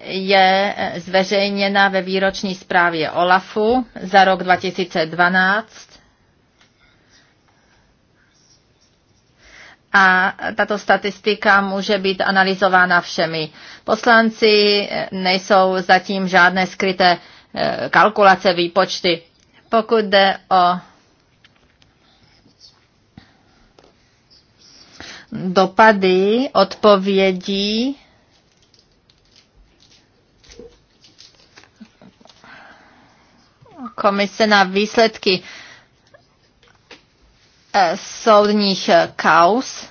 je zveřejněna ve výroční zprávě OLAFu za rok 2012 a tato statistika může být analyzována všemi. Poslanci nejsou zatím žádné skryté eh, kalkulace, výpočty. Pokud jde o dopady odpovědí komise na výsledky eh, soudních eh, kaus.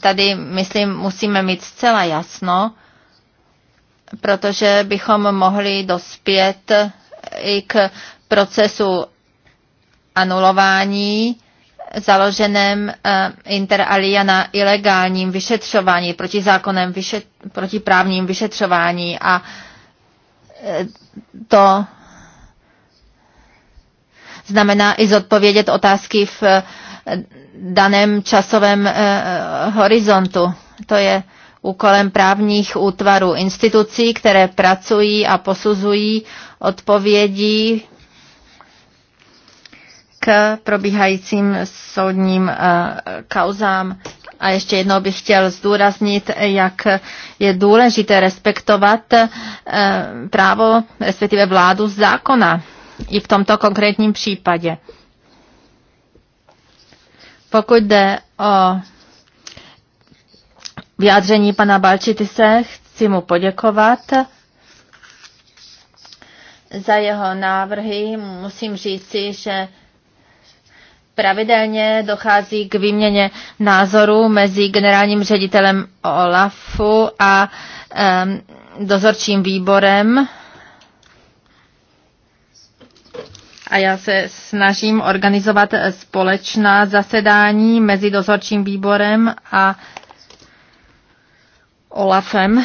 Tady, myslím, musíme mít zcela jasno, protože bychom mohli dospět eh, i k procesu anulování založeném inter alia na ilegálním vyšetřování, protizákonném vyšet, protiprávním vyšetřování a to znamená i zodpovědět otázky v eh, daném časovém eh, horizontu. To je úkolem právních útvarů institucí, které pracují a posuzují odpovědi probíhajícím soudním eh, kauzám. A ještě jednou bych chtěl zdůraznit, jak je důležité respektovat eh, právo, respektive vládu zákona i v tomto konkrétním případě. Pokud jde o vyjádření pana Balčitise, chci mu poděkovat za jeho návrhy. Musím říci, že Pravidelně dochází k výměně názorů mezi generálním ředitelem OLAFu a um, dozorčím výborem. A já se snažím organizovat společná zasedání mezi dozorčím výborem a OLAFem.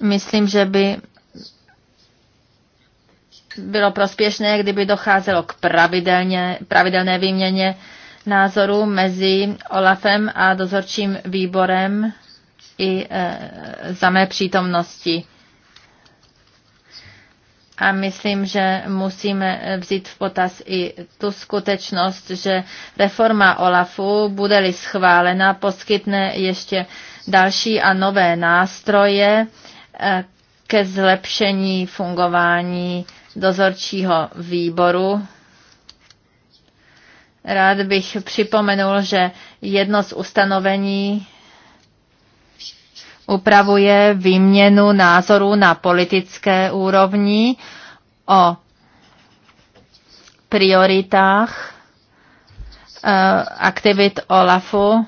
Myslím, že by bylo prospěšné, kdyby docházelo k pravidelně, pravidelné výměně názorů mezi OLAFem a dozorčím výborem i e, za mé přítomnosti. A myslím, že musíme vzít v potaz i tu skutečnost, že reforma OLAFu, bude-li schválena, poskytne ještě další a nové nástroje e, ke zlepšení fungování dozorčího výboru. Rád bych připomenul, že jedno z ustanovení upravuje výměnu názorů na politické úrovni o prioritách eh, aktivit OLAFu.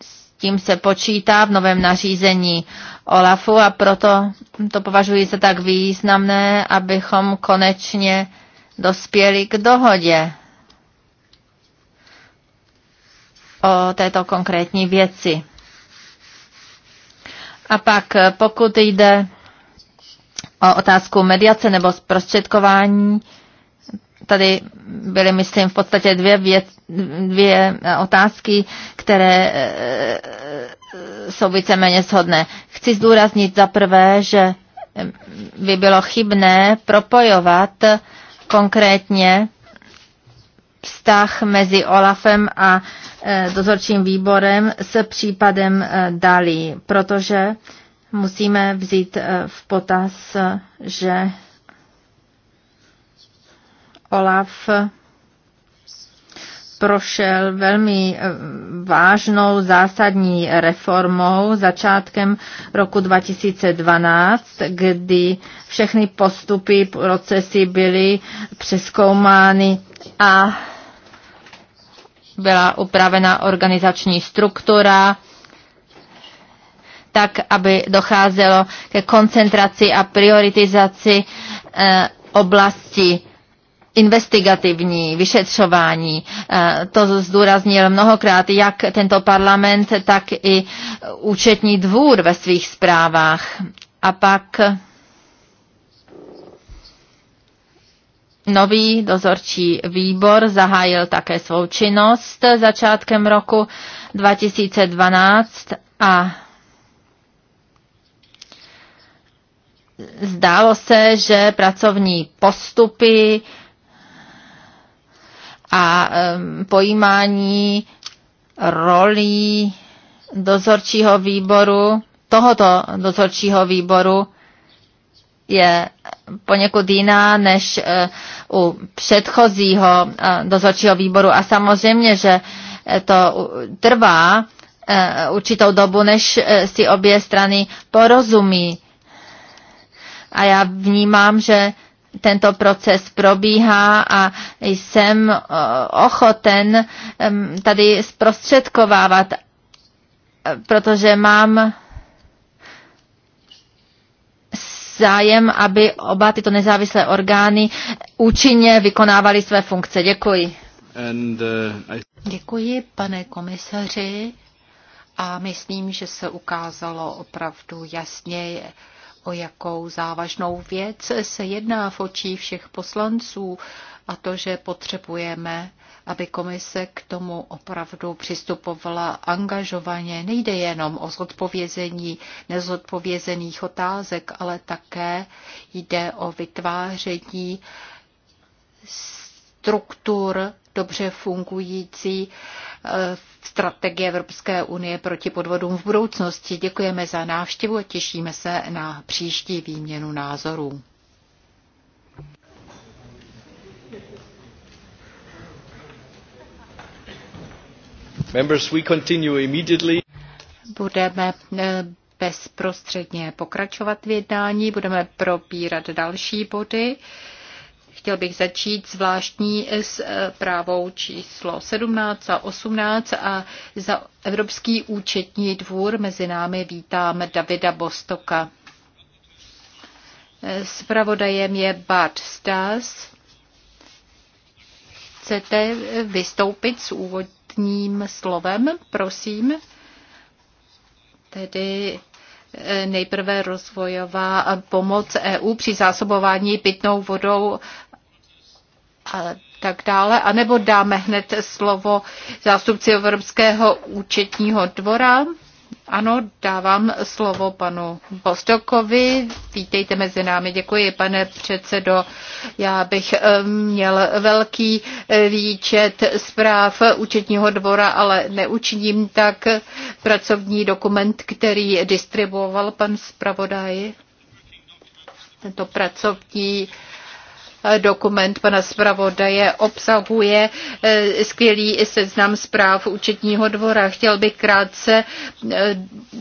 S tím se počítá v novém nařízení OLAFu a proto to považuji za tak významné, abychom konečně dospěli k dohodě o této konkrétní věci. A pak pokud jde o otázku mediace nebo zprostředkování, tady byly, myslím, v podstatě dvě, věc, dvě eh, otázky, které eh, eh, jsou víceméně shodné. Chci zdůraznit za prvé, že by bylo chybné propojovat konkrétně vztah mezi Olafem a dozorčím výborem s případem Dalí, protože musíme vzít v potaz, že Olaf prošel velmi eh, vážnou zásadní reformou začátkem roku 2012, kdy všechny postupy, procesy byly přeskoumány a byla upravena organizační struktura, tak, aby docházelo ke koncentraci a prioritizaci eh, oblasti investigativní vyšetřování. Eh, to zdůraznil mnohokrát jak tento parlament, tak i účetní dvůr ve svých zprávách. A pak nový dozorčí výbor zahájil také svou činnost začátkem roku 2012 a zdálo se, že pracovní postupy a pojímání rolí dozorčího výboru, tohoto dozorčího výboru je poněkud jiná než e, u předchozího e, dozorčího výboru a samozřejmě, že e, to trvá určitou dobu, než si obě strany porozumí. A já vnímám, že tento proces probíhá a jsem eh, ochoten tady zprostředkovávat, eh, protože mám zájem, aby oba tyto nezávislé orgány účinně vykonávaly své funkce. Děkuji. And, uh, I... Děkuji, pane komisaři. A myslím, že se ukázalo opravdu jasněji o jakou závažnou věc se jedná v očích všech poslanců a to, že potřebujeme, aby komise k tomu opravdu přistupovala angažovaně. Nejde jenom o zodpovězení nezodpovězených otázek, ale také jde o vytváření struktur dobře fungující eh, strategie Evropské unie proti podvodům v budoucnosti. Děkujeme za návštěvu a těšíme se na příští výměnu názorů. Members, we continue immediately. Budeme eh, bezprostředně pokračovat v jednání, budeme probírat další body. Chtěl bych začít zvláštní s eh, právou číslo 17 a 18 a za Evropský účetní dvůr mezi námi vítám Davida Bostoka. Spravodajem eh, je Bart Stas. Chcete vystoupit s úvodním slovem, prosím? Tedy eh, nejprve rozvojová pomoc EU při zásobování pitnou vodou a tak dále, anebo dáme hned slovo zástupci Evropského účetního dvora. Ano, dávám slovo panu Bostokovi. Vítejte mezi námi. Děkuji, pane předsedo. Já bych eh, měl velký eh, výčet zpráv účetního dvora, ale neučiním tak pracovní dokument, který distribuoval pan zpravodaj. Tento pracovní uh, Dokument pana zpravodaje obsahuje eh, skvělý seznam zpráv účetního dvora. Chtěl bych krátce eh,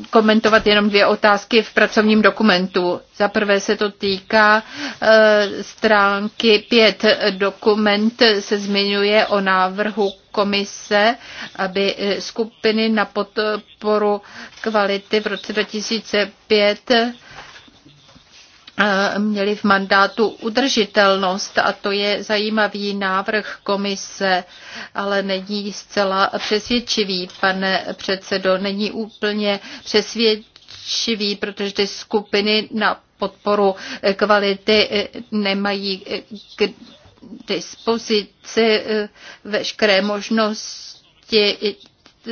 komentovat jenom dvě otázky v pracovním dokumentu. Za prvé se to týká eh, stránky 5. Dokument se zmiňuje o návrhu komise, aby skupiny na podporu kvality v roce 2005 měli v mandátu udržitelnost a to je zajímavý návrh komise, ale není zcela přesvědčivý, pane předsedo, není úplně přesvědčivý, protože ty skupiny na podporu kvality nemají k dispozici veškeré možnosti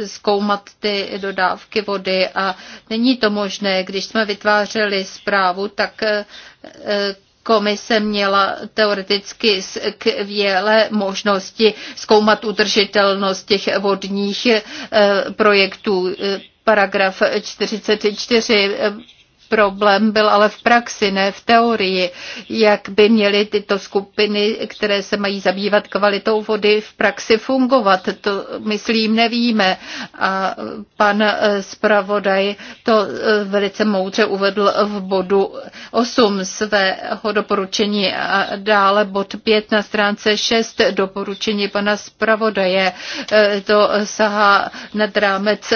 zkoumat ty dodávky vody a není to možné. Když jsme vytvářeli zprávu, tak eh, komise měla teoreticky skvělé možnosti zkoumat udržitelnost těch vodních eh, projektů. Eh, paragraf 44 Problém byl ale v praxi, ne v teorii, jak by měly tyto skupiny, které se mají zabývat kvalitou vody, v praxi fungovat. To, myslím, nevíme. A pan eh, zpravodaj to eh, velice moudře uvedl v bodu 8 svého doporučení a dále bod 5 na stránce 6 doporučení pana zpravodaje. Eh, to sahá nad rámec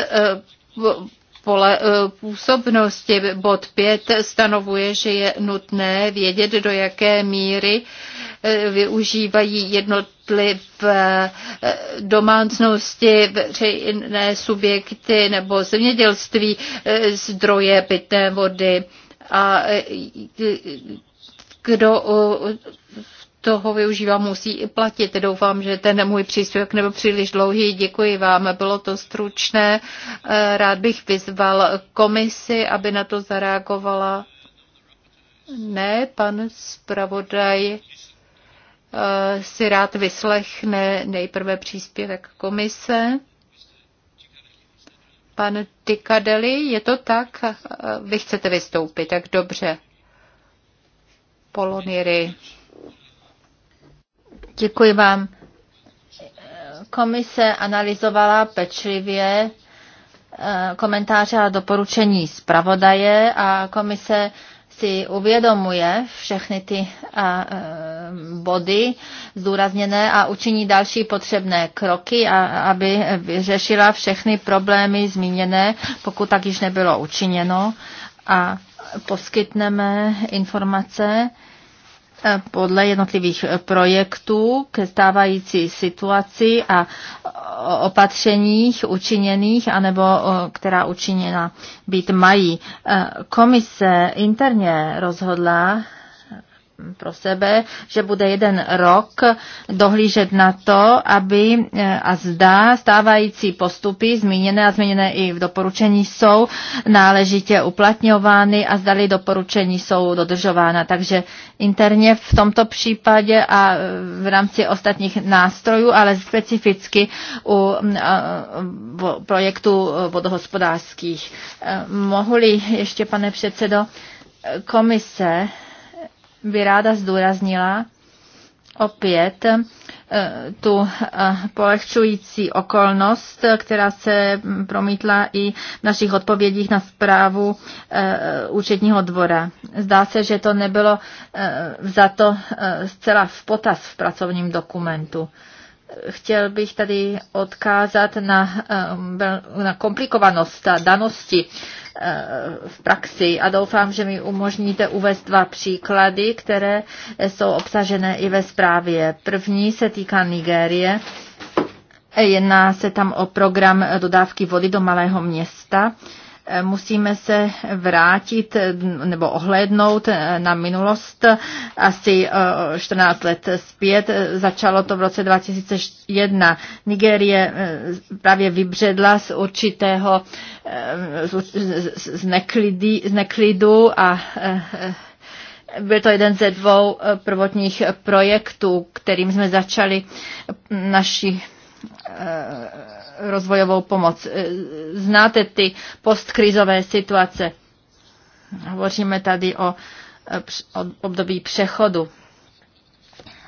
pole e, působnosti. Bod 5 stanovuje, že je nutné vědět, do jaké míry e, využívají jednotlivé e, domácnosti, veřejné subjekty nebo zemědělství zdroje pitné vody a kdo toho využívá, musí i platit. Doufám, že ten můj příspěvek nebyl příliš dlouhý. Děkuji vám, bylo to stručné. Eh, rád bych vyzval komisi, aby na to zareagovala. Ne, pan zpravodaj eh, si rád vyslechne nejprve příspěvek komise. Pan Tikadeli, je to tak? Eh, vy chcete vystoupit, tak dobře. Poloniry. Děkuji vám. Komise analyzovala pečlivě eh, komentáře a doporučení zpravodaje a komise si uvědomuje všechny ty eh, body zdůrazněné a učiní další potřebné kroky, aby vyřešila všechny problémy zmíněné, pokud tak již nebylo učiněno. A poskytneme informace podle jednotlivých projektů ke stávající situaci a opatřeních učiněných, anebo která učiněna být mají. E, komise interně rozhodla, pro sebe, že bude jeden rok dohlížet na to, aby e, a zda stávající postupy zmíněné a zmíněné i v doporučení jsou náležitě uplatňovány a zdali doporučení jsou dodržována. Takže interně v tomto případě a e, v rámci ostatních nástrojů, ale specificky u e, projektů vodohospodářských. mohli ještě, pane předsedo, komise by ráda zdůraznila opět eh, tu eh, polehčující okolnost, která se promítla i v našich odpovědích na zprávu eh, účetního dvora. Zdá se, že to nebylo vzato zcela v potaz v pracovním dokumentu chtěl bych tady odkázat na, na komplikovanost a danosti Eh, v praxi a doufám, že mi umožníte uvést dva příklady, které jsou obsažené i ve zprávě. První se týká Nigérie. Jedná se tam o program dodávky vody do malého města musíme se vrátit nebo ohlédnout na minulost asi 14 eh, let zpět. Začalo to v roce 2001. Nigérie eh, právě vybředla z určitého eh, z neklidu, z neklidu a byl to jeden ze dvou prvotních projektů, kterým jsme začali naši rozvojovou pomoc. E, znáte ty postkrizové situace. Hovoříme tady e, o období přechodu.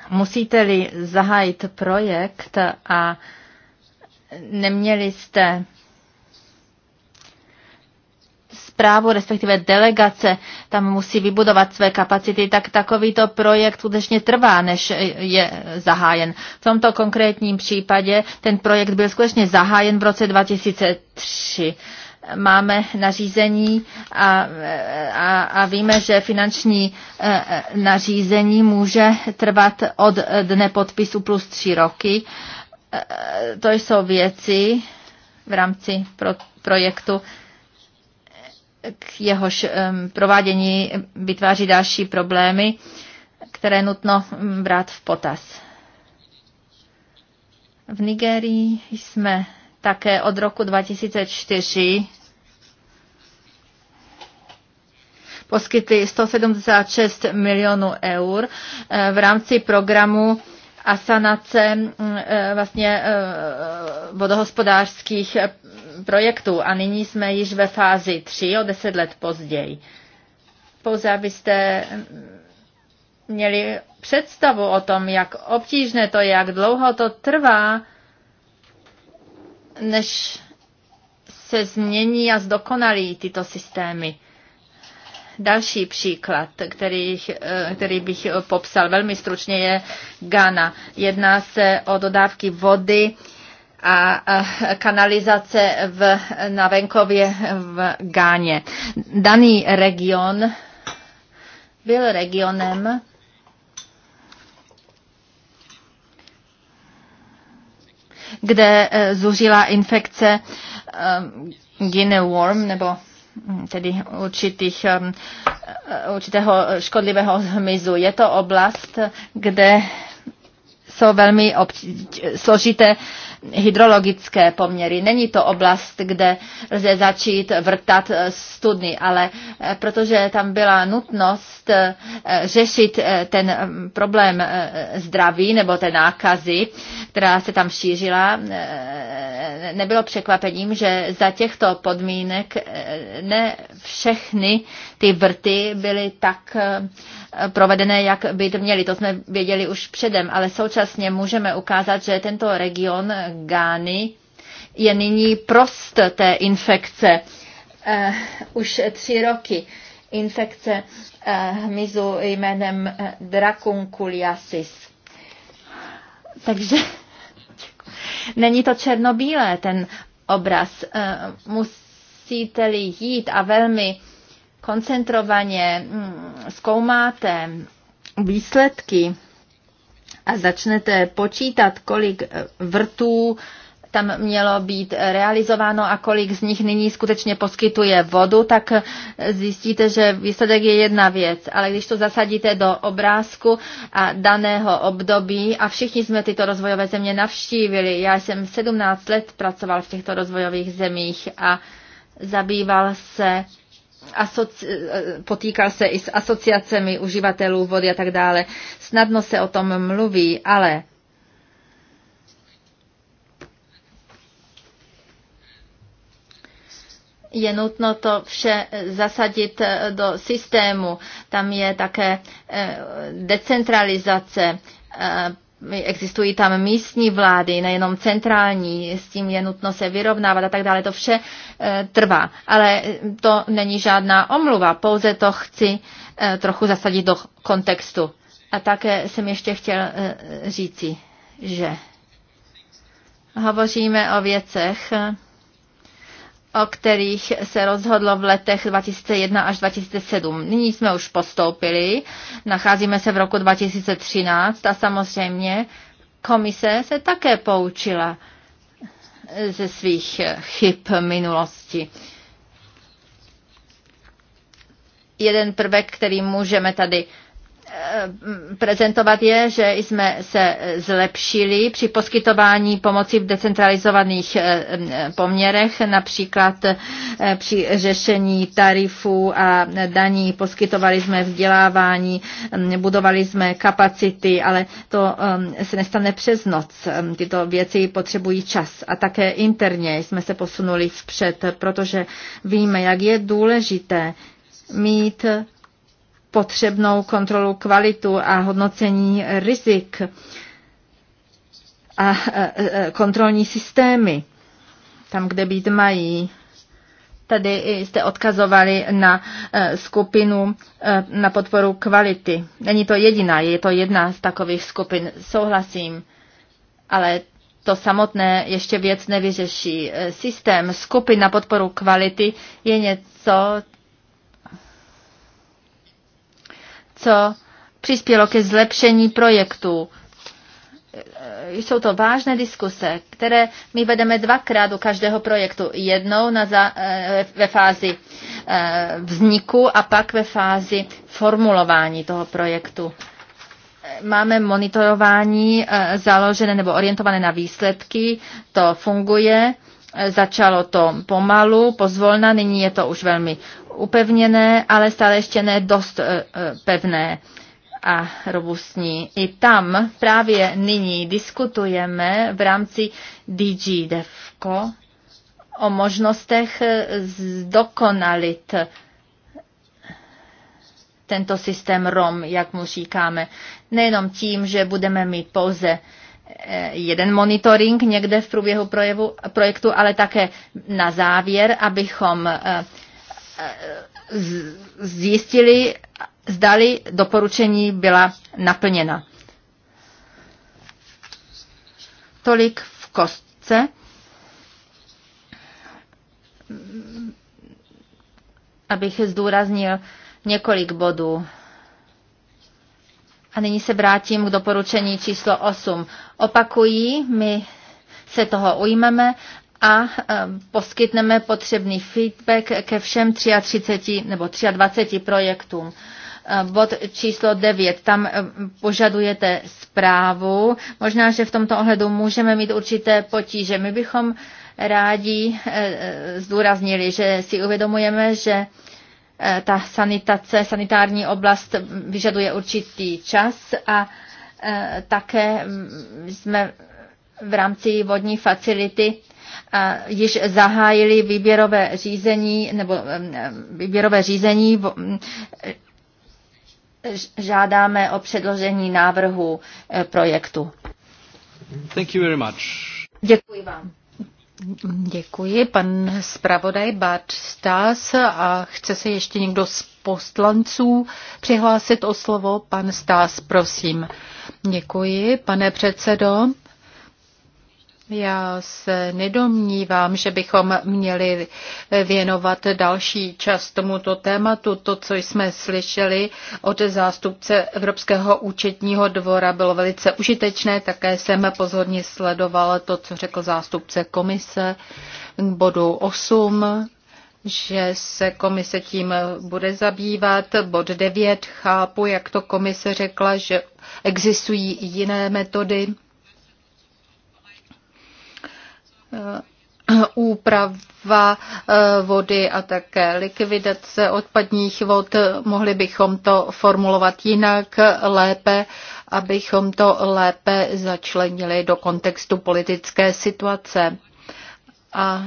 Musíte-li zahájit projekt a neměli jste zprávu, respektive delegace tam musí vybudovat své kapacity, tak takovýto projekt skutečně trvá, než je zahájen. V tomto konkrétním případě ten projekt byl skutečně zahájen v roce 2003 máme nařízení a, a, a víme, že finanční e, e, nařízení může trvat od dne podpisu plus tři roky. E, to jsou věci v rámci pro, projektu, k jehož provádění vytváří další problémy, které nutno brát v potaz. V Nigerii jsme také od roku 2004 poskytli 176 milionů eur eh, v rámci programu asanace mm, eh, vlastně eh, vodohospodářských projektu a nyní jsme již ve fázi 3 o 10 let později. Pouze abyste měli představu o tom, jak obtížné to je, jak dlouho to trvá, než se změní a zdokonalí tyto systémy. Další příklad, který, který bych popsal velmi stručně, je Ghana. Jedná se o dodávky vody a kanalizace v, na venkově v Gáně. Daný region byl regionem, kde eh, zuřila infekce Guinea-worm, eh, nebo hm, tedy určitých, hm, eh, určitého škodlivého hmyzu. Je to oblast, kde jsou velmi obč- složité uh, hydrologické poměry. Není to oblast, kde lze začít vrtat eh, studny, ale eh, protože tam byla nutnost eh, řešit ten mm, problém zdraví nebo té nákazy, která se tam šířila, nebylo překvapením, že za těchto podmínek ne všechny ty vrty byly tak eh, provedené, jak by to měly. To jsme věděli už předem, ale současně můžeme ukázat, že tento region Gány je nyní prost té infekce uh, už tři roky. Infekce uh, hmyzu jménem Dracunculiasis. Takže není to černobílé ten obraz. Uh, musíte-li jít a velmi uh, koncentrovaně mm, zkoumáte výsledky a začnete počítat, kolik eh, vrtů tam mělo být realizováno a kolik z nich nyní skutečně poskytuje vodu, tak eh, zjistíte, že výsledek je jedna věc. Ale když to zasadíte do obrázku a daného období, a všichni jsme tyto rozvojové země navštívili, já jsem 17 let pracoval v těchto rozvojových zemích a zabýval se potýkal se i s asociacemi uživatelů vody a tak dále. Snadno se o tom mluví, ale je nutno to vše zasadit do systému. Tam je také eh, decentralizace eh, existují tam místní vlády, nejenom centrální, s tím je nutno se vyrovnávat a tak dále, to vše e, trvá. Ale eh, to není žádná omluva, pouze to chci e, trochu zasadit do kontextu. A také jsem ještě chtěl e, říci, že hovoříme o věcech, e, o kterých se rozhodlo v letech 2001 až 2007. Nyní jsme už postoupili, nacházíme se v roku 2013 a samozřejmě komise se také poučila ze svých chyb minulosti. Jeden prvek, který můžeme tady prezentovat je, že jsme se zlepšili při poskytování pomoci v decentralizovaných eh, poměrech, například eh, při řešení tarifů a daní, poskytovali jsme vzdělávání, mm, budovali jsme kapacity, ale to mm, se nestane přes noc. Mm, tyto věci potřebují čas. A také interně jsme se posunuli vpřed, protože víme, jak je důležité mít potřebnou kontrolu kvalitu a hodnocení rizik a e, e, kontrolní systémy tam, kde být mají. Tady jste odkazovali na e, skupinu na podporu kvality. Není to jediná, je to jedna z takových skupin, souhlasím, ale to samotné ještě věc nevyřeší. Systém skupin na podporu kvality je něco, co přispělo ke zlepšení projektu. Jsou to vážné diskuse, které my vedeme dvakrát u každého projektu. Jednou na za, eh, ve fázi eh, vzniku a pak ve fázi formulování toho projektu máme monitorování eh, založené nebo orientované na výsledky, to funguje. Začalo to pomalu, pozvolna, nyní je to už velmi upevněné, ale stále ještě ne dost eh, eh, pevné a robustní. I tam právě nyní diskutujeme v rámci DG DEFCO o možnostech eh, zdokonalit tento systém ROM, jak mu říkáme. Nejenom tím, že budeme mít pouze jeden monitoring někde v průběhu projevu, projektu, ale také na závěr, abychom Eh, zjistili, zdali doporučení byla naplněna. Tolik v kostce. Abych zdůraznil několik bodů. A nyní se vrátím k doporučení číslo 8. Opakují, my se toho ujmeme a e, poskytneme potřebný feedback ke všem 33 nebo 23 projektům. E, bod číslo 9, tam e, požadujete zprávu. Možná, že v tomto ohledu můžeme mít určité potíže. My bychom rádi zdůraznili, že si uvědomujeme, že ta sanitace, sanitární oblast vyžaduje určitý čas a také jsme v rámci vodní facility již zahájili výběrové řízení nebo výběrové řízení žádáme o předložení návrhu e, projektu. Thank you very much. Děkuji vám. Děkuji. Pan zpravodaj Bart Stas a chce se ještě někdo z poslanců přihlásit o slovo. Pan Stas, prosím. Děkuji, pane předsedo. Já se nedomnívám, že bychom měli věnovat další čas tomuto tématu. To, co jsme slyšeli od zástupce Evropského účetního dvora, bylo velice užitečné. Také jsem pozorně sledoval to, co řekl zástupce komise k bodu 8 že se komise tím bude zabývat. Bod 9 chápu, jak to komise řekla, že existují jiné metody Eh, úprava eh, vody a také likvidace odpadních vod. Mohli bychom to formulovat jinak, lépe, abychom to lépe začlenili do kontextu politické situace. A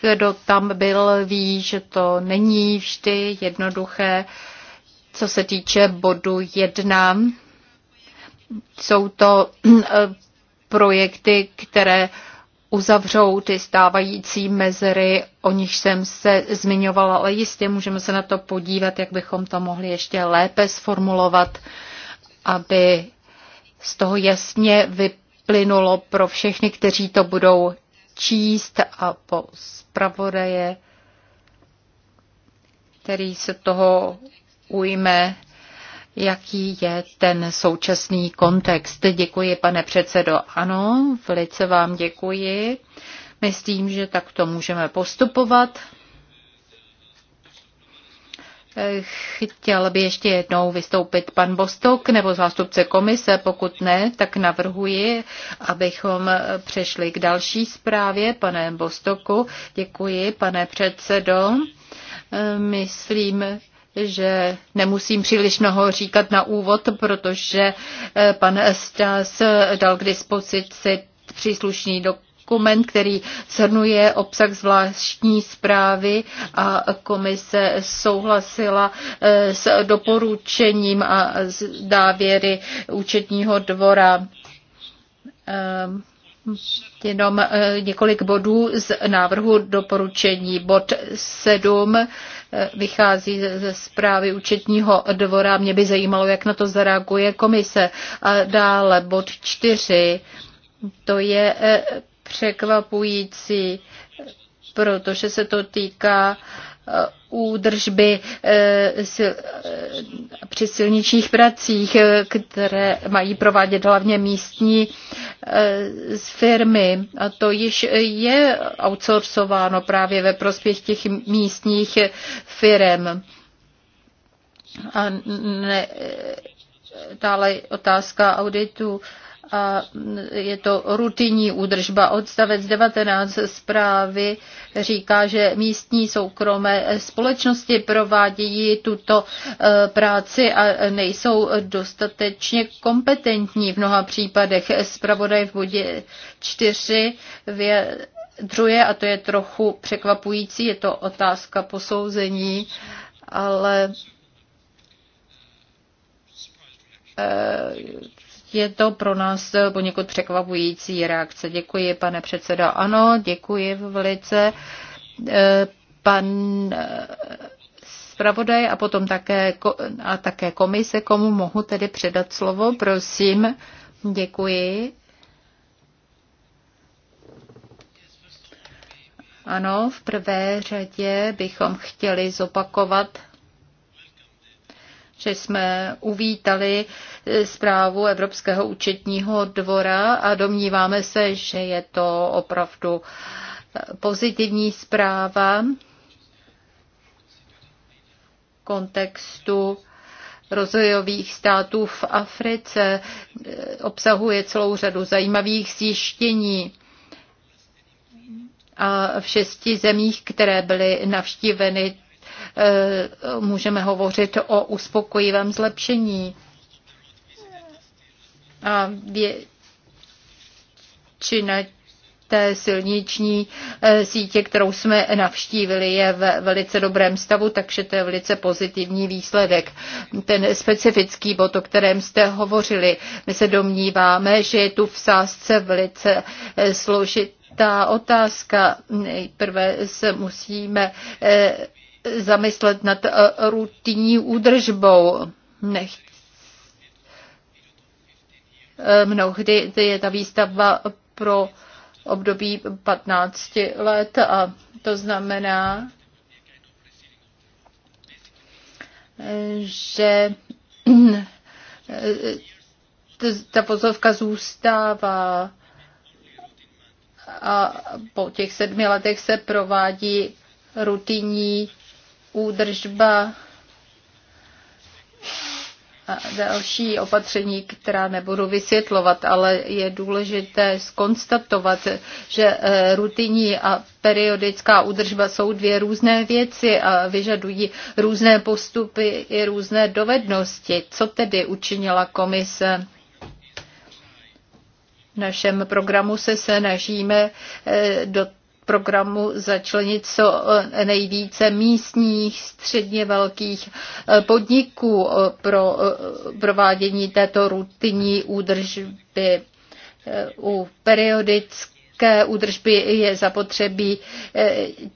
kdo tam byl, ví, že to není vždy jednoduché. Co se týče bodu jedna. jsou to eh, projekty, které uzavřou ty stávající mezery, o nich jsem se zmiňovala, ale jistě můžeme se na to podívat, jak bychom to mohli ještě lépe sformulovat, aby z toho jasně vyplynulo pro všechny, kteří to budou číst a po zpravodaje, který se toho ujme, jaký je ten současný kontext. Děkuji, pane předsedo. Ano, velice vám děkuji. Myslím, že takto můžeme postupovat. Chtěl by ještě jednou vystoupit pan Bostok nebo zástupce komise, pokud ne, tak navrhuji, abychom přešli k další zprávě, pane Bostoku. Děkuji, pane předsedo. Myslím, že nemusím příliš mnoho říkat na úvod, protože eh, pan Stas dal k dispozici příslušný dokument, který shrnuje obsah zvláštní zprávy a komise souhlasila eh, s doporučením a závěry účetního dvora. Ehm, jenom eh, několik bodů z návrhu doporučení. Bod 7 eh, vychází ze zprávy účetního dvora. Mě by zajímalo, jak na to zareaguje komise. A dále bod 4. To je eh, překvapující, protože se to týká údržby eh, eh, při silničních pracích, eh, které mají provádět hlavně místní firmy. A to již je outsourcováno právě ve prospěch těch místních firm. A ne, dále otázka auditu a je to rutinní údržba. Odstavec 19 zprávy říká, že místní soukromé společnosti provádějí tuto e, práci a nejsou dostatečně kompetentní v mnoha případech. Zpravodaj v bodě 4 druhé, a to je trochu překvapující, je to otázka posouzení, ale e, je to pro nás poněkud překvapující reakce. Děkuji, pane předsedo. Ano, děkuji velice. Eh, pan eh, zpravodaj a potom také, a také komise, komu mohu tedy předat slovo, prosím. Děkuji. Ano, v prvé řadě bychom chtěli zopakovat že jsme uvítali zprávu Evropského účetního dvora a domníváme se, že je to opravdu pozitivní zpráva kontextu rozvojových států v Africe. Obsahuje celou řadu zajímavých zjištění. A v šesti zemích, které byly navštíveny, můžeme hovořit o uspokojivém zlepšení. A většina té silniční eh, sítě, kterou jsme navštívili, je ve velice dobrém stavu, takže to je velice pozitivní výsledek. Ten specifický bod, o kterém jste hovořili, my se domníváme, že je tu v sázce velice eh, složitá otázka. Nejprve se musíme eh, zamyslet nad eh, rutinní údržbou. Nech. Eh, mnohdy je ta výstavba pro období 15 let a to znamená, že eh, ta pozovka zůstává a po těch sedmi letech se provádí rutinní údržba a další opatření, která nebudu vysvětlovat, ale je důležité skonstatovat, že eh, rutinní a periodická údržba jsou dvě různé věci a vyžadují různé postupy i různé dovednosti. Co tedy učinila komise? V našem programu se snažíme eh, do programu začlenit co e, nejvíce místních, středně velkých e, podniků e, pro provádění této rutinní údržby u periodické údržby je zapotřebí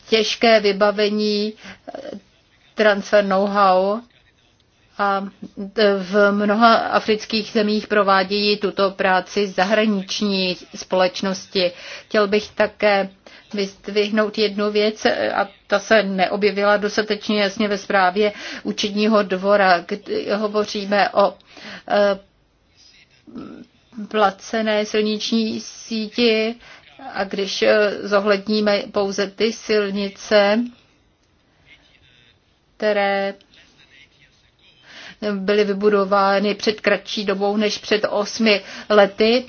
těžké vybavení, transfer know-how. A v mnoha afrických zemích provádějí tuto práci zahraniční společnosti. Chtěl bych také vyzdvihnout jednu věc e, a ta se neobjevila dostatečně jasně ve zprávě učedního dvora, kdy hovoříme o e, placené silniční síti a když e, zohledníme pouze ty silnice, které byly vybudovány před kratší dobou než před osmi lety,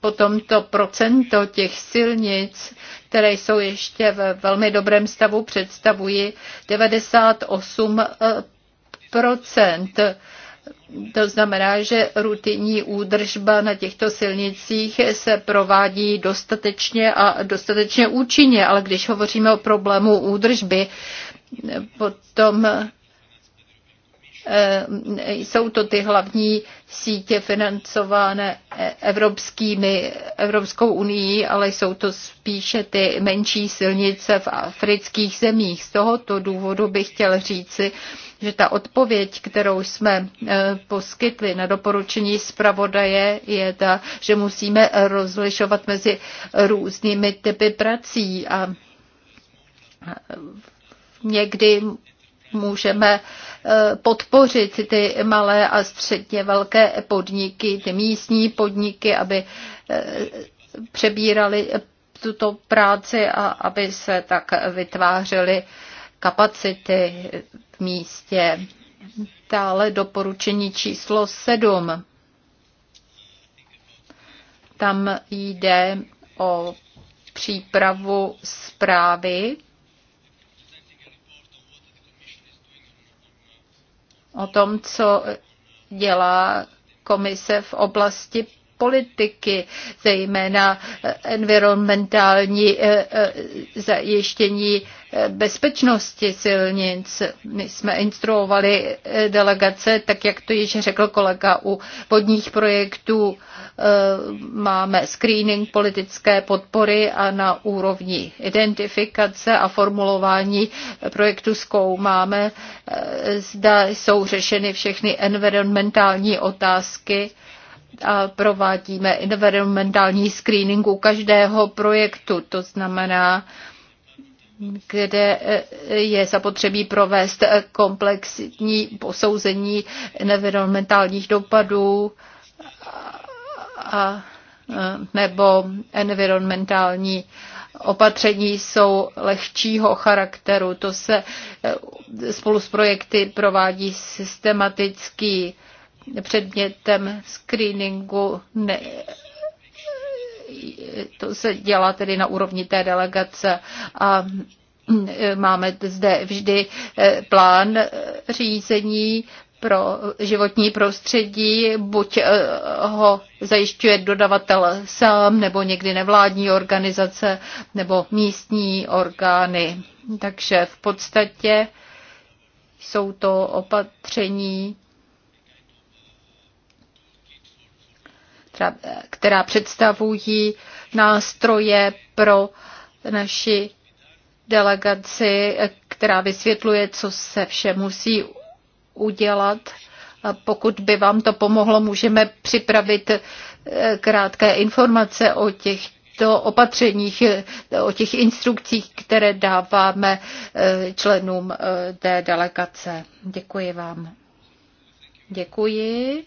potom to procento těch silnic, které jsou ještě ve velmi dobrém stavu, představují 98 eh, to znamená, že rutinní údržba na těchto silnicích se provádí dostatečně a dostatečně účinně, ale když hovoříme o problému údržby, eh, potom eh, jsou to ty hlavní sítě financované e- evropskými, Evropskou unii, ale jsou to spíše ty menší silnice v afrických zemích. Z tohoto důvodu bych chtěl říci, že ta odpověď, kterou jsme e, poskytli na doporučení zpravodaje, je ta, že musíme rozlišovat mezi různými typy prací a někdy můžeme eh, podpořit ty malé a středně velké podniky, ty místní podniky, aby eh, přebírali tuto práci a aby se tak vytvářely kapacity v místě. Dále doporučení číslo sedm. Tam jde o přípravu zprávy o tom, co dělá komise v oblasti politiky, zejména environmentální eh, eh, zajištění bezpečnosti silnic. My jsme instruovali eh, delegace, tak jak to již řekl kolega, u vodních projektů eh, máme screening politické podpory a na úrovni identifikace a formulování projektu zkoumáme, eh, zda jsou řešeny všechny environmentální otázky a provádíme environmentální screening u každého projektu. To znamená, kde eh, je zapotřebí provést eh, komplexní posouzení environmentálních dopadů a, nebo environmentální opatření jsou lehčího charakteru. To se eh, spolu s projekty provádí systematický předmětem screeningu ne, to se dělá tedy na úrovni té delegace a eh, máme zde vždy eh, plán eh, řízení pro životní prostředí, buď ho zajišťuje dodavatel sám, nebo někdy nevládní organizace, nebo místní orgány. Takže v podstatě jsou to opatření, která, představují nástroje pro naši delegaci, která vysvětluje, co se vše musí udělat. A pokud by vám to pomohlo, můžeme připravit eh, krátké informace o těchto opatřeních, eh, o těch instrukcích, které dáváme eh, členům té delegace. Děkuji vám. Děkuji.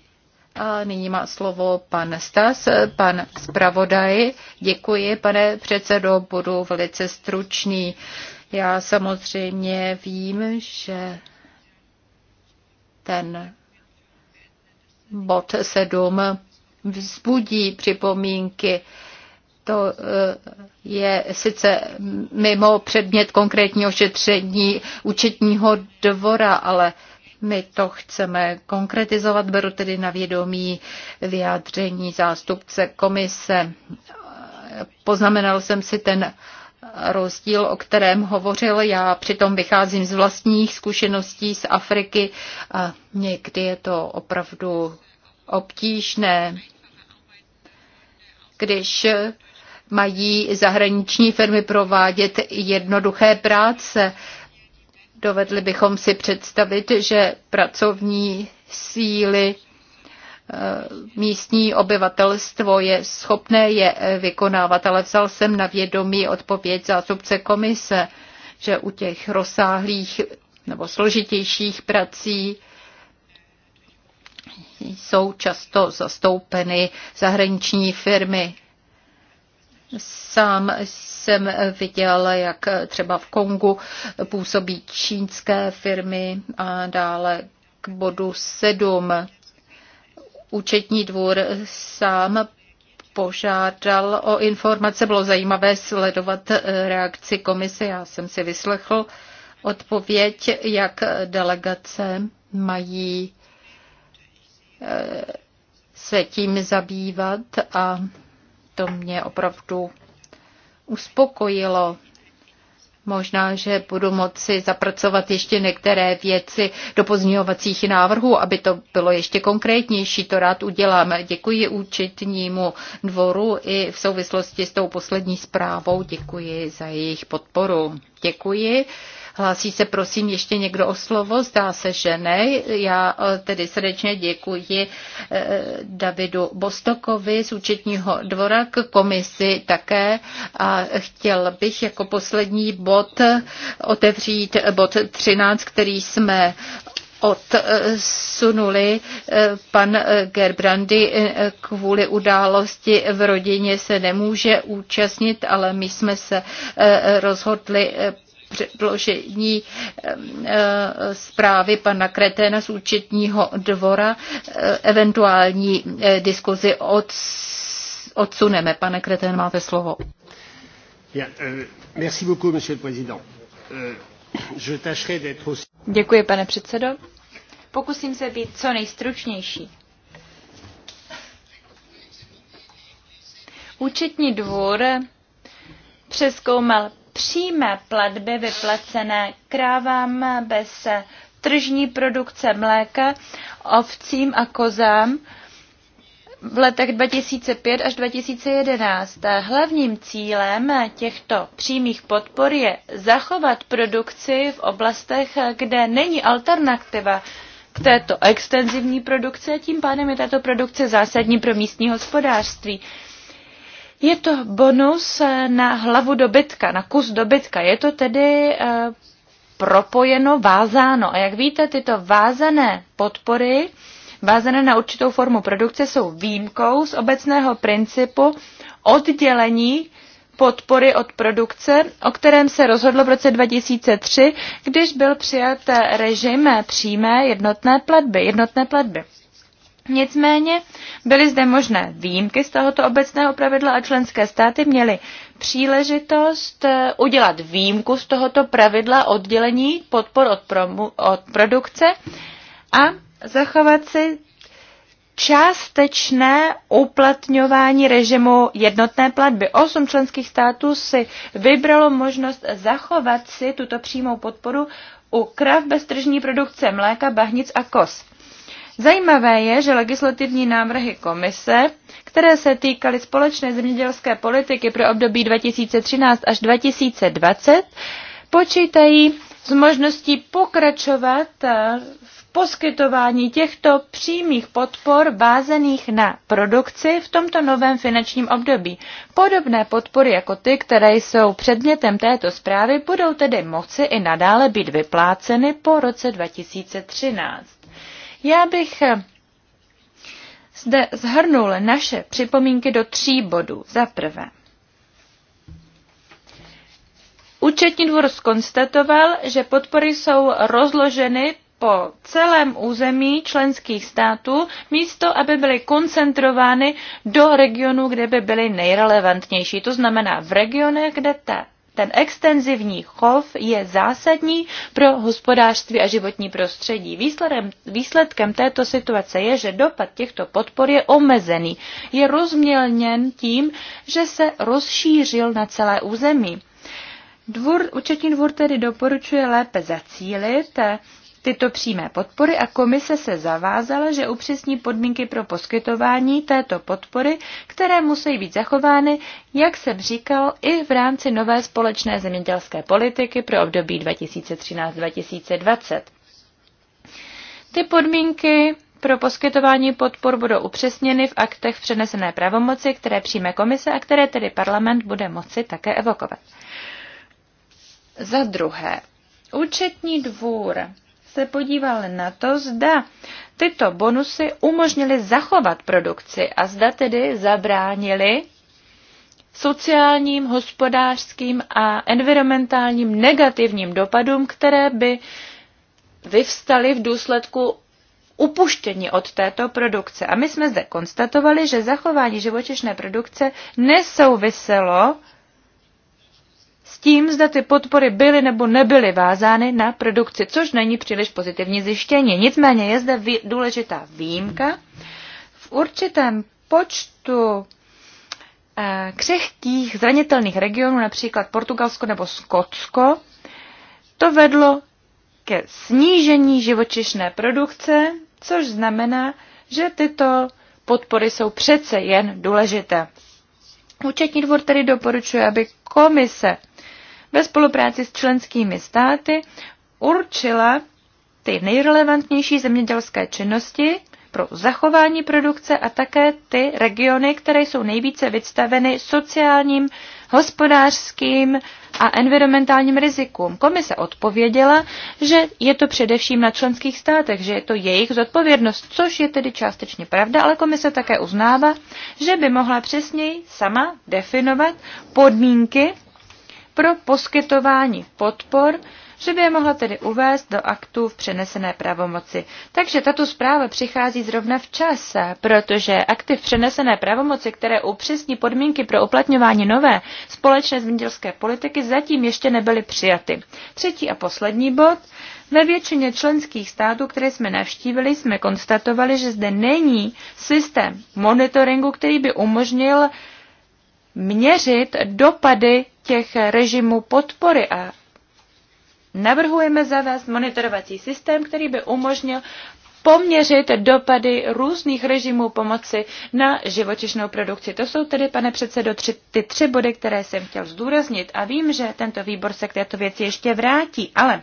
A nyní má slovo pan Stas, pan zpravodaj. Děkuji, pane předsedo, budu velice stručný. Já samozřejmě vím, že ten bod 7 vzbudí připomínky. To eh, je sice mimo předmět konkrétního šetření účetního dvora, ale my to chceme konkretizovat, beru tedy na vědomí vyjádření zástupce komise. Poznamenal jsem si ten rozdíl, o kterém hovořil. Já přitom vycházím z vlastních zkušeností z Afriky a někdy je to opravdu obtížné, když mají zahraniční firmy provádět jednoduché práce Dovedli bychom si představit, že pracovní síly eh, místní obyvatelstvo je schopné je eh, vykonávat, ale vzal jsem na vědomí odpověď zástupce komise, že u těch rozsáhlých nebo složitějších prací jsou často zastoupeny zahraniční firmy. Sám jsem viděl, jak třeba v Kongu působí čínské firmy a dále k bodu 7. Účetní dvůr sám požádal o informace. Bylo zajímavé sledovat eh, reakci komise. Já jsem si vyslechl odpověď, jak delegace mají eh, se tím zabývat a to mě opravdu uspokojilo. Možná, že budu moci zapracovat ještě některé věci do pozměňovacích návrhů, aby to bylo ještě konkrétnější. To rád udělám. Děkuji účetnímu dvoru i v souvislosti s tou poslední zprávou. Děkuji za jejich podporu. Děkuji. Hlásí se prosím ještě někdo o slovo? Zdá se, že ne. Já eh, tedy srdečně děkuji eh, Davidu Bostokovi z účetního dvora k komisi také a chtěl bych jako poslední bod otevřít bod 13, který jsme odsunuli. Eh, pan Gerbrandy kvůli události v rodině se nemůže účastnit, ale my jsme se rozhodli předložení eh, zprávy pana Kreténa z účetního dvora eh, eventuální eh, diskuzi od, odsuneme. Pane Kretén, máte slovo. Euh, euh, Děkuji, pane předsedo. Pokusím se být co nejstručnější. Účetní dvůr přeskoumal přímé platby vyplacené krávám bez tržní produkce mléka, ovcím a kozám v letech 2005 až 2011. Hlavním cílem těchto přímých podpor je zachovat produkci v oblastech, kde není alternativa k této extenzivní produkci a tím pádem je tato produkce zásadní pro místní hospodářství. Je to bonus eh, na hlavu dobytka, na kus dobytka. Je to tedy eh, propojeno, vázáno. A jak víte, tyto vázané podpory, vázané na určitou formu produkce, jsou výjimkou z obecného principu oddělení podpory od produkce, o kterém se rozhodlo v roce 2003, když byl přijat eh, režim přímé jednotné platby. Jednotné platby. Nicméně byly zde možné výjimky z tohoto obecného pravidla a členské státy měly příležitost eh, udělat výjimku z tohoto pravidla oddělení podpor od, promu, od produkce a zachovat si částečné uplatňování režimu jednotné platby. Osm členských států si vybralo možnost zachovat si tuto přímou podporu u krav bez tržní produkce mléka, bahnic a kos. Zajímavé je, že legislativní návrhy komise, které se týkaly společné zemědělské politiky pro období 2013 až 2020, počítají s možností pokračovat v poskytování těchto přímých podpor bázených na produkci v tomto novém finančním období. Podobné podpory jako ty, které jsou předmětem této zprávy, budou tedy moci i nadále být vypláceny po roce 2013. Já bych eh, zde zhrnul naše připomínky do tří bodů. Za prvé, Účetní dvůr skonstatoval, že podpory jsou rozloženy po celém území členských států, místo aby byly koncentrovány do regionů, kde by byly nejrelevantnější. To znamená v regionech, kde ta ten extenzivní chov je zásadní pro hospodářství a životní prostředí. Výsledem, výsledkem této situace je, že dopad těchto podpor je omezený. Je rozmělněn tím, že se rozšířil na celé území. Dvůr, Učetní dvůr tedy doporučuje lépe zacílit tyto přímé podpory a komise se zavázala, že upřesní podmínky pro poskytování této podpory, které musí být zachovány, jak jsem říkal, i v rámci nové společné zemědělské politiky pro období 2013-2020. Ty podmínky pro poskytování podpor budou upřesněny v aktech přenesené pravomoci, které přijme komise a které tedy parlament bude moci také evokovat. Za druhé, účetní dvůr se podíval na to, zda tyto bonusy umožnily zachovat produkci a zda tedy zabránili sociálním, hospodářským a environmentálním negativním dopadům, které by vyvstaly v důsledku upuštění od této produkce. A my jsme zde konstatovali, že zachování živočišné produkce nesouviselo s tím, zda ty podpory byly nebo nebyly vázány na produkci, což není příliš pozitivní zjištění. Nicméně je zde vý, důležitá výjimka. V určitém počtu eh, křehkých zranitelných regionů, například Portugalsko nebo Skotsko, to vedlo ke snížení živočišné produkce, což znamená, že tyto podpory jsou přece jen důležité. Účetní dvor tedy doporučuje, aby komise ve spolupráci s členskými státy určila ty nejrelevantnější zemědělské činnosti pro zachování produkce a také ty regiony, které jsou nejvíce vystaveny sociálním, hospodářským a environmentálním rizikům. Komise odpověděla, že je to především na členských státech, že je to jejich zodpovědnost, což je tedy částečně pravda, ale komise také uznává, že by mohla přesněji sama definovat podmínky pro poskytování podpor, že by je mohla tedy uvést do aktů v přenesené pravomoci. Takže tato zpráva přichází zrovna včas, protože akty v přenesené pravomoci, které upřesní podmínky pro uplatňování nové společné zemědělské politiky, zatím ještě nebyly přijaty. Třetí a poslední bod. Ve většině členských států, které jsme navštívili, jsme konstatovali, že zde není systém monitoringu, který by umožnil měřit dopady těch režimů podpory a navrhujeme zavést monitorovací systém, který by umožnil poměřit dopady různých režimů pomoci na živočišnou produkci. To jsou tedy, pane předsedo, tři, ty tři body, které jsem chtěl zdůraznit a vím, že tento výbor se k této věci ještě vrátí, ale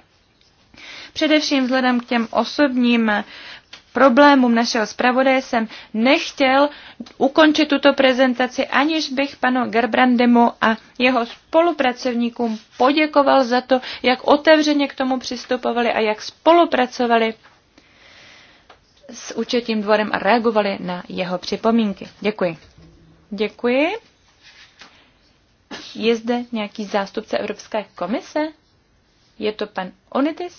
především vzhledem k těm osobním problémům našeho zpravodaje jsem nechtěl ukončit tuto prezentaci, aniž bych panu Gerbrandemu a jeho spolupracovníkům poděkoval za to, jak otevřeně k tomu přistupovali a jak spolupracovali s účetním dvorem a reagovali na jeho připomínky. Děkuji. Děkuji. Je zde nějaký zástupce Evropské komise? Je to pan Onitis?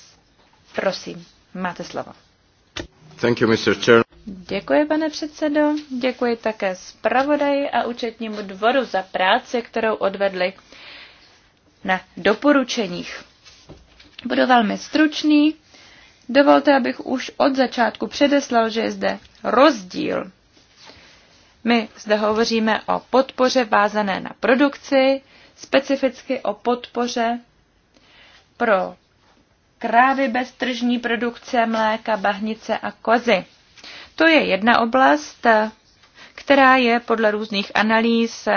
Prosím, máte slovo. Thank you, Mr. Chair. Děkuji, pane předsedo. Děkuji také zpravodaji a účetnímu dvoru za práci, kterou odvedli na doporučeních. Budu velmi stručný. Dovolte, abych už od začátku předeslal, že je zde rozdíl. My zde hovoříme o podpoře vázané na produkci, specificky o podpoře pro krávy bez tržní produkce mléka, bahnice a kozy. To je jedna oblast, která je podle různých analýz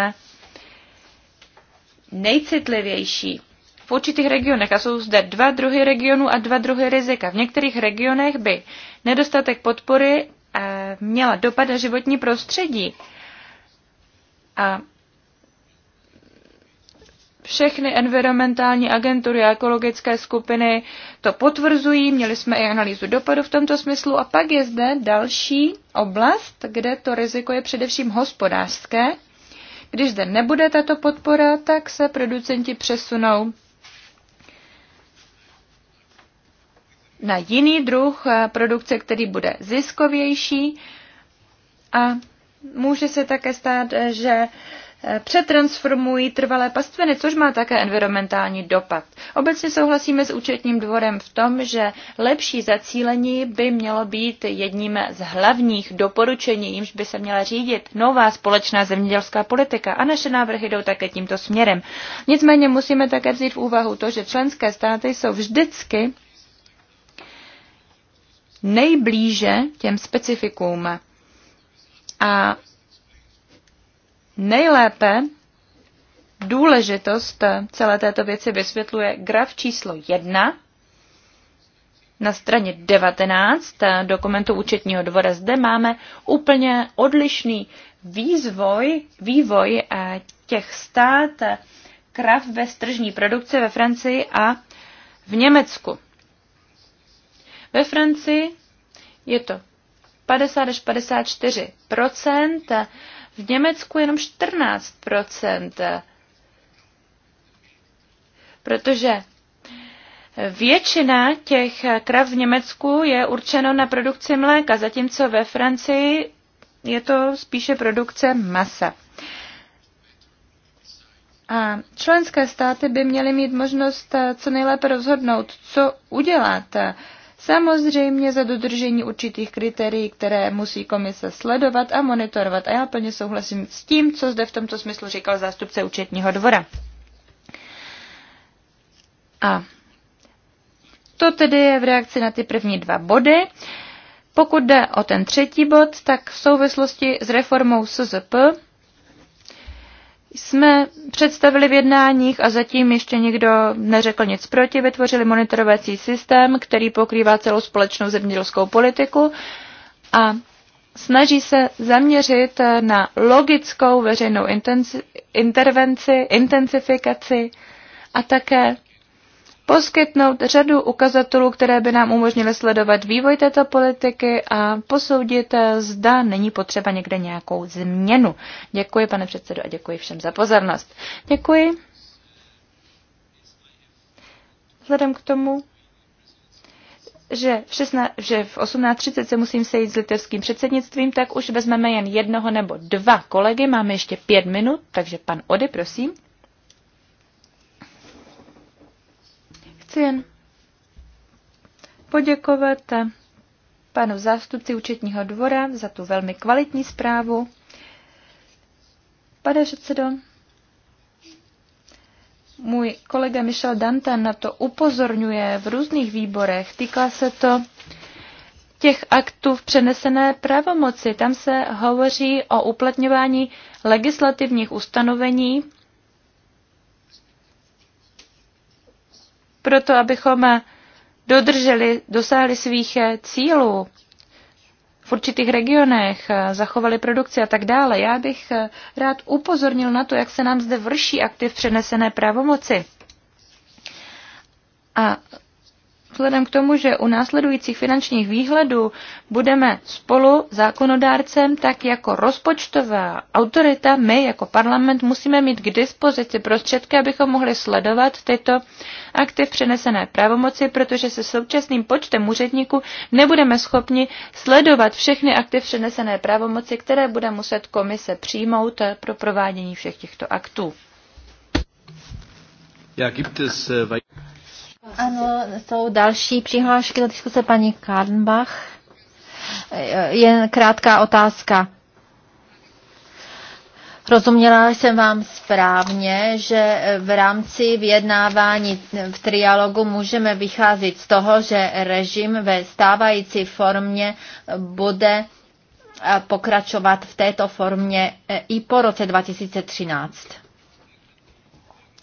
nejcitlivější v určitých regionech. A jsou zde dva druhy regionů a dva druhy rizika. V některých regionech by nedostatek podpory eh, měla dopad na životní prostředí. A všechny environmentální agentury a ekologické skupiny to potvrzují, měli jsme i analýzu dopadu v tomto smyslu a pak je zde další oblast, kde to riziko je především hospodářské. Když zde nebude tato podpora, tak se producenti přesunou na jiný druh produkce, který bude ziskovější a může se také stát, že přetransformují trvalé pastviny, což má také environmentální dopad. Obecně souhlasíme s účetním dvorem v tom, že lepší zacílení by mělo být jedním z hlavních doporučení, jimž by se měla řídit nová společná zemědělská politika a naše návrhy jdou také tímto směrem. Nicméně musíme také vzít v úvahu to, že členské státy jsou vždycky nejblíže těm specifikům a Nejlépe důležitost celé této věci vysvětluje graf číslo 1 na straně 19 dokumentu účetního dvora. Zde máme úplně odlišný výzvoj, vývoj eh, těch stát eh, krav ve stržní produkci ve Francii a v Německu. Ve Francii je to 50 až 54 v Německu jenom 14 protože většina těch krav v Německu je určeno na produkci mléka, zatímco ve Francii je to spíše produkce masa. A členské státy by měly mít možnost co nejlépe rozhodnout, co udělat samozřejmě za dodržení určitých kritérií, které musí komise sledovat a monitorovat. A já plně souhlasím s tím, co zde v tomto smyslu říkal zástupce účetního dvora. A to tedy je v reakci na ty první dva body. Pokud jde o ten třetí bod, tak v souvislosti s reformou SZP jsme představili v jednáních a zatím ještě nikdo neřekl nic proti, vytvořili monitorovací systém, který pokrývá celou společnou zemědělskou politiku a snaží se zaměřit na logickou veřejnou intenci, intervenci, intensifikaci a také poskytnout řadu ukazatelů, které by nám umožnily sledovat vývoj této politiky a posoudit, eh, zda není potřeba někde nějakou změnu. Děkuji, pane předsedo, a děkuji všem za pozornost. Děkuji. Vzhledem k tomu, že v, 16, že v 18.30 se musím sejít s litevským předsednictvím, tak už vezmeme jen jednoho nebo dva kolegy. Máme ještě pět minut, takže pan Ody, prosím. chci jen poděkovat panu zástupci účetního dvora za tu velmi kvalitní zprávu. Pane předsedo, můj kolega Michel Dantan na to upozorňuje v různých výborech. Týká se to těch aktů v přenesené pravomoci. Tam se hovoří o uplatňování legislativních ustanovení proto abychom dodrželi, dosáhli svých eh, cílů v určitých regionech, eh, zachovali produkci a tak dále. Já bych eh, rád upozornil na to, jak se nám zde vrší aktiv přenesené pravomoci. A vzhledem k tomu, že u následujících finančních výhledů budeme spolu zákonodárcem, tak jako rozpočtová autorita, my jako parlament musíme mít k dispozici prostředky, abychom mohli sledovat tyto akty v přenesené pravomoci, protože se současným počtem úředníků nebudeme schopni sledovat všechny akty v přenesené pravomoci, které bude muset komise přijmout pro provádění všech těchto aktů. Ja, gibt es, äh, ano, jsou další přihlášky do diskuse paní Karnbach. Jen krátká otázka. Rozuměla jsem vám správně, že v rámci vyjednávání v trialogu můžeme vycházet z toho, že režim ve stávající formě bude pokračovat v této formě i po roce 2013.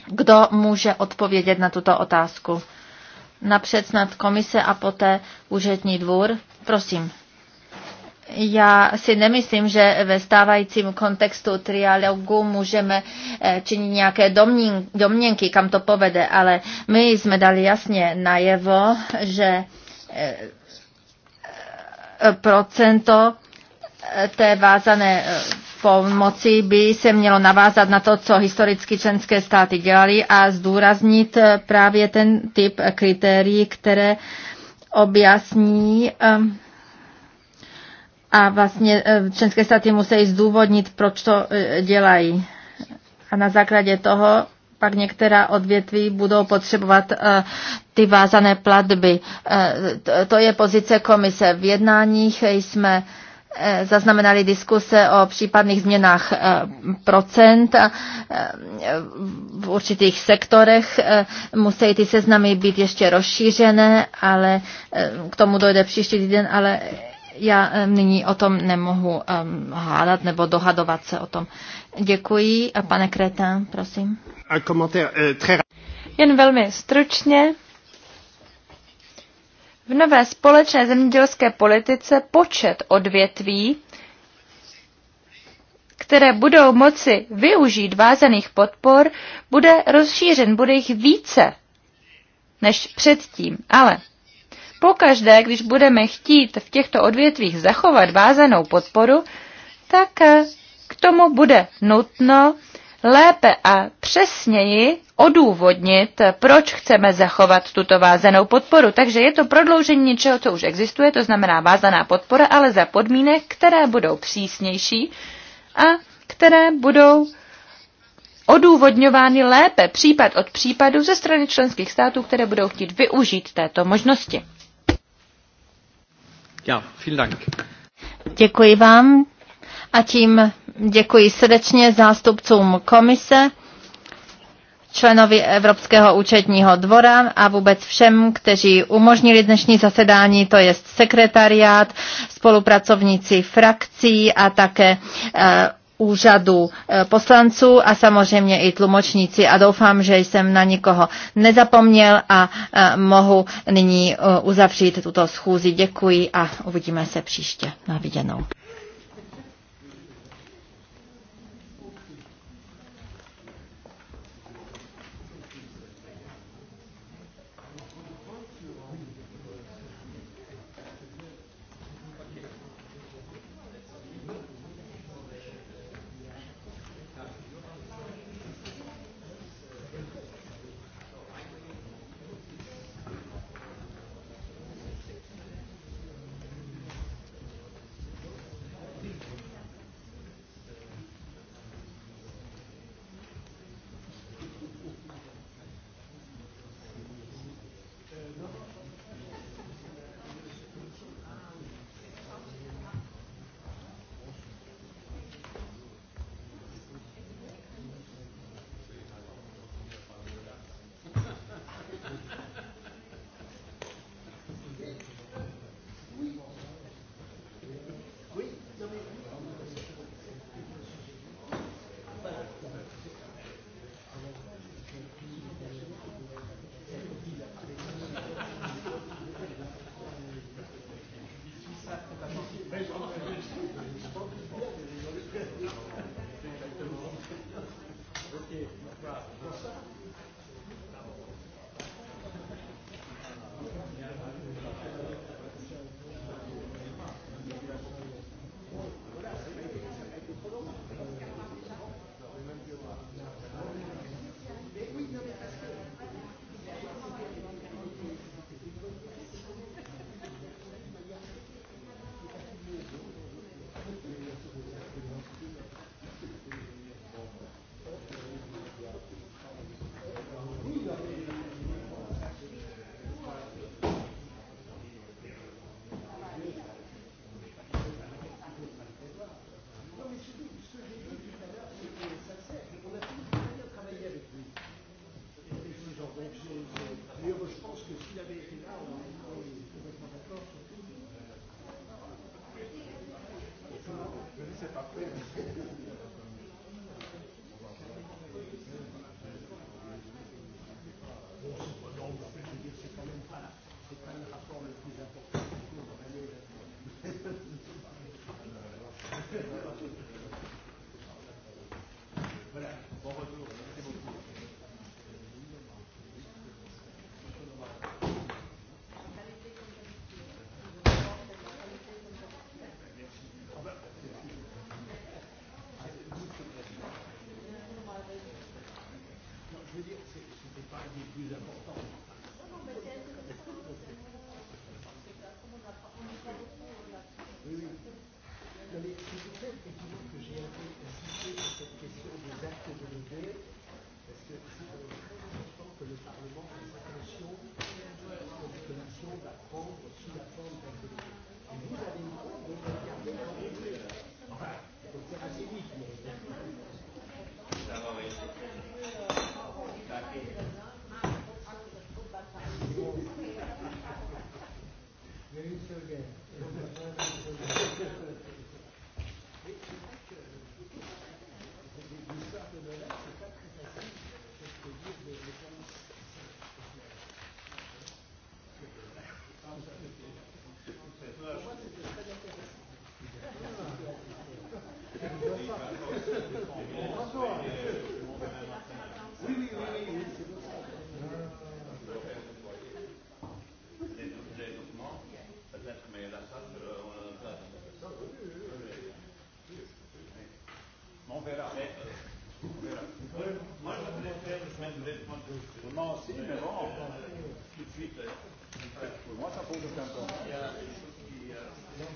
Kdo může odpovědět na tuto otázku? napřed snad komise a poté úřední dvůr. Prosím. Já si nemyslím, že ve stávajícím kontextu trialogu můžeme eh, činit nějaké domněnky, kam to povede, ale my jsme dali jasně najevo, že eh, eh, procento té vázané pomoci by se mělo navázat na to, co historicky členské státy dělali a zdůraznit eh, právě ten typ kritérií, které objasní ehm, a vlastně eh, členské státy musí zdůvodnit, proč to eh, dělají. A na základě toho pak některá odvětví budou potřebovat ty vázané platby. To je pozice komise. V jednáních jsme Eh, zaznamenali diskuse o případných změnách eh, procent eh, v určitých sektorech. Musí ty seznamy být ještě rozšířené, ale k tomu dojde příští týden, ale já nyní o tom nemohu ehm, hádat nebo dohadovat se o tom. Děkuji. Pane Kreta, prosím. Jen velmi stručně. V nové společné zemědělské politice počet odvětví, které budou moci využít vázaných podpor, bude rozšířen, bude jich více než předtím. Ale pokaždé, když budeme chtít v těchto odvětvích zachovat vázanou podporu, tak eh, k tomu bude nutno lépe a přesněji odůvodnit, proč chceme zachovat tuto vázanou podporu. Takže je to prodloužení něčeho, co už existuje, to znamená vázaná podpora, ale za podmínek, které budou přísnější a které budou odůvodňovány lépe případ od případu ze strany členských států, které budou chtít využít této možnosti. Ja, vielen Dank. Děkuji vám a tím děkuji srdečně zástupcům komise členovi Evropského účetního dvora a vůbec všem, kteří umožnili dnešní zasedání, to je sekretariát, spolupracovníci frakcí a také eh, úřadu eh, poslanců a samozřejmě i tlumočníci a doufám, že jsem na nikoho nezapomněl a eh, mohu nyní uzavřít tuto schůzi. Děkuji a uvidíme se příště. Na viděnou. je veux dire, ce n'était pas des plus importants. Oui, oui. Non, mais effectivement que j'ai un peu insisté sur cette question des actes délégués, parce que c'est très important que le Parlement fasse attention aux dispositions va prendre sous la forme d'un délégué. Et vous avez une forme de regarder quand Enfin, il faut le faire assez vite, mais. Thank you. No, sì, però difficile. Vuoi molto appunto tanto. Non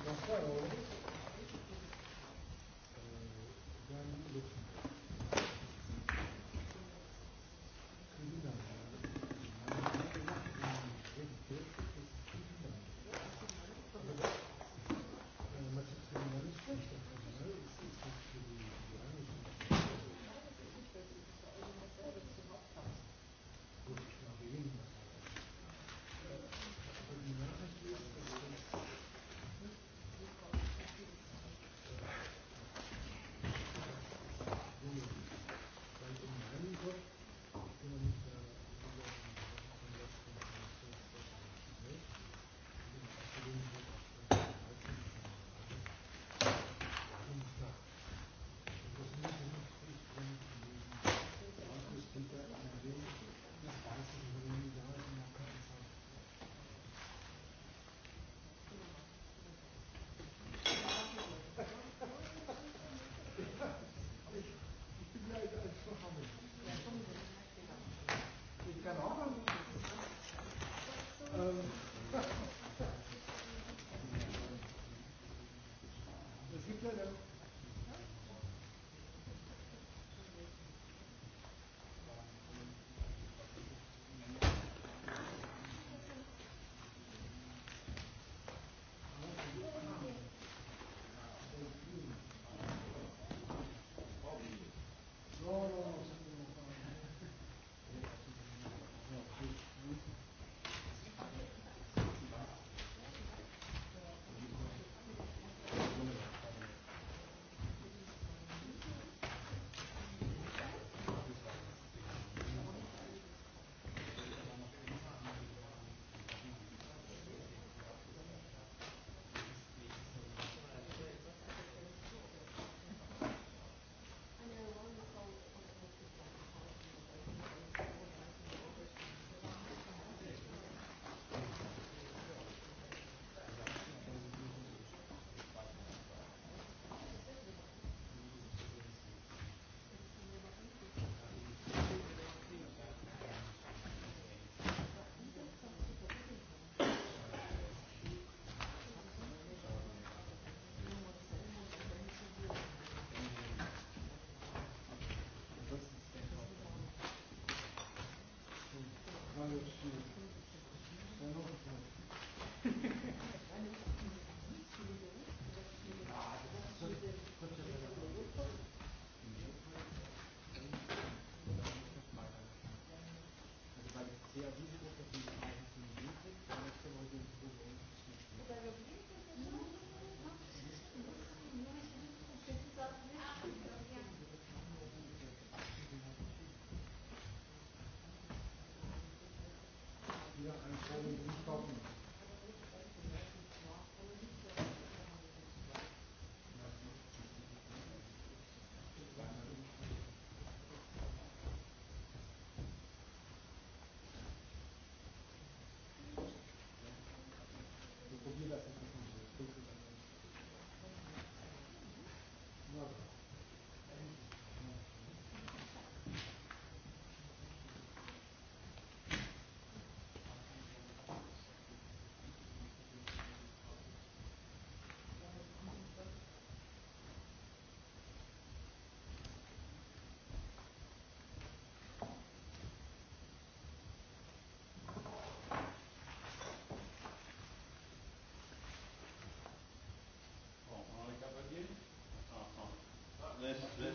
dnes, dnes.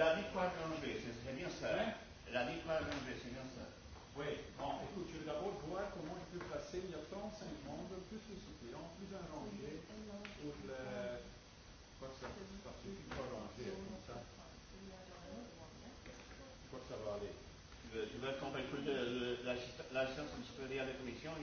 Elle a dit quoi changer, c'est bien ça. Hein? Elle a dit quoi changer, c'est bien ça. Oui, bon, écoute, je vais d'abord voir comment il peut passer. Il y a 35 membres, plus les suppléants, plus un rangé, pour le. Je crois que ça, parce que je peux ranger comme ça. Quoi que ça va aller. Tu veux, tu veux convaincre l'assistance de supérieur de la commission